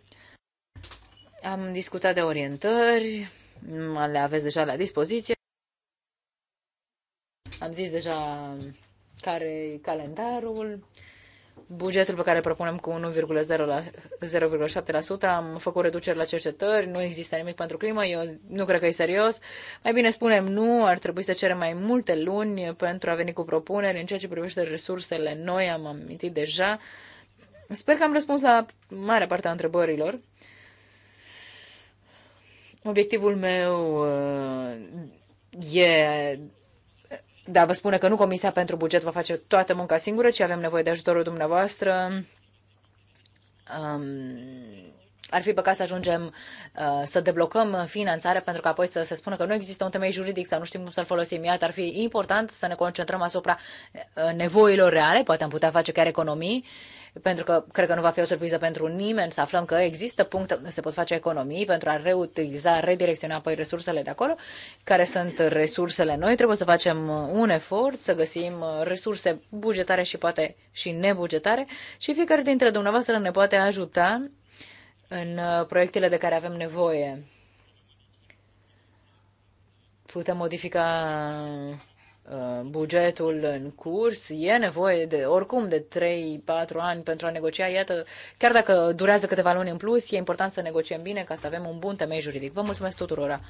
Am discutat de orientări, le aveți deja la dispoziție. Am zis deja care e calendarul, bugetul pe care îl propunem cu 1,07%, am făcut reduceri la cercetări, nu există nimic pentru climă, eu nu cred că e serios. Mai bine spunem nu, ar trebui să cerem mai multe luni pentru a veni cu propuneri în ceea ce privește resursele noi, am amintit deja. Sper că am răspuns la marea parte a întrebărilor. Obiectivul meu uh, e da, vă spune că nu Comisia pentru Buget va face toată munca singură, ci avem nevoie de ajutorul dumneavoastră. Um, ar fi păcat să ajungem uh, să deblocăm finanțarea pentru că apoi să se spună că nu există un temei juridic sau nu știm cum să-l folosim. Iată, ar fi important să ne concentrăm asupra uh, nevoilor reale, poate am putea face chiar economii, pentru că cred că nu va fi o surpriză pentru nimeni să aflăm că există puncte unde se pot face economii pentru a reutiliza, redirecționa apoi resursele de acolo, care sunt resursele noi. Trebuie să facem uh, un efort, să găsim resurse bugetare și poate și nebugetare și fiecare dintre dumneavoastră ne poate ajuta în uh, proiectele de care avem nevoie. Putem modifica uh, bugetul în curs, e nevoie de oricum de 3-4 ani pentru a negocia. Iată, chiar dacă durează câteva luni în plus, e important să negociem bine ca să avem un bun temei juridic. Vă mulțumesc tuturora!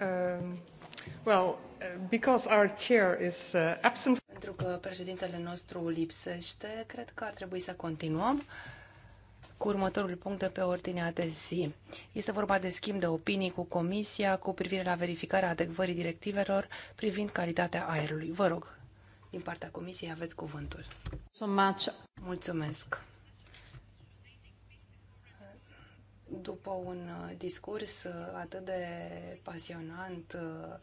Um, well, uh, because our chair is uh, absent. Pentru că președintele nostru lipsește, cred că ar trebui să continuăm cu următorul punct de pe ordinea de zi. Este vorba de schimb de opinii cu Comisia cu privire la verificarea adecvării directivelor privind calitatea aerului. Vă rog, din partea Comisiei aveți cuvântul. Mulțumesc. după un uh, discurs uh, atât de pasionant uh,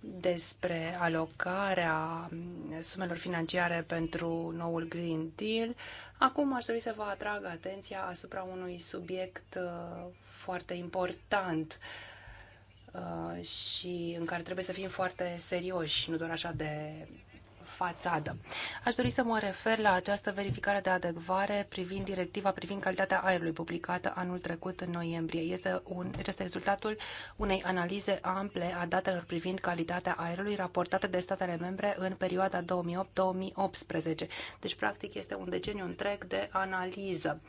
despre alocarea mm, sumelor financiare pentru noul Green Deal, acum aș dori să vă atrag atenția asupra unui subiect foarte important și în care trebuie să fim foarte serioși, nu doar așa de fațadă. Aș dori să mă refer la această verificare de adecvare privind directiva privind calitatea aerului publicată anul trecut în noiembrie. Este, un, este rezultatul unei analize ample a datelor privind calitatea aerului raportate de statele membre în perioada 2008-2018. Deci, practic, este un deceniu întreg de analiză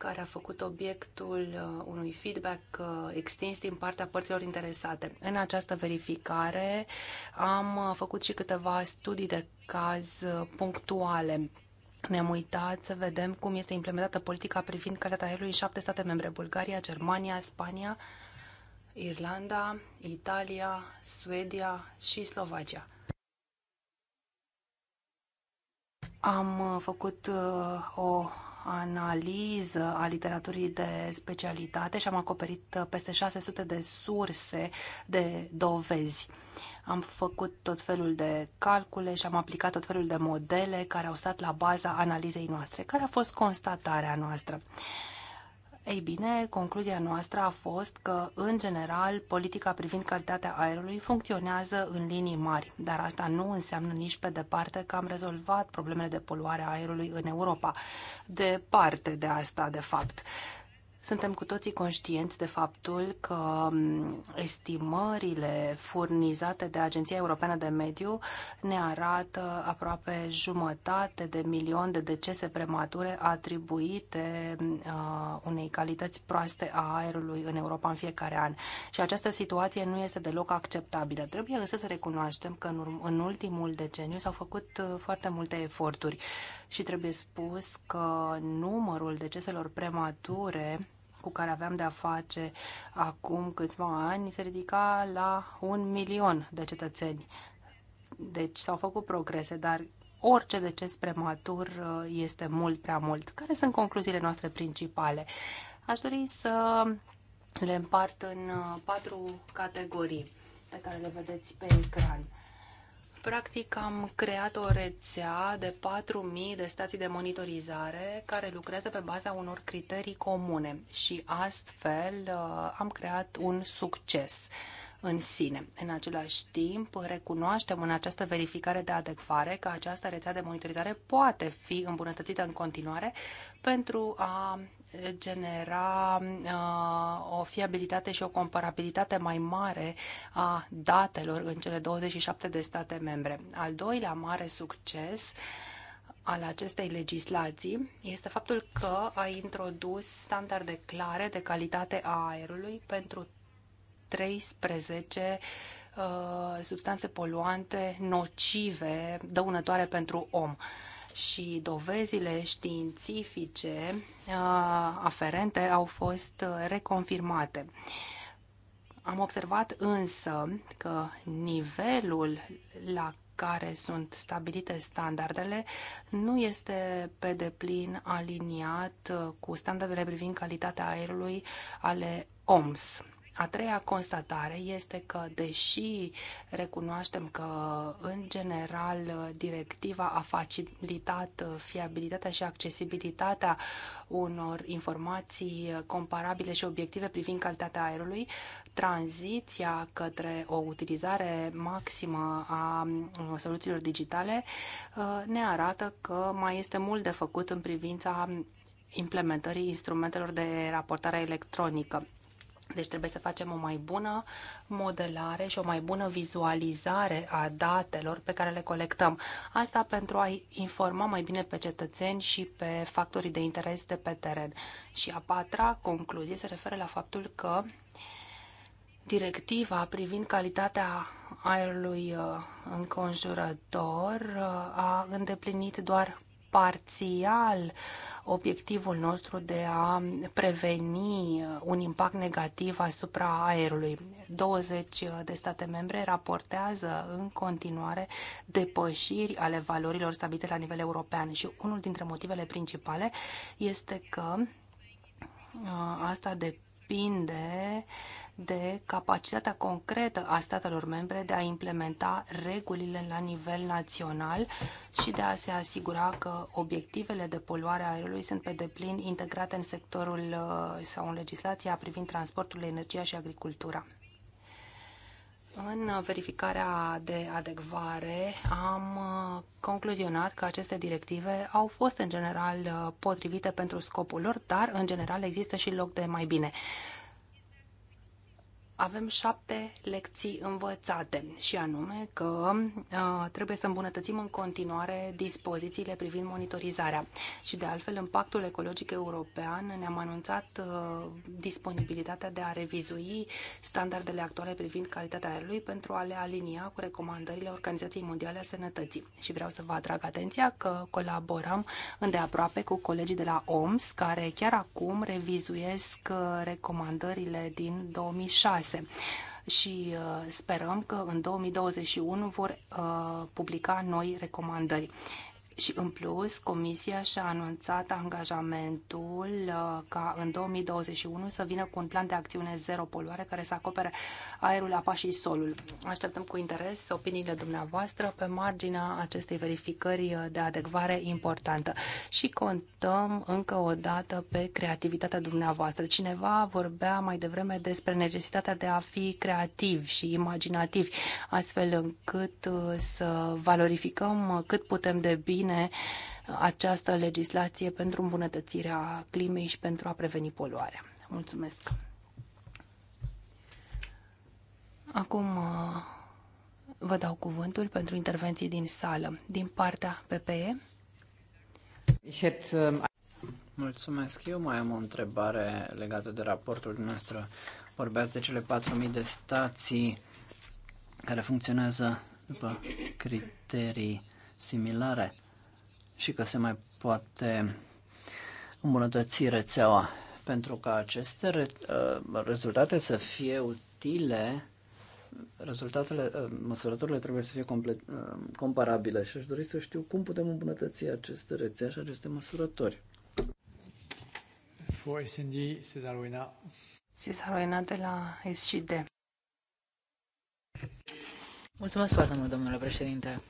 care a făcut obiectul uh, unui feedback uh, extins din partea părților interesate. În această verificare am uh, făcut și câteva studii de caz punctuale. Ne-am uitat să vedem cum este implementată politica privind calitatea aerului în șapte state membre, Bulgaria, Germania, Spania, Irlanda, Italia, Suedia și Slovacia. Am făcut o analiză a literaturii de specialitate și am acoperit peste 600 de surse de dovezi. Am făcut tot felul de calcule și am aplicat tot felul de modele care au stat la baza analizei noastre. Care a fost constatarea noastră? Uh, ei bine, concluzia noastră a fost că, în general, politica privind calitatea aerului funcționează în linii mari, dar asta nu înseamnă nici pe departe că am rezolvat problemele de poluare a aerului în Europa. Departe de asta, de fapt. Suntem cu toții conștienți de faptul că estimările furnizate de Agenția Europeană de Mediu ne arată aproape jumătate de milion de decese premature atribuite unei calități proaste a aerului în Europa în fiecare an. Și această situație nu este deloc acceptabilă. Trebuie însă să recunoaștem că în ultimul deceniu s-au făcut uh, foarte multe eforturi și trebuie spus că numărul deceselor premature cu care aveam de-a face acum câțiva ani se ridica la un milion de cetățeni. Deci s-au făcut progrese, dar orice deces prematur uh, este mult prea mult. Care sunt concluziile noastre principale? Aș dori să le împart în uh, patru categorii pe care le vedeți pe ecran. Practic am creat o rețea de 4.000 de stații de monitorizare care lucrează pe baza unor criterii comune și astfel uh, am creat un succes în sine. În același timp, recunoaștem în această verificare de adecvare că această rețea de monitorizare poate fi îmbunătățită în continuare pentru a genera uh, o fiabilitate și o comparabilitate mai mare a datelor în cele 27 de state membre. Al doilea mare succes al acestei legislații este faptul că a introdus standarde clare de calitate a aerului pentru 13 uh, substanțe poluante nocive, dăunătoare pentru om. Uh, și dovezile științifice uh, aferente au fost uh, reconfirmate. Am observat însă că nivelul la care sunt stabilite standardele nu este pe deplin aliniat uh, cu standardele privind calitatea aerului ale OMS. A treia constatare este că, deși recunoaștem că, în general, directiva a facilitat fiabilitatea și accesibilitatea unor informații comparabile și obiective privind calitatea aerului, tranziția către o utilizare maximă a soluțiilor digitale ne arată că mai este mult de făcut în privința implementării instrumentelor de raportare electronică. Deci trebuie să facem o mai bună modelare și o mai bună vizualizare a datelor pe care le colectăm. Asta pentru a informa mai bine pe cetățeni și pe factorii de interes de pe teren. Și a patra concluzie se referă la faptul că directiva privind calitatea aerului uh, înconjurător uh, a îndeplinit doar parțial obiectivul nostru de a preveni un impact negativ asupra aerului. 20 de state membre raportează în continuare depășiri ale valorilor stabilite la nivel european și unul dintre motivele principale este că asta de depinde de capacitatea concretă a statelor membre de a implementa regulile la nivel național și de a se asigura că obiectivele de poluare a aerului sunt pe deplin integrate în sectorul uh, sau în legislația privind transportul, energia și agricultura. În verificarea de adecvare am uh, concluzionat că aceste directive au fost în general uh, potrivite pentru scopul lor, dar în general există și loc de mai bine avem șapte lecții învățate și anume că uh, trebuie să îmbunătățim în continuare dispozițiile privind monitorizarea și de altfel în pactul ecologic european ne-am anunțat uh, disponibilitatea de a revizui standardele actuale privind calitatea aerului pentru a le alinia cu recomandările Organizației Mondiale a Sănătății și vreau să vă atrag atenția că colaborăm îndeaproape cu colegii de la OMS care chiar acum revizuiesc uh, recomandările din 2006 produse și uh, sperăm că în 2021 vor uh, publica noi recomandări. Și în plus, Comisia și-a anunțat angajamentul uh, ca în 2021 să vină cu un plan de acțiune zero poluare care să acopere aerul, apa și solul. Așteptăm cu interes opiniile dumneavoastră pe marginea acestei verificări uh, de adecvare importantă și contăm încă o dată pe creativitatea dumneavoastră. Cineva vorbea mai devreme despre necesitatea de a fi creativ și imaginativ, astfel încât uh, să valorificăm cât putem de bine bine această legislație pentru îmbunătățirea climei și pentru a preveni poluarea. Mulțumesc! Acum uh, vă dau cuvântul pentru intervenții din sală, din partea PPE. Um, Mulțumesc. Eu mai am o întrebare legată de raportul nostru Vorbeați de cele 4.000 de stații care funcționează după criterii similare și că se mai poate îmbunătăți rețeaua pentru ca aceste re, uh, rezultate să fie utile rezultatele, uh, măsurătorile trebuie să fie complet, uh, comparabile și aș dori să știu cum putem îmbunătăți aceste rețea și aceste măsurători. For SND, Cesar Uina. Cesar de la SCD. Mulțumesc foarte mult, domnule președinte.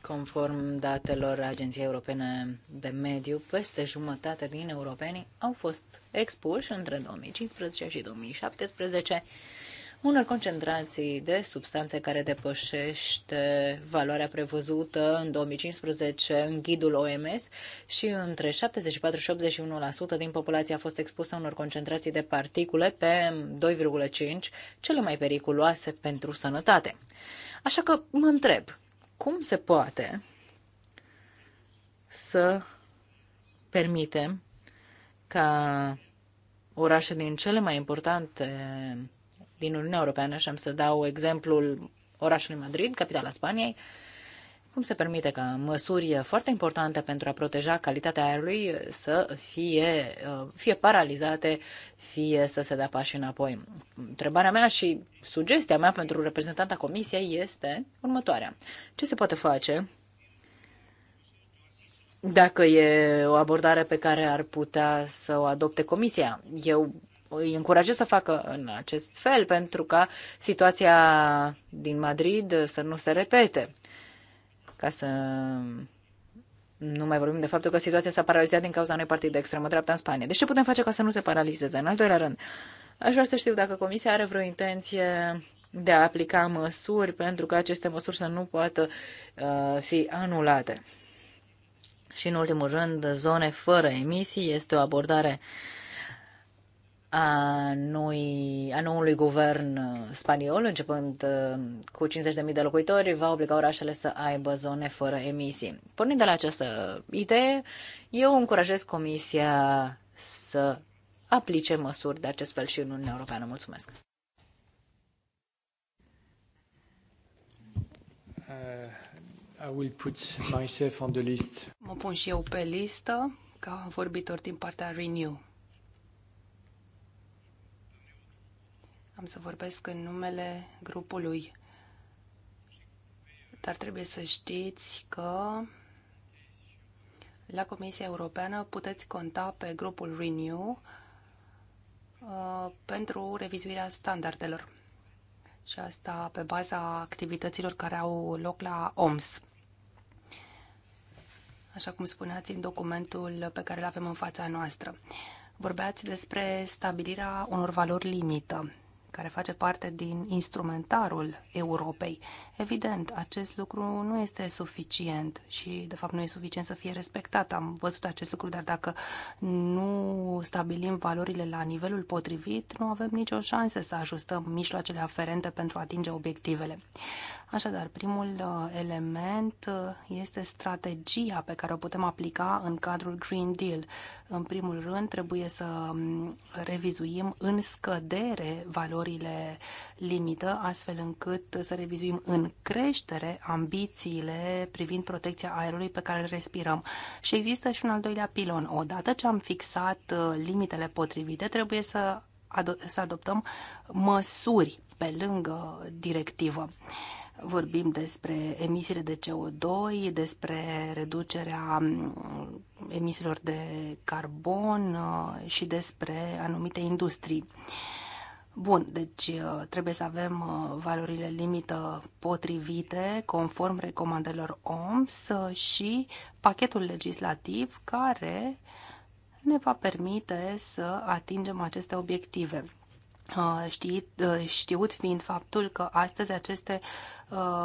Conform datelor Agenției Europene de Mediu, peste jumătate din europeni au fost expuși între 2015 și 2017 unor concentrații de substanțe care depășește valoarea prevăzută în 2015 în ghidul OMS și între 74 și 81% din populație a fost expusă unor concentrații de particule PM2,5, cele mai periculoase pentru sănătate. Așa că mă întreb, cum se poate să permitem ca orașe din cele mai importante din Uniunea Europeană, și am să dau exemplul orașului Madrid, capitala Spaniei, cum se permite ca măsuri foarte importante pentru a proteja calitatea aerului să fie, uh, fie paralizate, fie să se dea pași înapoi? Întrebarea mea și sugestia mea pentru reprezentanta comisiei este următoarea. Ce se poate face dacă e o abordare pe care ar putea să o adopte comisia? Eu îi încurajez să facă în acest fel pentru ca situația din Madrid să nu se repete. Ca să nu mai vorbim de faptul că situația s-a paralizat din cauza unui partid de extremă dreapta în Spania. Deci ce putem face ca să nu se paralizeze? În al doilea rând, aș vrea să știu dacă Comisia are vreo intenție de a aplica măsuri pentru că aceste măsuri să nu poată uh, fi anulate. Și în ultimul rând, zone fără emisii este o abordare uh, a, noi, a noului guvern uh, spaniol, începând uh, cu 50.000 de locuitori, va obliga orașele să aibă zone fără emisii. Pornind de la această idee, eu încurajez Comisia să aplice măsuri de acest fel și în Uniunea Europeană. Mulțumesc! Uh, I will put myself on the list. Mă pun și eu pe listă ca vorbitor din partea Renew. Am să vorbesc în numele grupului. Dar trebuie să știți că la Comisia Europeană puteți conta pe grupul Renew uh, pentru revizuirea standardelor. Și asta pe baza activităților care au loc la OMS. Așa cum spuneați în documentul pe care îl avem în fața noastră. Vorbeați despre stabilirea unor valori limită care face parte din instrumentarul Europei. Evident, acest lucru nu este suficient și, de fapt, nu e suficient să fie respectat. Am văzut acest lucru, dar dacă nu stabilim valorile la nivelul potrivit, nu avem nicio șansă să ajustăm mijloacele aferente pentru a atinge obiectivele. Așadar, primul uh, element uh, este strategia pe care o putem aplica în cadrul Green Deal. În primul rând, trebuie să mm, revizuim în scădere valorile valorile limită, astfel încât să revizuim în creștere ambițiile privind protecția aerului pe care îl respirăm. Și există și un al doilea pilon. Odată ce am fixat uh, limitele potrivite, trebuie să, ado- să adoptăm măsuri pe lângă directivă vorbim despre emisiile de CO2, despre reducerea mm, emisiilor de carbon uh, și despre anumite industrii. Bun, deci uh, trebuie să avem uh, valorile limită potrivite, conform recomandărilor OMS și pachetul legislativ care ne va permite să atingem aceste obiective. Uh, știut, știut fiind faptul că astăzi aceste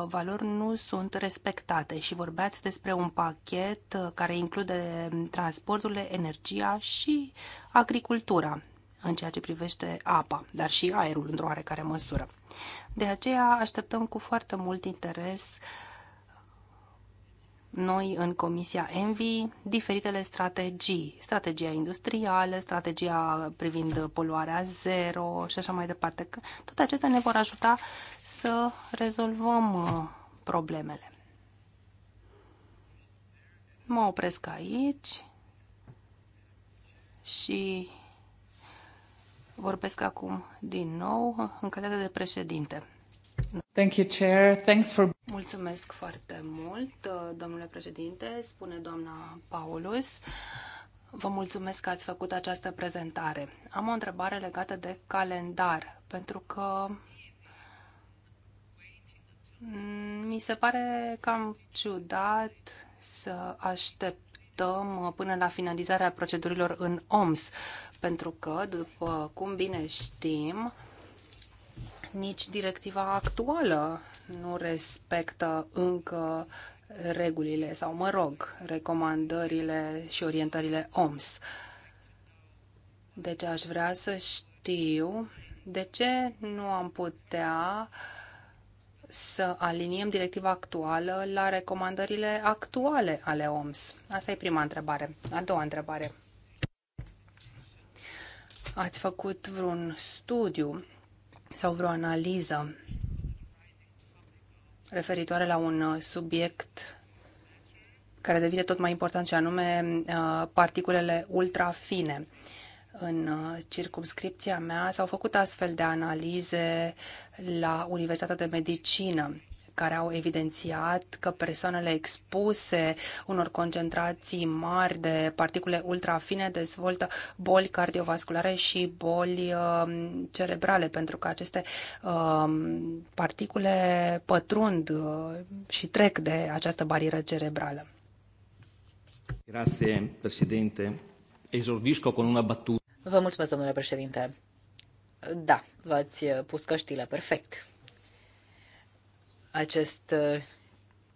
valori nu sunt respectate și vorbeați despre un pachet care include transporturile, energia și agricultura în ceea ce privește apa, dar și aerul într-o oarecare măsură. De aceea așteptăm cu foarte mult interes noi în Comisia Envi diferitele strategii, strategia industrială, strategia privind poluarea zero și așa mai departe. Toate acestea ne vor ajuta să rezolvăm uh, problemele. Mă opresc aici și Vorbesc acum din nou în calitate de președinte. Thank you, Chair. Thanks for... Mulțumesc foarte mult, domnule președinte, spune doamna Paulus. Vă mulțumesc că ați făcut această prezentare. Am o întrebare legată de calendar, pentru că mi se pare cam ciudat să aștept așteptăm uh, până la finalizarea procedurilor în OMS, pentru că, după cum bine știm, nici directiva actuală nu respectă încă regulile sau, mă rog, recomandările și orientările OMS. Deci aș vrea să știu de ce nu am putea uh, să aliniem directiva actuală la recomandările actuale ale OMS? Asta e prima întrebare. A doua întrebare. Ați făcut vreun studiu sau vreo analiză referitoare la un uh, subiect care devine tot mai important, și anume uh, particulele ultrafine. În uh, circumscripția mea s-au făcut astfel de analize la Universitatea de Medicină care au evidențiat că persoanele expuse unor concentrații mari de particule ultrafine dezvoltă boli cardiovasculare și boli um, cerebrale, pentru că aceste um, particule pătrund uh, și trec de această barieră cerebrală. Grazie, președinte. Esordisco cu una batută. Vă mulțumesc, domnule președinte. Da, v-ați pus căștile perfect. Acest uh,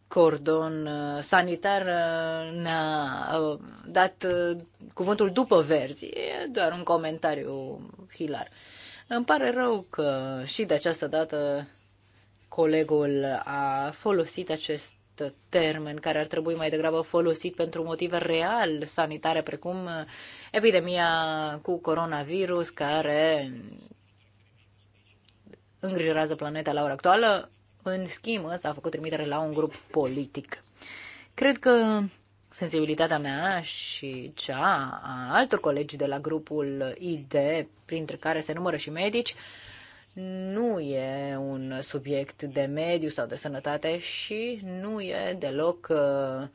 cordon uh, sanitar uh, ne-a dat cuvântul după verzi. E doar un comentariu hilar. Îmi pare rău că și de această dată colegul a folosit acest termen care ar trebui mai degrabă folosit pentru motive real sanitare, precum epidemia cu coronavirus care îngrijorează planeta la ora actuală, în schimb s-a făcut trimitere la un grup politic. Cred că sensibilitatea mea și cea a altor colegi de la grupul ID, printre care se numără și medici, nu e un subiect de mediu sau de sănătate și nu e deloc uh,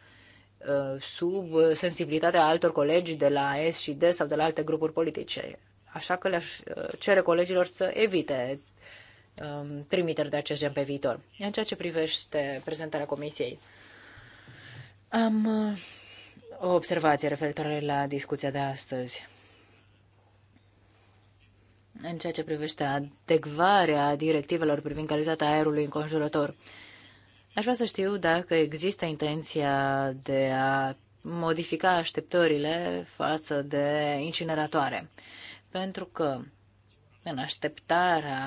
Uh, sub sensibilitatea altor colegi de la S și D sau de la alte grupuri politice. Așa că le-aș uh, cere colegilor să evite um, trimiteri de acest gen pe viitor. În ceea ce privește prezentarea comisiei, am uh, o observație referitoare la discuția de astăzi. În ceea ce privește adecvarea directivelor privind calitatea aerului înconjurător, Aș vrea să știu dacă există intenția de a modifica așteptările față de incineratoare. Pentru că în așteptarea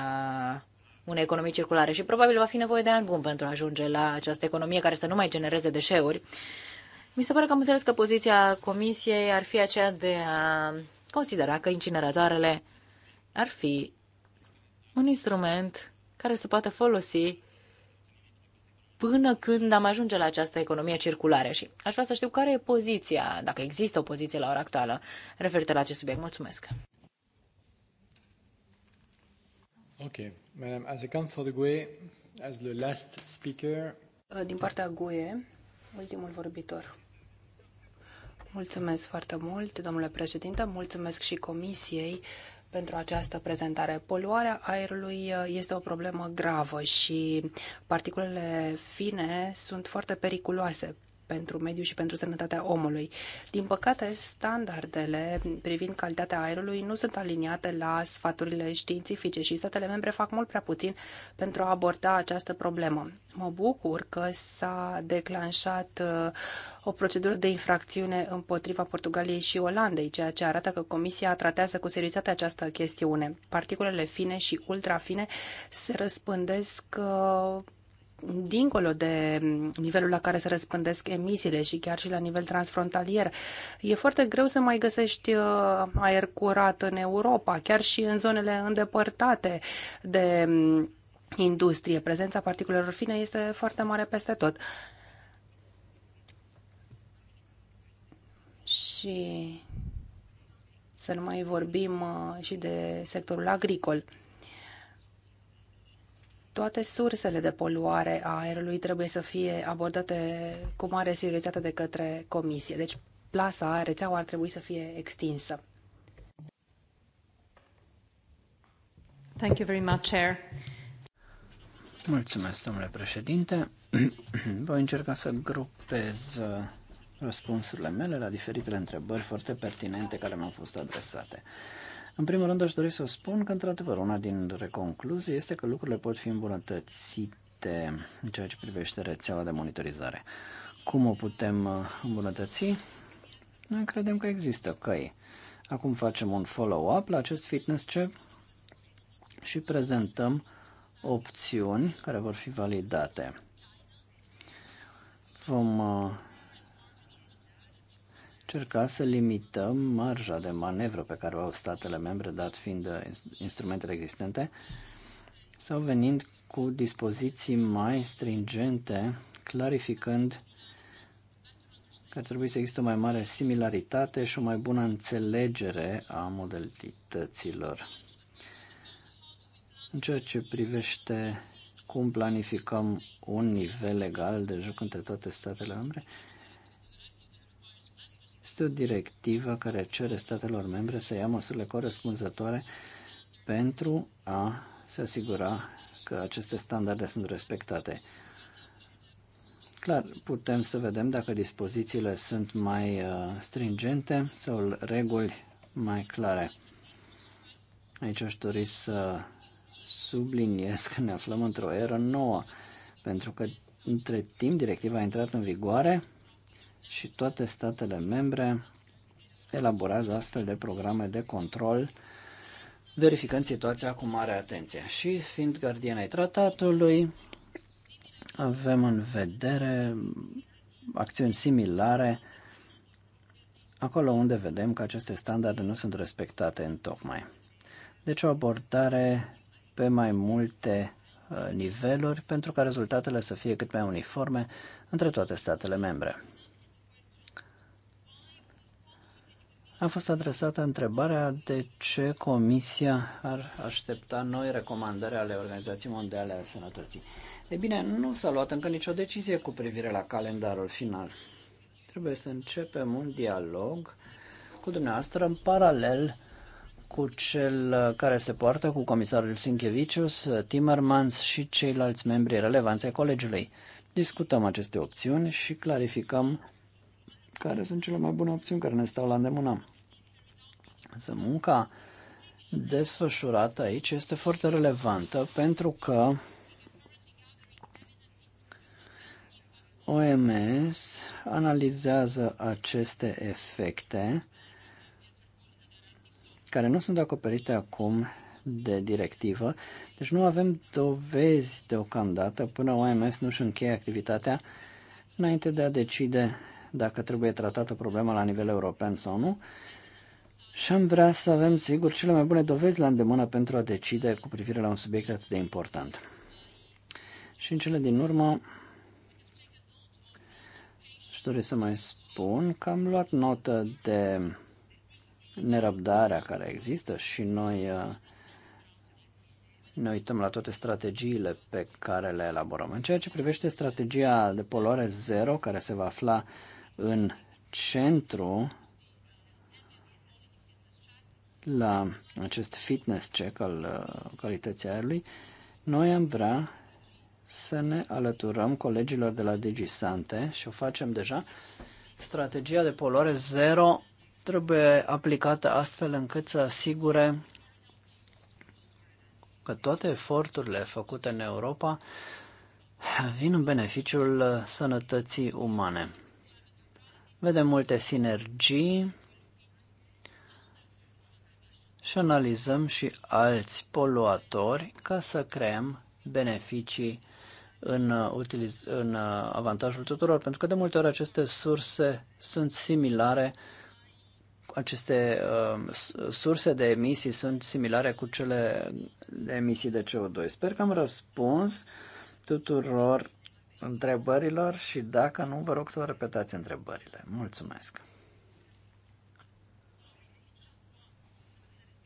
unei economii circulare și probabil va fi nevoie de ani bun pentru a ajunge la această economie care să nu mai genereze deșeuri, mi se pare că am înțeles că poziția Comisiei ar fi aceea de a considera că incineratoarele ar fi un instrument care se poate folosi până când am ajunge la această economie circulară și aș vrea să știu care e poziția, dacă există o poziție la ora actuală referitor la acest subiect. Mulțumesc! Ok, Madame Azekan for the GUE, as the last speaker. Uh, din partea GUE, ultimul vorbitor. Mulțumesc foarte mult, domnule președinte, mulțumesc și comisiei pentru această prezentare. Poluarea aerului uh, este o problemă gravă și particulele fine sunt foarte periculoase pentru mediu și pentru sănătatea omului. Din păcate, standardele privind calitatea aerului nu sunt aliniate la sfaturile științifice și statele membre fac mult prea puțin pentru a aborda această problemă. Mă bucur că s-a declanșat uh, o procedură de infracțiune împotriva Portugaliei și Olandei, ceea ce arată că Comisia tratează cu seriozitate această chestiune. Particulele fine și ultrafine se răspândesc uh, dincolo de nivelul la care se răspândesc emisiile și chiar și la nivel transfrontalier. E foarte greu să mai găsești uh, aer curat în Europa, chiar și în zonele îndepărtate de um, industrie. Prezența particulelor fine este foarte mare peste tot. Și să nu mai vorbim uh, și de sectorul agricol. Toate sursele de poluare a aerului trebuie să fie abordate cu mare seriozitate de către comisie. Deci plasa, rețeaua ar trebui să fie extinsă. Thank you very much, Chair. Mulțumesc, domnule președinte. Voi încerca să grupez uh, răspunsurile mele la diferitele întrebări foarte pertinente care mi-au fost adresate. În primul rând aș dori să spun că, într-adevăr, una din reconcluzii este că lucrurile pot fi îmbunătățite în ceea ce privește rețeaua de monitorizare. Cum o putem uh, îmbunătăți? Noi credem că există căi. Acum facem un follow-up la acest fitness check și prezentăm opțiuni care vor fi validate. Vom uh, încerca să limităm marja de manevră pe care o au statele membre, dat fiind uh, instrumentele existente, sau venind cu dispoziții mai stringente, clarificând că ar trebui să există o mai mare similaritate și o mai bună înțelegere a modalităților. În ceea ce privește cum planificăm un nivel legal de joc între toate statele membre, este o directivă care cere statelor membre să ia măsurile corespunzătoare pentru a se asigura că aceste standarde sunt respectate. Clar, putem să vedem dacă dispozițiile sunt mai uh, stringente sau reguli mai clare. Aici aș dori să subliniez că ne aflăm într-o eră nouă, pentru că între timp directiva a intrat în vigoare și toate statele membre elaborează astfel de programe de control, verificând situația cu mare atenție. Și fiind gardienei tratatului, avem în vedere acțiuni similare acolo unde vedem că aceste standarde nu sunt respectate în tocmai. Deci o abordare pe mai multe uh, niveluri pentru ca rezultatele să fie cât mai uniforme între toate statele membre. a fost adresată întrebarea de ce Comisia ar aștepta noi recomandări ale Organizației Mondiale a Sănătății. Ei bine, nu s-a luat încă nicio decizie cu privire la calendarul final. Trebuie să începem un dialog cu dumneavoastră în paralel cu cel care se poartă cu comisarul Sinchevicius, Timmermans și ceilalți membri relevanți ai colegiului. Discutăm aceste opțiuni și clarificăm care sunt cele mai bune opțiuni care ne stau la îndemână. Însă munca desfășurată aici este foarte relevantă pentru că OMS analizează aceste efecte care nu sunt acoperite acum de directivă, deci nu avem dovezi deocamdată până OMS nu își încheie activitatea înainte de a decide dacă trebuie tratată problema la nivel european sau nu și am vrea să avem, sigur, cele mai bune dovezi la îndemână pentru a decide cu privire la un subiect atât de important. Și în cele din urmă, și doresc să mai spun că am luat notă de nerăbdarea care există și noi uh, ne uităm la toate strategiile pe care le elaborăm. În ceea ce privește strategia de poluare zero, care se va afla în centru la acest fitness check al uh, calității aerului, noi am vrea să ne alăturăm colegilor de la Digisante și o facem deja. Strategia de poluare zero trebuie aplicată astfel încât să asigure că toate eforturile făcute în Europa vin în beneficiul uh, sănătății umane. Vedem multe sinergii și analizăm și alți poluatori ca să creăm beneficii în, uh, utiliz- în uh, avantajul tuturor, pentru că de multe ori aceste surse sunt similare, aceste uh, surse de emisii sunt similare cu cele de emisii de CO2. Sper că am răspuns tuturor întrebărilor și dacă nu, vă rog să vă repetați întrebările. Mulțumesc!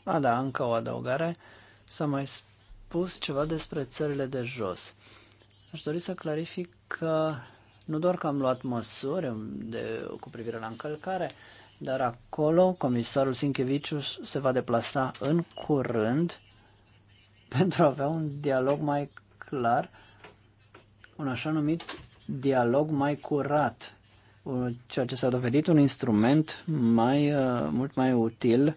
A, da, încă o adăugare. S-a mai spus ceva despre țările de jos. Aș dori să clarific că nu doar că am luat măsuri de, cu privire la încălcare, dar acolo comisarul Sincheviciu se va deplasa în curând pentru a avea un dialog mai clar, un așa numit dialog mai curat, ceea ce s-a dovedit un instrument mai, uh, mult mai util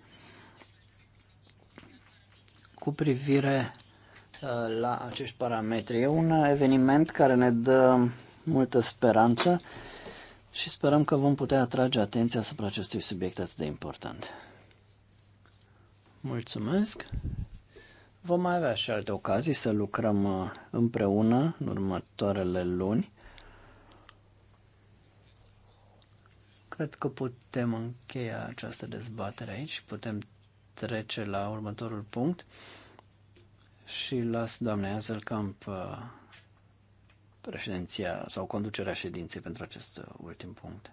cu privire uh, la acești parametri. E un eveniment care ne dă multă speranță și sperăm că vom putea atrage atenția asupra acestui subiect atât de important. Mulțumesc! Vom mai avea și alte ocazii să lucrăm uh, împreună în următoarele luni. Cred că putem încheia această dezbatere aici, putem trece la următorul punct și las doamnei Hazelcamp uh, președinția sau conducerea ședinței pentru acest uh, ultim punct.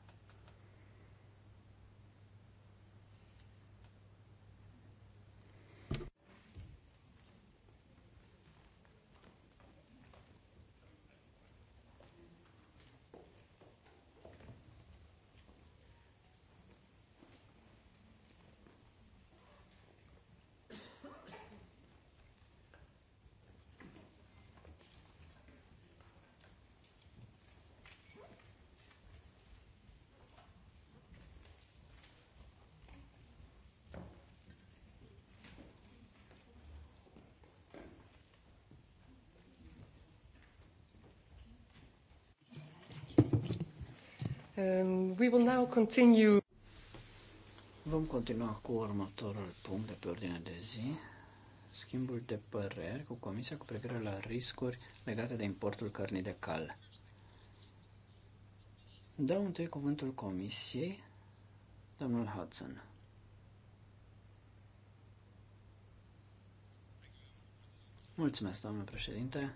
Um, we will now continue. Vom continua cu următorul punct de pe ordinea de zi, schimbul de păreri cu Comisia cu privire la riscuri legate de importul cărnii de cal. Dau întâi cuvântul Comisiei, domnul Hudson. Mulțumesc, domnule președinte.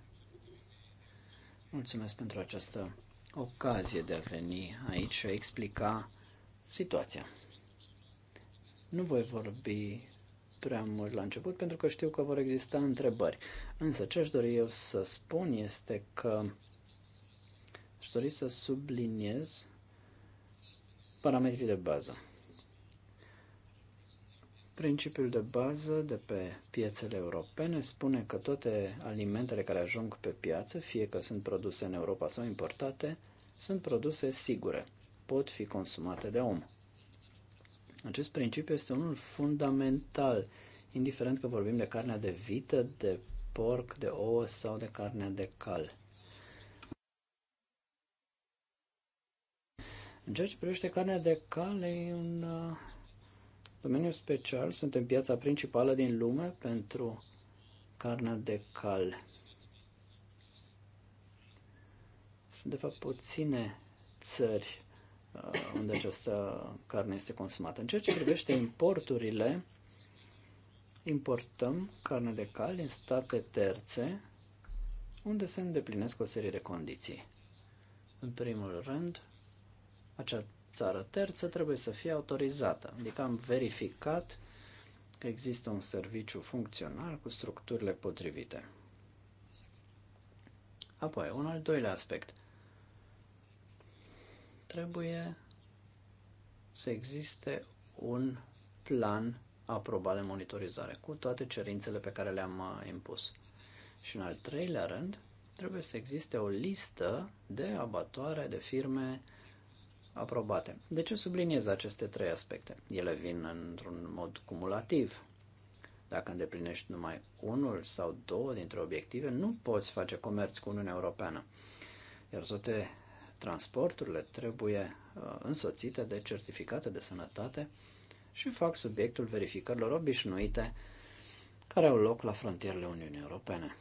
Mulțumesc pentru această ocazie de a veni aici și a explica situația. Nu voi vorbi prea mult la început pentru că știu că vor exista întrebări. Însă ce aș dori eu să spun este că aș dori să subliniez parametrii de bază. Principiul de bază de pe piețele europene spune că toate alimentele care ajung pe piață, fie că sunt produse în Europa sau importate, sunt produse sigure, pot fi consumate de om. Acest principiu este unul fundamental, indiferent că vorbim de carnea de vită, de porc, de ouă sau de carnea de cal. În ceea ce privește carnea de cal, e un uh, domeniu special, sunt în piața principală din lume pentru carnea de cal. Sunt, de fapt, puține țări uh, unde această carne este consumată. În ceea ce privește importurile, importăm carne de cal din state terțe unde se îndeplinesc o serie de condiții. În primul rând, acea țară terță trebuie să fie autorizată. Adică am verificat că există un serviciu funcțional cu structurile potrivite. Apoi, un al doilea aspect. Trebuie să existe un plan aprobat de monitorizare cu toate cerințele pe care le-am uh, impus. Și în al treilea rând, trebuie să existe o listă de abatoare de firme aprobate. De deci ce subliniez aceste trei aspecte? Ele vin într-un mod cumulativ. Dacă îndeplinești numai unul sau două dintre obiective, nu poți face comerț cu Uniunea Europeană. Iar toate transporturile trebuie uh, însoțite de certificate de sănătate și fac subiectul verificărilor obișnuite care au loc la frontierele Uniunii Europene.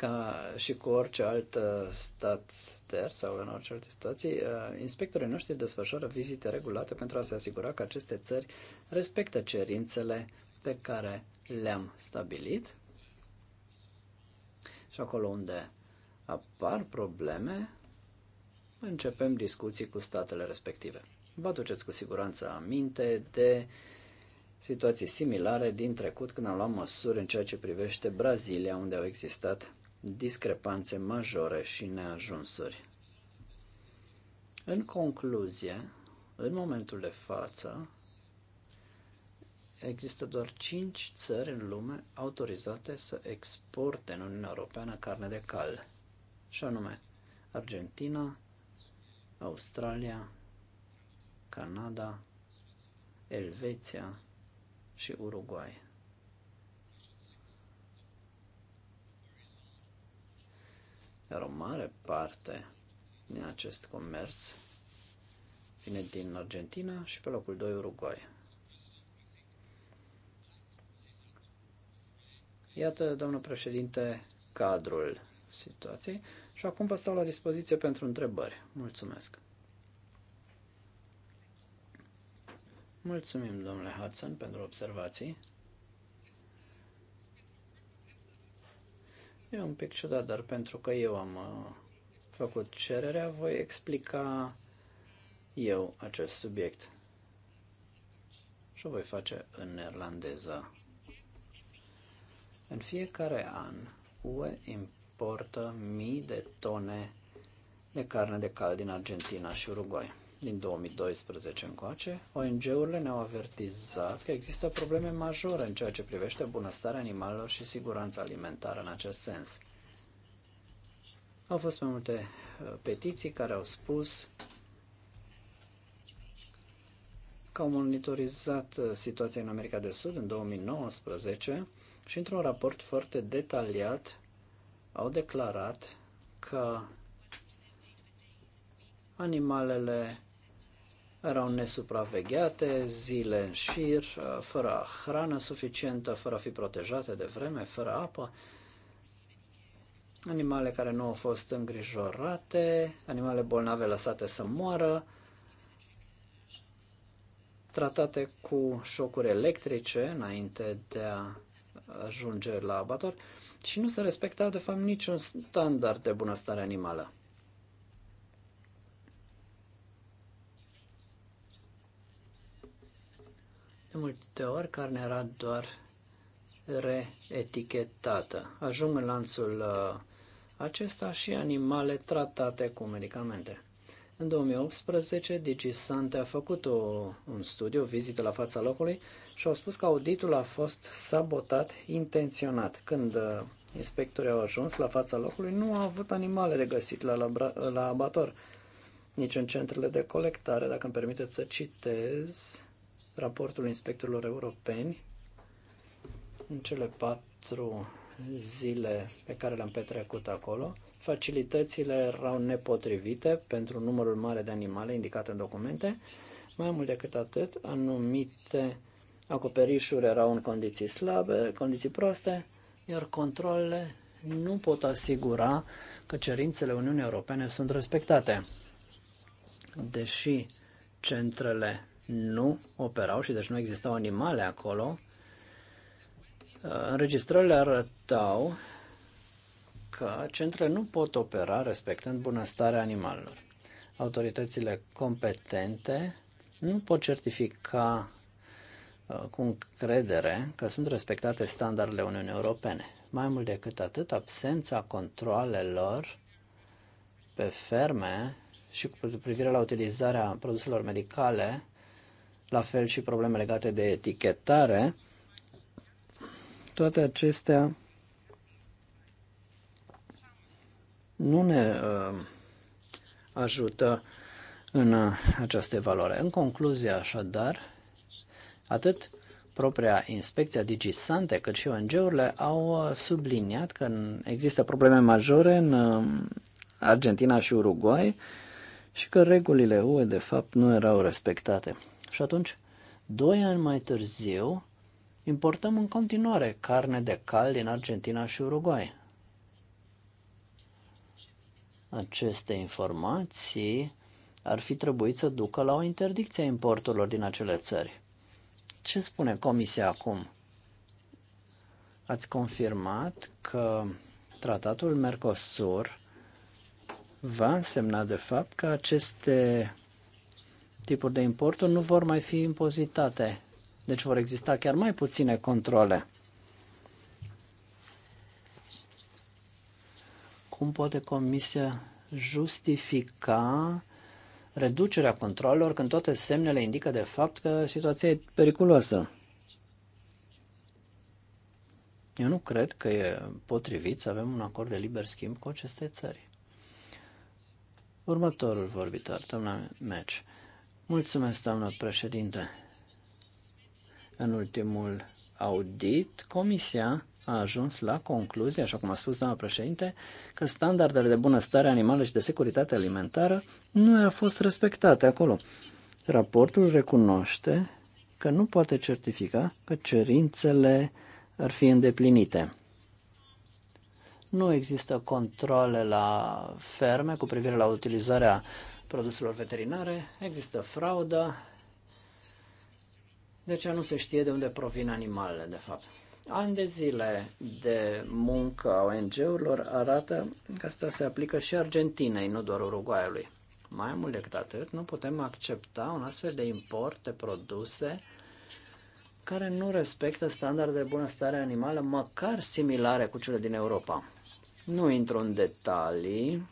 ca și cu orice alt uh, stat ter sau în orice alte situații, uh, inspectorii noștri desfășoară vizite regulate pentru a se asigura că aceste țări respectă cerințele pe care le-am stabilit și acolo unde apar probleme, începem discuții cu statele respective. Vă aduceți cu siguranță aminte de situații similare din trecut când am luat măsuri în ceea ce privește Brazilia, unde au existat discrepanțe majore și neajunsuri. În concluzie, în momentul de față, există doar 5 țări în lume autorizate să exporte în Uniunea Europeană carne de cal, și anume Argentina, Australia, Canada, Elveția și Uruguay. Iar o mare parte din acest comerț vine din Argentina și pe locul 2 Uruguay. Iată, domnul președinte, cadrul situației și acum vă stau la dispoziție pentru întrebări. Mulțumesc! Mulțumim, domnule Hudson, pentru observații. E un pic ciudat, dar pentru că eu am uh, făcut cererea, voi explica eu acest subiect. Și o voi face în neerlandeză. În fiecare an, UE importă mii de tone de carne de cal din Argentina și Uruguay din 2012 încoace, ONG-urile ne-au avertizat că există probleme majore în ceea ce privește bunăstarea animalelor și siguranța alimentară în acest sens. Au fost mai multe uh, petiții care au spus că au monitorizat uh, situația în America de Sud în 2019 și într-un raport foarte detaliat au declarat că animalele erau nesupravegheate zile în șir, uh, fără hrană suficientă, fără a fi protejate de vreme, fără apă, animale care nu au fost îngrijorate, animale bolnave lăsate să moară, tratate cu șocuri electrice înainte de a ajunge la abator și nu se respectau de fapt niciun standard de bunăstare animală. multe ori carnea era doar reetichetată. Ajung în lanțul uh, acesta și animale tratate cu medicamente. În 2018, DigiSante a făcut o, un studiu, o vizită la fața locului și au spus că auditul a fost sabotat intenționat. Când uh, inspectorii au ajuns la fața locului, nu au avut animale de găsit la, la, la abator, nici în centrele de colectare. Dacă îmi permiteți să citez, raportul inspectorilor europeni în cele patru zile pe care le-am petrecut acolo. Facilitățile erau nepotrivite pentru numărul mare de animale indicate în documente. Mai mult decât atât, anumite acoperișuri erau în condiții slabe, condiții proaste, iar controlele nu pot asigura că cerințele Uniunii Europene sunt respectate. Deși centrele nu operau și deci nu existau animale acolo, înregistrările arătau că centrele nu pot opera respectând bunăstarea animalelor. Autoritățile competente nu pot certifica uh, cu încredere că sunt respectate standardele Uniunii Europene. Mai mult decât atât, absența controalelor pe ferme și cu privire la utilizarea produselor medicale la fel și probleme legate de etichetare. Toate acestea nu ne uh, ajută în uh, această valoare. În concluzie, așadar, atât propria inspecția DigiSante, cât și ONG-urile au uh, subliniat că există probleme majore în uh, Argentina și Uruguay și că regulile UE de fapt nu erau respectate. Și atunci, doi ani mai târziu, importăm în continuare carne de cal din Argentina și Uruguay. Aceste informații ar fi trebuit să ducă la o interdicție a importurilor din acele țări. Ce spune Comisia acum? Ați confirmat că tratatul Mercosur va însemna de fapt că aceste tipuri de importuri nu vor mai fi impozitate. Deci vor exista chiar mai puține controle. Cum poate Comisia justifica reducerea controlelor când toate semnele indică de fapt că situația e periculoasă? Eu nu cred că e potrivit să avem un acord de liber schimb cu aceste țări. Următorul vorbitor, doamna Meci. Mulțumesc, doamnă președinte. În ultimul audit, Comisia a ajuns la concluzie, așa cum a spus doamna președinte, că standardele de bunăstare animală și de securitate alimentară nu au fost respectate acolo. Raportul recunoaște că nu poate certifica că cerințele ar fi îndeplinite. Nu există controle la ferme cu privire la utilizarea produselor veterinare, există fraudă, deci nu se știe de unde provin animalele, de fapt. Ani de zile de muncă a ONG-urilor arată că asta se aplică și Argentinei, nu doar Uruguayului. Mai mult decât atât, nu putem accepta un astfel de import de produse care nu respectă standarde de bunăstare animală, măcar similare cu cele din Europa. Nu intru în detalii,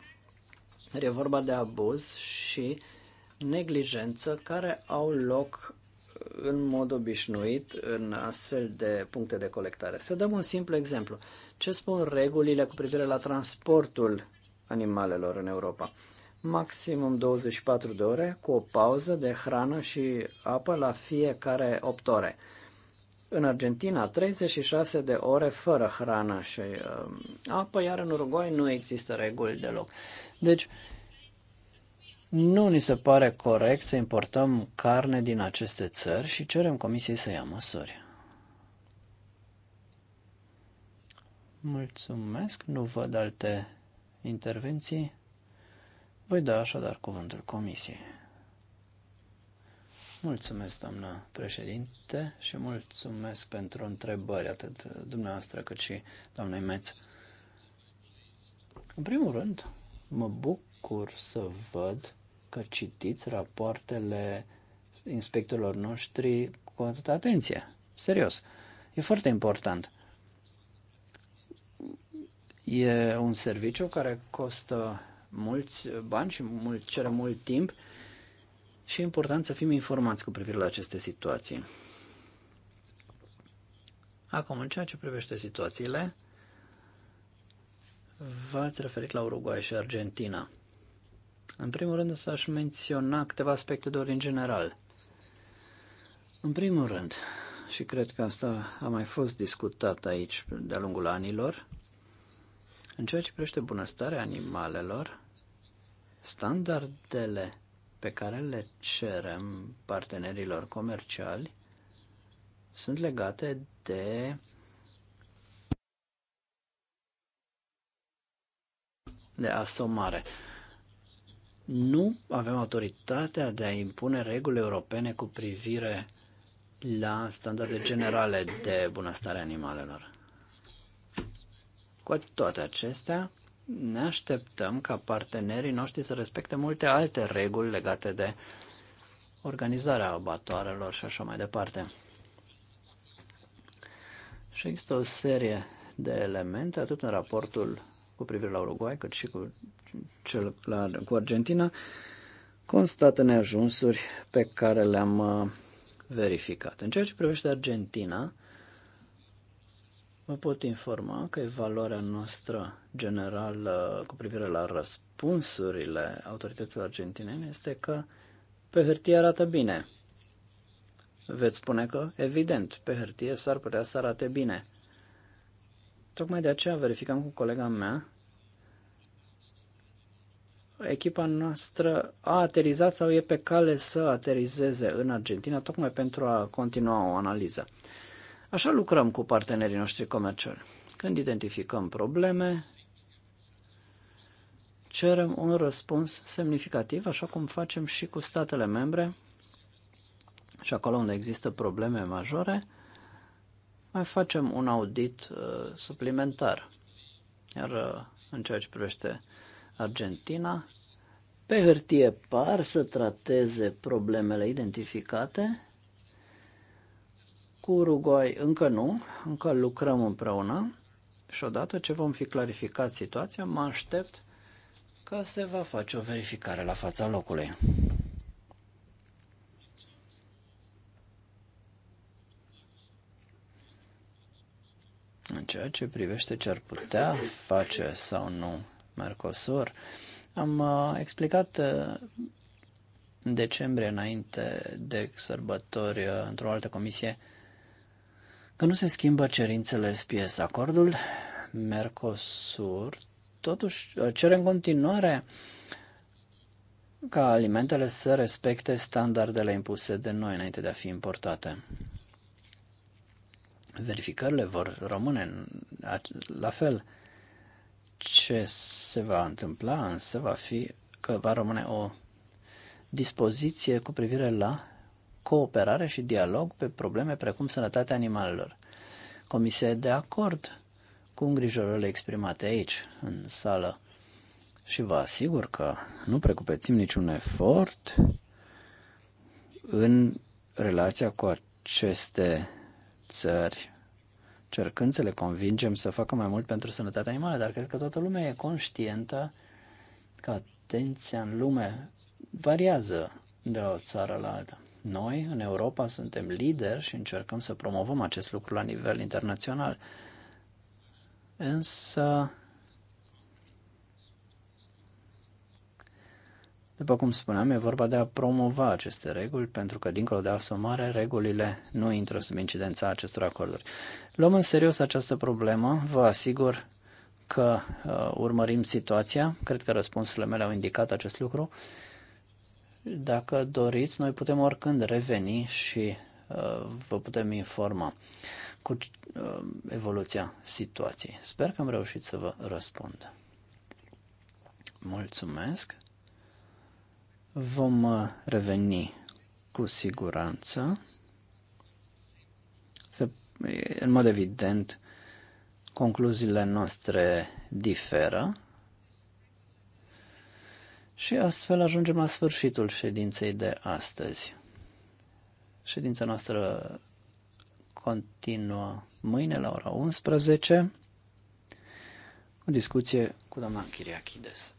E vorba de abuz și neglijență care au loc în mod obișnuit în astfel de puncte de colectare. Să dăm un simplu exemplu. Ce spun regulile cu privire la transportul animalelor în Europa? Maximum 24 de ore cu o pauză de hrană și apă la fiecare 8 ore. În Argentina, 36 de ore fără hrană și uh, apă, iar în Uruguay nu există reguli deloc. Deci, nu ni se pare corect să importăm carne din aceste țări și cerem Comisiei să ia măsuri. Mulțumesc, nu văd alte intervenții. Voi da așadar cuvântul Comisiei. Mulțumesc, doamnă președinte, și mulțumesc pentru întrebări, atât dumneavoastră cât și doamnei Meț. În primul rând, mă bucur să văd că citiți rapoartele inspectorilor noștri cu atâta atenție. Serios. E foarte important. E un serviciu care costă mulți bani și mult, cere mult timp și e important să fim informați cu privire la aceste situații. Acum, în ceea ce privește situațiile, v-ați referit la Uruguay și Argentina. În primul rând, să aș menționa câteva aspecte de ordin general. În primul rând, și cred că asta a mai fost discutat aici de-a lungul anilor, în ceea ce privește bunăstarea animalelor, standardele pe care le cerem partenerilor comerciali sunt legate de de asomare. Nu avem autoritatea de a impune reguli europene cu privire la standarde generale de bunăstare animalelor. Cu toate acestea, ne așteptăm ca partenerii noștri să respecte multe alte reguli legate de organizarea abatoarelor și așa mai departe. Și există o serie de elemente, atât în raportul cu privire la Uruguay, cât și cu, cel, la, cu Argentina, constată neajunsuri pe care le-am uh, verificat. În ceea ce privește Argentina, Vă pot informa că evaluarea noastră generală cu privire la răspunsurile autorităților argentinene este că pe hârtie arată bine. Veți spune că, evident, pe hârtie s-ar putea să arate bine. Tocmai de aceea verificăm cu colega mea. Echipa noastră a aterizat sau e pe cale să aterizeze în Argentina, tocmai pentru a continua o analiză. Așa lucrăm cu partenerii noștri comerciali. Când identificăm probleme, cerem un răspuns semnificativ, așa cum facem și cu statele membre și acolo unde există probleme majore, mai facem un audit uh, suplimentar. Iar uh, în ceea ce privește Argentina, pe hârtie par să trateze problemele identificate, cu Uruguay încă nu, încă lucrăm împreună și odată ce vom fi clarificat situația, mă aștept că se va face o verificare la fața locului. În ceea ce privește ce ar putea face sau nu Mercosur, am uh, explicat uh, în decembrie, înainte de sărbători, uh, într-o altă comisie, Că nu se schimbă cerințele SPS. Acordul Mercosur totuși cere în continuare ca alimentele să respecte standardele impuse de noi înainte de a fi importate. Verificările vor rămâne la fel. Ce se va întâmpla însă va fi că va rămâne o dispoziție cu privire la cooperare și dialog pe probleme precum sănătatea animalelor. Comisia e de acord cu îngrijorările exprimate aici, în sală, și vă asigur că nu precupețim niciun efort în relația cu aceste țări, cercând să le convingem să facă mai mult pentru sănătatea animală, dar cred că toată lumea e conștientă că atenția în lume variază de la o țară la alta. Noi, în Europa, suntem lideri și încercăm să promovăm acest lucru la nivel internațional. Însă, După cum spuneam, e vorba de a promova aceste reguli, pentru că, dincolo de asumare, regulile nu intră sub incidența acestor acorduri. Luăm în serios această problemă, vă asigur că uh, urmărim situația, cred că răspunsurile mele au indicat acest lucru dacă doriți, noi putem oricând reveni și uh, vă putem informa cu uh, evoluția situației. Sper că am reușit să vă răspund. Mulțumesc. Vom uh, reveni cu siguranță. Să, în mod evident, concluziile noastre diferă, și astfel ajungem la sfârșitul ședinței de astăzi. Ședința noastră continuă mâine la ora 11 o discuție cu doamna Chiriachides.